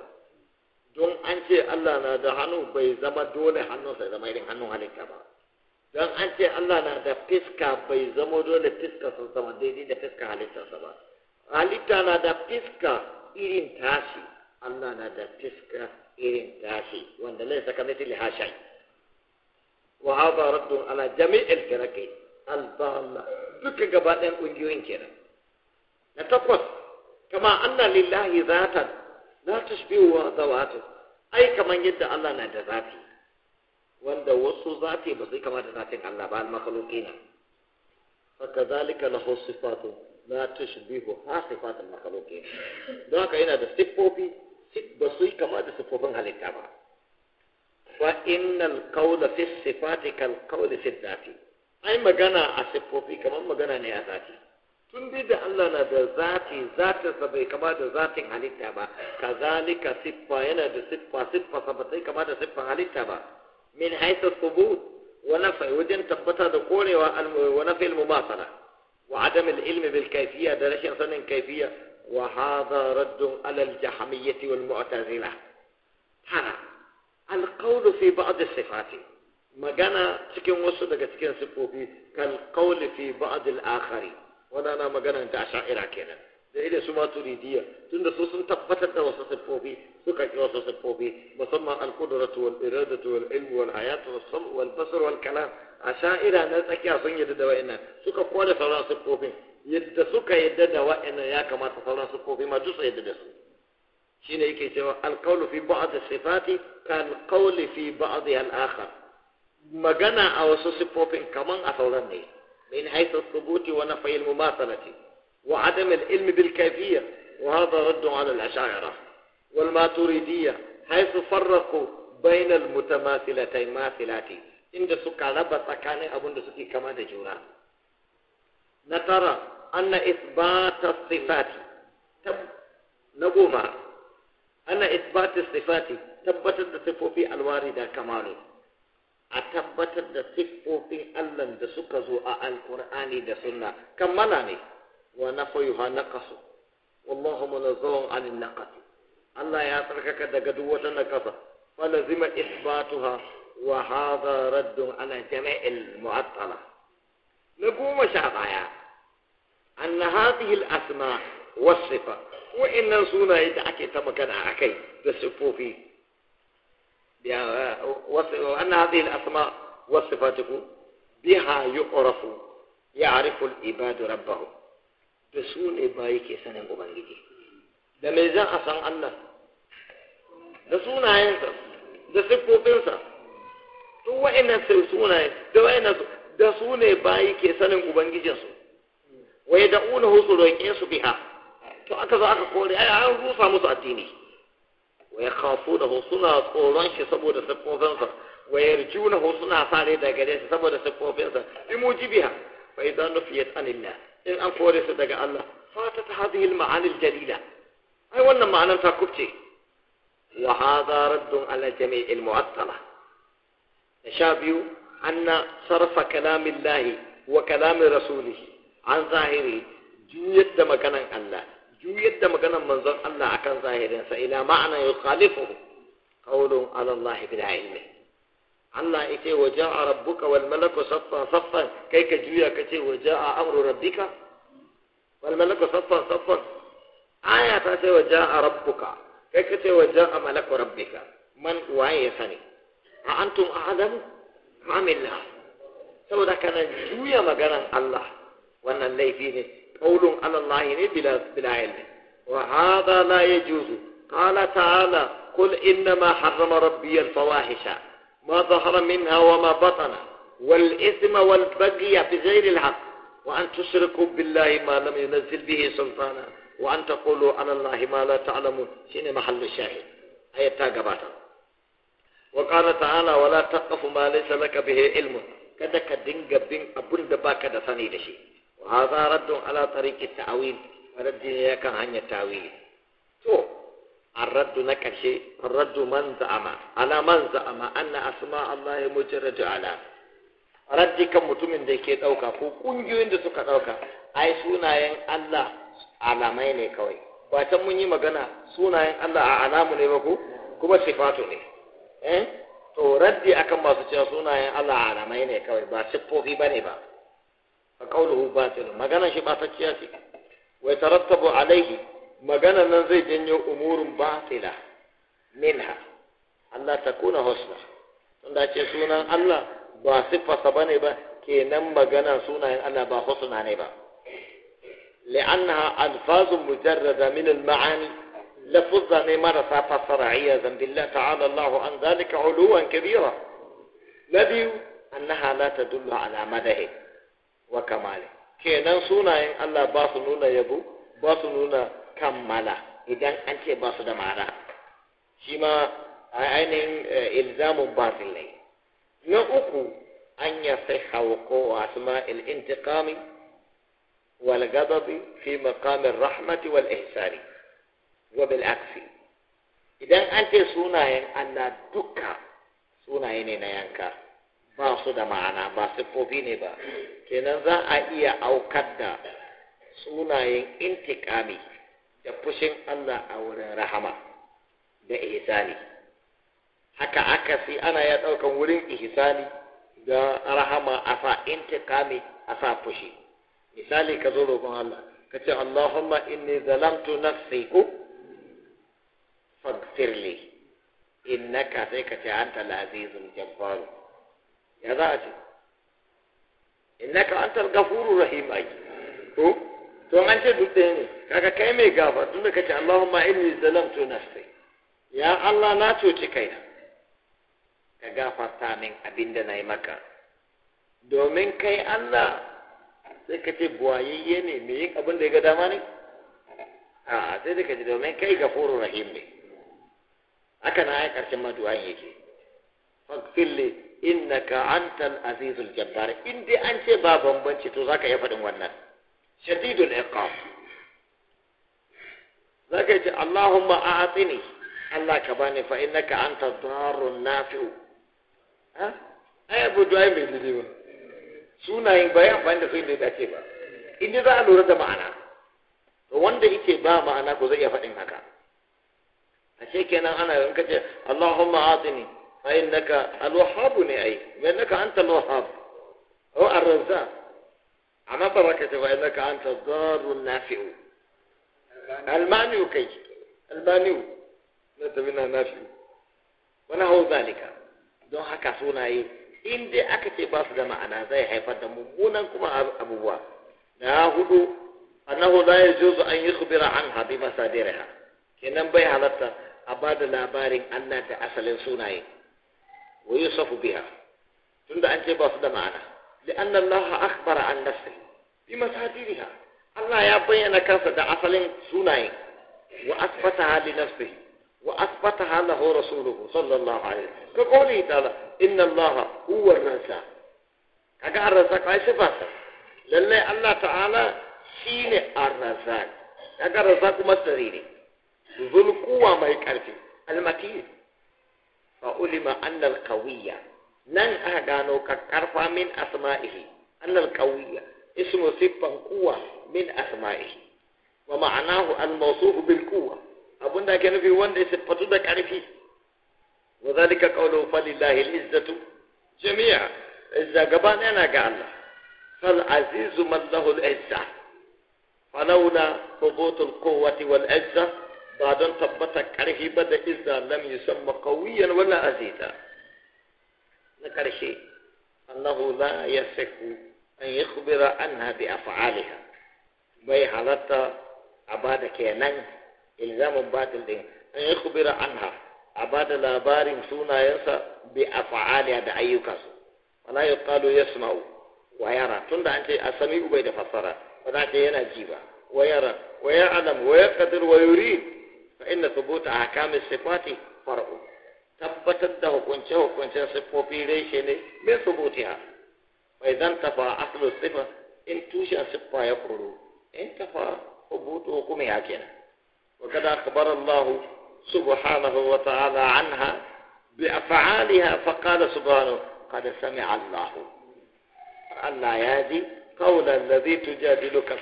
don an ce Allah na da hannu bai zama dole hannunsa zama irin hannu halitta ba don an ce Allah na da fiska bai zama dole fiskarsa zama daidai da fiskar halittarsa ba halitta na da fiska irin tashi Allah na da fiska irin tashi wanda laisa ka mithli hashai wa hadha raddun ala jami'il firaqi al-dhalla duka gaba ɗayan ƙungiyoyin kenan na takwas kama anna lillahi zatan la tashbihu wa zawatu ai kaman yadda Allah na da zafi wanda wasu zafi ba su kama da zafin Allah ba al-makhluqina fa kadhalika lahu sifatun Na tashbihu ha sifatul makhluqi don haka yana da siffofi ba su yi kama da siffofin halitta ba fa innal qawla fi sifati kal qawli fi dhati ai magana a siffofi kamar magana ne a zati tun dai da Allah na da zati sa bai kama da zatin halitta ba kazalika siffa yana da siffa siffa sa ba sai kama da siffan halitta ba min haythu thubut wa nafi wajen tabbata da korewa wa nafi al-mumasala وعدم العلم بالكيفية ده ليش يصنع كيفية وهذا رد على الجحمية والمعتزلة هذا القول في بعض الصفات ما كان تكين وصل تكين سبوا كالقول في بعض الآخرين ولا أنا ما كان أنت أشاعر كذا ده إلى سما تريدية تند سوسن تبتة وصل سبوا في سكا وصل سبوا القدرة والإرادة والعلم والحياة والصم والبصر والكلام a sha'ira na tsakiya sun yadda da wa'annan suka kore sauran siffofin yadda suka yadda da wa'annan ya kamata sauran siffofi ma duk su yadda da su shine yake cewa alqawlu fi ba'd sifati kal qawli fi ba'd al akhar magana a wasu siffofin kaman a sauran ne min haythu thubuti wa nafi al mumathalati wa adam al ilm bil kayfiyya wa hadha radd ala al ash'ariyah wal maturidiyya haythu farraqu bayna al mutamathilatayn mathilatayni inda suka raba tsakanin abin da suke kama da juna na tara anna isbata sifati na goma ana isbata sifati tabbatar da sifofi alwari da kamalu a tabbatar da siffofin Allah da suka zo a alkur'ani da sunna kammala ne wa na nafayuha naqasu wallahu munazzahun anil naqas Allah ya tsarkaka daga duk wata naqasa falazima isbatuha وهذا رد على جميع المعطلة نقوم شاطعيا أن هذه الأسماء والصفة وإن نصونا يدعك تمكن أكي بسفو فيه وأن هذه الأسماء والصفات بها يعرف يعرف العباد ربه بسون إبايك سنة مبنجي لما جاء أسان الله نصونا sunayensa da siffofinsa duk wa'annan sai sunaye da wa'annan da su ne bayi ke sanin ubangijinsu wai da una husu roƙe su biha to aka zo aka kore ai an rusa musu addini wai khafu da suna tsoron shi saboda siffofinsa wai yarjuna suna sare da gare shi saboda siffofinsa bimujibiha fa idan nufiyat anillah in an kore su daga Allah fatat hadhihi al-ma'ani al-jalila ai wannan ma'anar ta kubce wa hadha raddun ala jami'il mu'attala da sha biyu anna sarfa kalamin lahi wa kalamin rasulihi an zahiri juyar da maganan Allah juyar da maganan manzon Allah akan zahirinsa ila ma'ana ya qawlun ala Allah bila ilmi Allah yace wa ja'a rabbuka wal malaku saffan saffan kai ka juya ka ce wa ja'a amru rabbika wal malaku saffan saffan aya ta ce wa ja'a rabbuka kai ka ce wa ja'a malaku rabbika man waye ya sani أنتم أعلم عم الله Allah كان kana juya maganar الله wannan laifi فيه قول على الله بلا, بلا علم وهذا لا يجوز قال تعالى قل إنما حرم ربي الفواحش ما ظهر منها وما بطن والإثم والبغي بغير الحق وأن تشركوا بالله ما لم ينزل به سلطانا وأن تقولوا على الله ما لا تعلمون شين محل الشاهد آية تاقباتا wa qala ta'ala wala taqfu ma laysa laka bihi ilmun kada ka dinga bin abun da baka da sani da shi wa hadha raddun ala tariqi ta'wil ya kan hanyar tawili to الرد نكشي الرد من زعم على من زعم أن أسماء الله مجرد على رد كم متمن ده كي دوكا كو كونجوين ده سكا دوكا أي سوناين الله على ما magana sunayen Allah a alamu ne ba ku, kuma sifatu ne. eh to raddi akan masu cewa sunayen Allah haramai ne kawai ba siffofi bane ba fa qawluhu batil magana shi ba ta ciya ce wa tarattabu alaihi magana nan zai janyo umurun batila minha Allah takuna husna tunda ce sunan Allah ba siffarsa bane ba kenan magana sunayen Allah ba husna ne ba li'annaha alfazun mujarrada min al-ma'ani لفظ نيمار صعب صرع عياذا بالله تعالى الله عن ذلك علوا كبيرا نبي أنها لا تدل على مده وكماله كي سونا إن الله باصنونا يبو باصنونا كمالا إذن أنت باصد معنا شما أين إلزام باطل لي نأكو أن يصح وقوع أسماء الانتقام والغضب في مقام الرحمة والإحسان wa bil aksi idan an ce sunayen Allah duka sunaye ne na yanka ba su da ma'ana ba siffofi ne ba kenan za a iya aukar da sunayen intikami da fushin Allah a wurin rahama da ihsani haka aka si ana ya ɗaukan wurin ihsani da rahama a sa intikami a sa fushi misali ka zo roƙon Allah ka ce Allahumma inni zalamtu nafsi ko faghfirli innaka sai ka ce anta lazizul jabbar ya za a ce innaka anta al-ghafurur rahim yi. ko to an ce duk da ne kaga kai mai gafa tun da kace Allahumma inni zalamtu nafsi ya Allah na cuci kaina ka gafarta min abinda na yi maka domin kai Allah sai ka ce buwayayye ne mai yin abin da ya ga dama ne a sai da ka ji domin kai gafuru rahim ne haka na ayyar karshen madu'a yake fagfille innaka antal azizul jabbar in dai an ce ba bambanci to zaka iya faɗin wannan shadidul iqab zaka ce allahumma a'tini Allah ka bani fa innaka anta darun nafi'u ha ai abu du'a mai dade ba sunayen bayan ban da sai da ce ba in dai za a lura da ma'ana to wanda yake ba ma'ana ko zai iya faɗin haka ashe kenan ana in kace Allahumma atini fa innaka al-wahhab ne ai wa innaka anta al-wahhab o an-nafi'u kai na hau zalika don haka sunaye in dai aka ce ba su da ma'ana zai haifar da mummunan kuma abubuwa na hudu an kenan bai halatta a ba da labarin Allah da asalin sunaye wa yusafu biha tunda an ce ba su da ma'ana li'anna Allah akhbara an nafsi bi masadiriha Allah ya bayyana kansa da asalin sunaye wa asbataha li nafsihi wa asbataha lahu rasuluhu sallallahu alaihi wasallam ka qawli ta'ala inna Allah huwa ar-razzaq kaga ar-razzaq ai sifarsa lalle Allah ta'ala shine ar-razzaq kaga ar-razzaq masdari ne zulkuwa mai ƙarfi almatin fa ulima annal qawiyya nan aka gano ka karfa min asma'ihi annal qawiyya ismu siffan kuwa min asma'ihi wa ma'anahu al-mawsufu bil quwwa abunda ke nufi wanda ya siffatu da ƙarfi wa zalika qawluhu falillahi al jami'a izza gaba yana ga Allah fal azizu man lahu al-izza بعدن تبتك عليه بدا اذا لم يسمى قويا ولا ازيدا ذكر انه لا يثق ان يخبر عنها بافعالها بي حالتا عبادك يا الزام الباطل دين ان يخبر عنها عباد بارم سونا يسا بافعالها بأي بايوكا ولا يقال يسمع ويرى تند انت اسمي ابي فسرة فصرا فذاك جيبا ويرى ويعلم ويقدر ويريد fa inna thubuta ahkamis sifati far'u tabbatar da hukunce hukuncen siffofi reshe ne min thubutiha fa idan tafa aslu sifa in tushen siffa ya koro in tafa hubutu hukumi ya kenan wa kada akhbara Allah subhanahu wa ta'ala anha bi af'aliha fa qala subhanahu qad sami'a Allah Allah ya ji qawla alladhi tujadiluka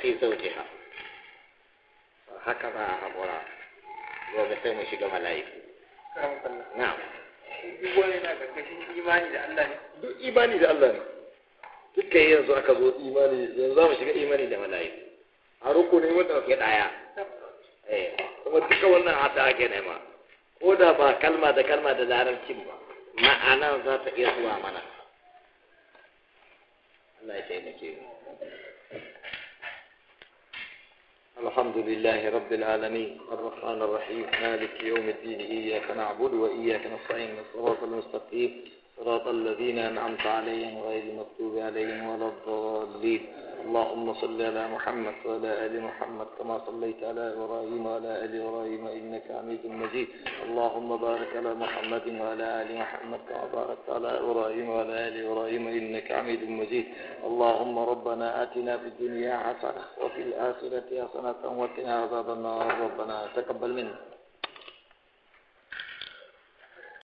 haka ba a hakura gobe sai mu shiga mala'iku na'am duk wani karkashin imani da Allah ne duk imani da Allah ne dukkan yanzu aka zo imani yanzu za mu shiga imani da mala'iku a ne mun ke daya eh kuma duka wannan ake nema ko da ba kalma da kalma da larabcin ba maana za ta iya zuwa mana Allah الحمد لله رب العالمين الرحمن الرحيم مالك يوم الدين إياك نعبد وإياك نستعين الصراط المستقيم صراط الذين أنعمت عليهم غير المكتوب عليهم ولا الضالين اللهم صل على محمد وعلى آل محمد كما صليت على إبراهيم وعلى آل إبراهيم إنك حميد مجيد اللهم بارك على محمد وعلى آل محمد كما باركت على إبراهيم وعلى آل إبراهيم إنك حميد مجيد اللهم ربنا آتنا في الدنيا حسنة وفي الآخرة حسنة وقنا عذاب النار ربنا تقبل منا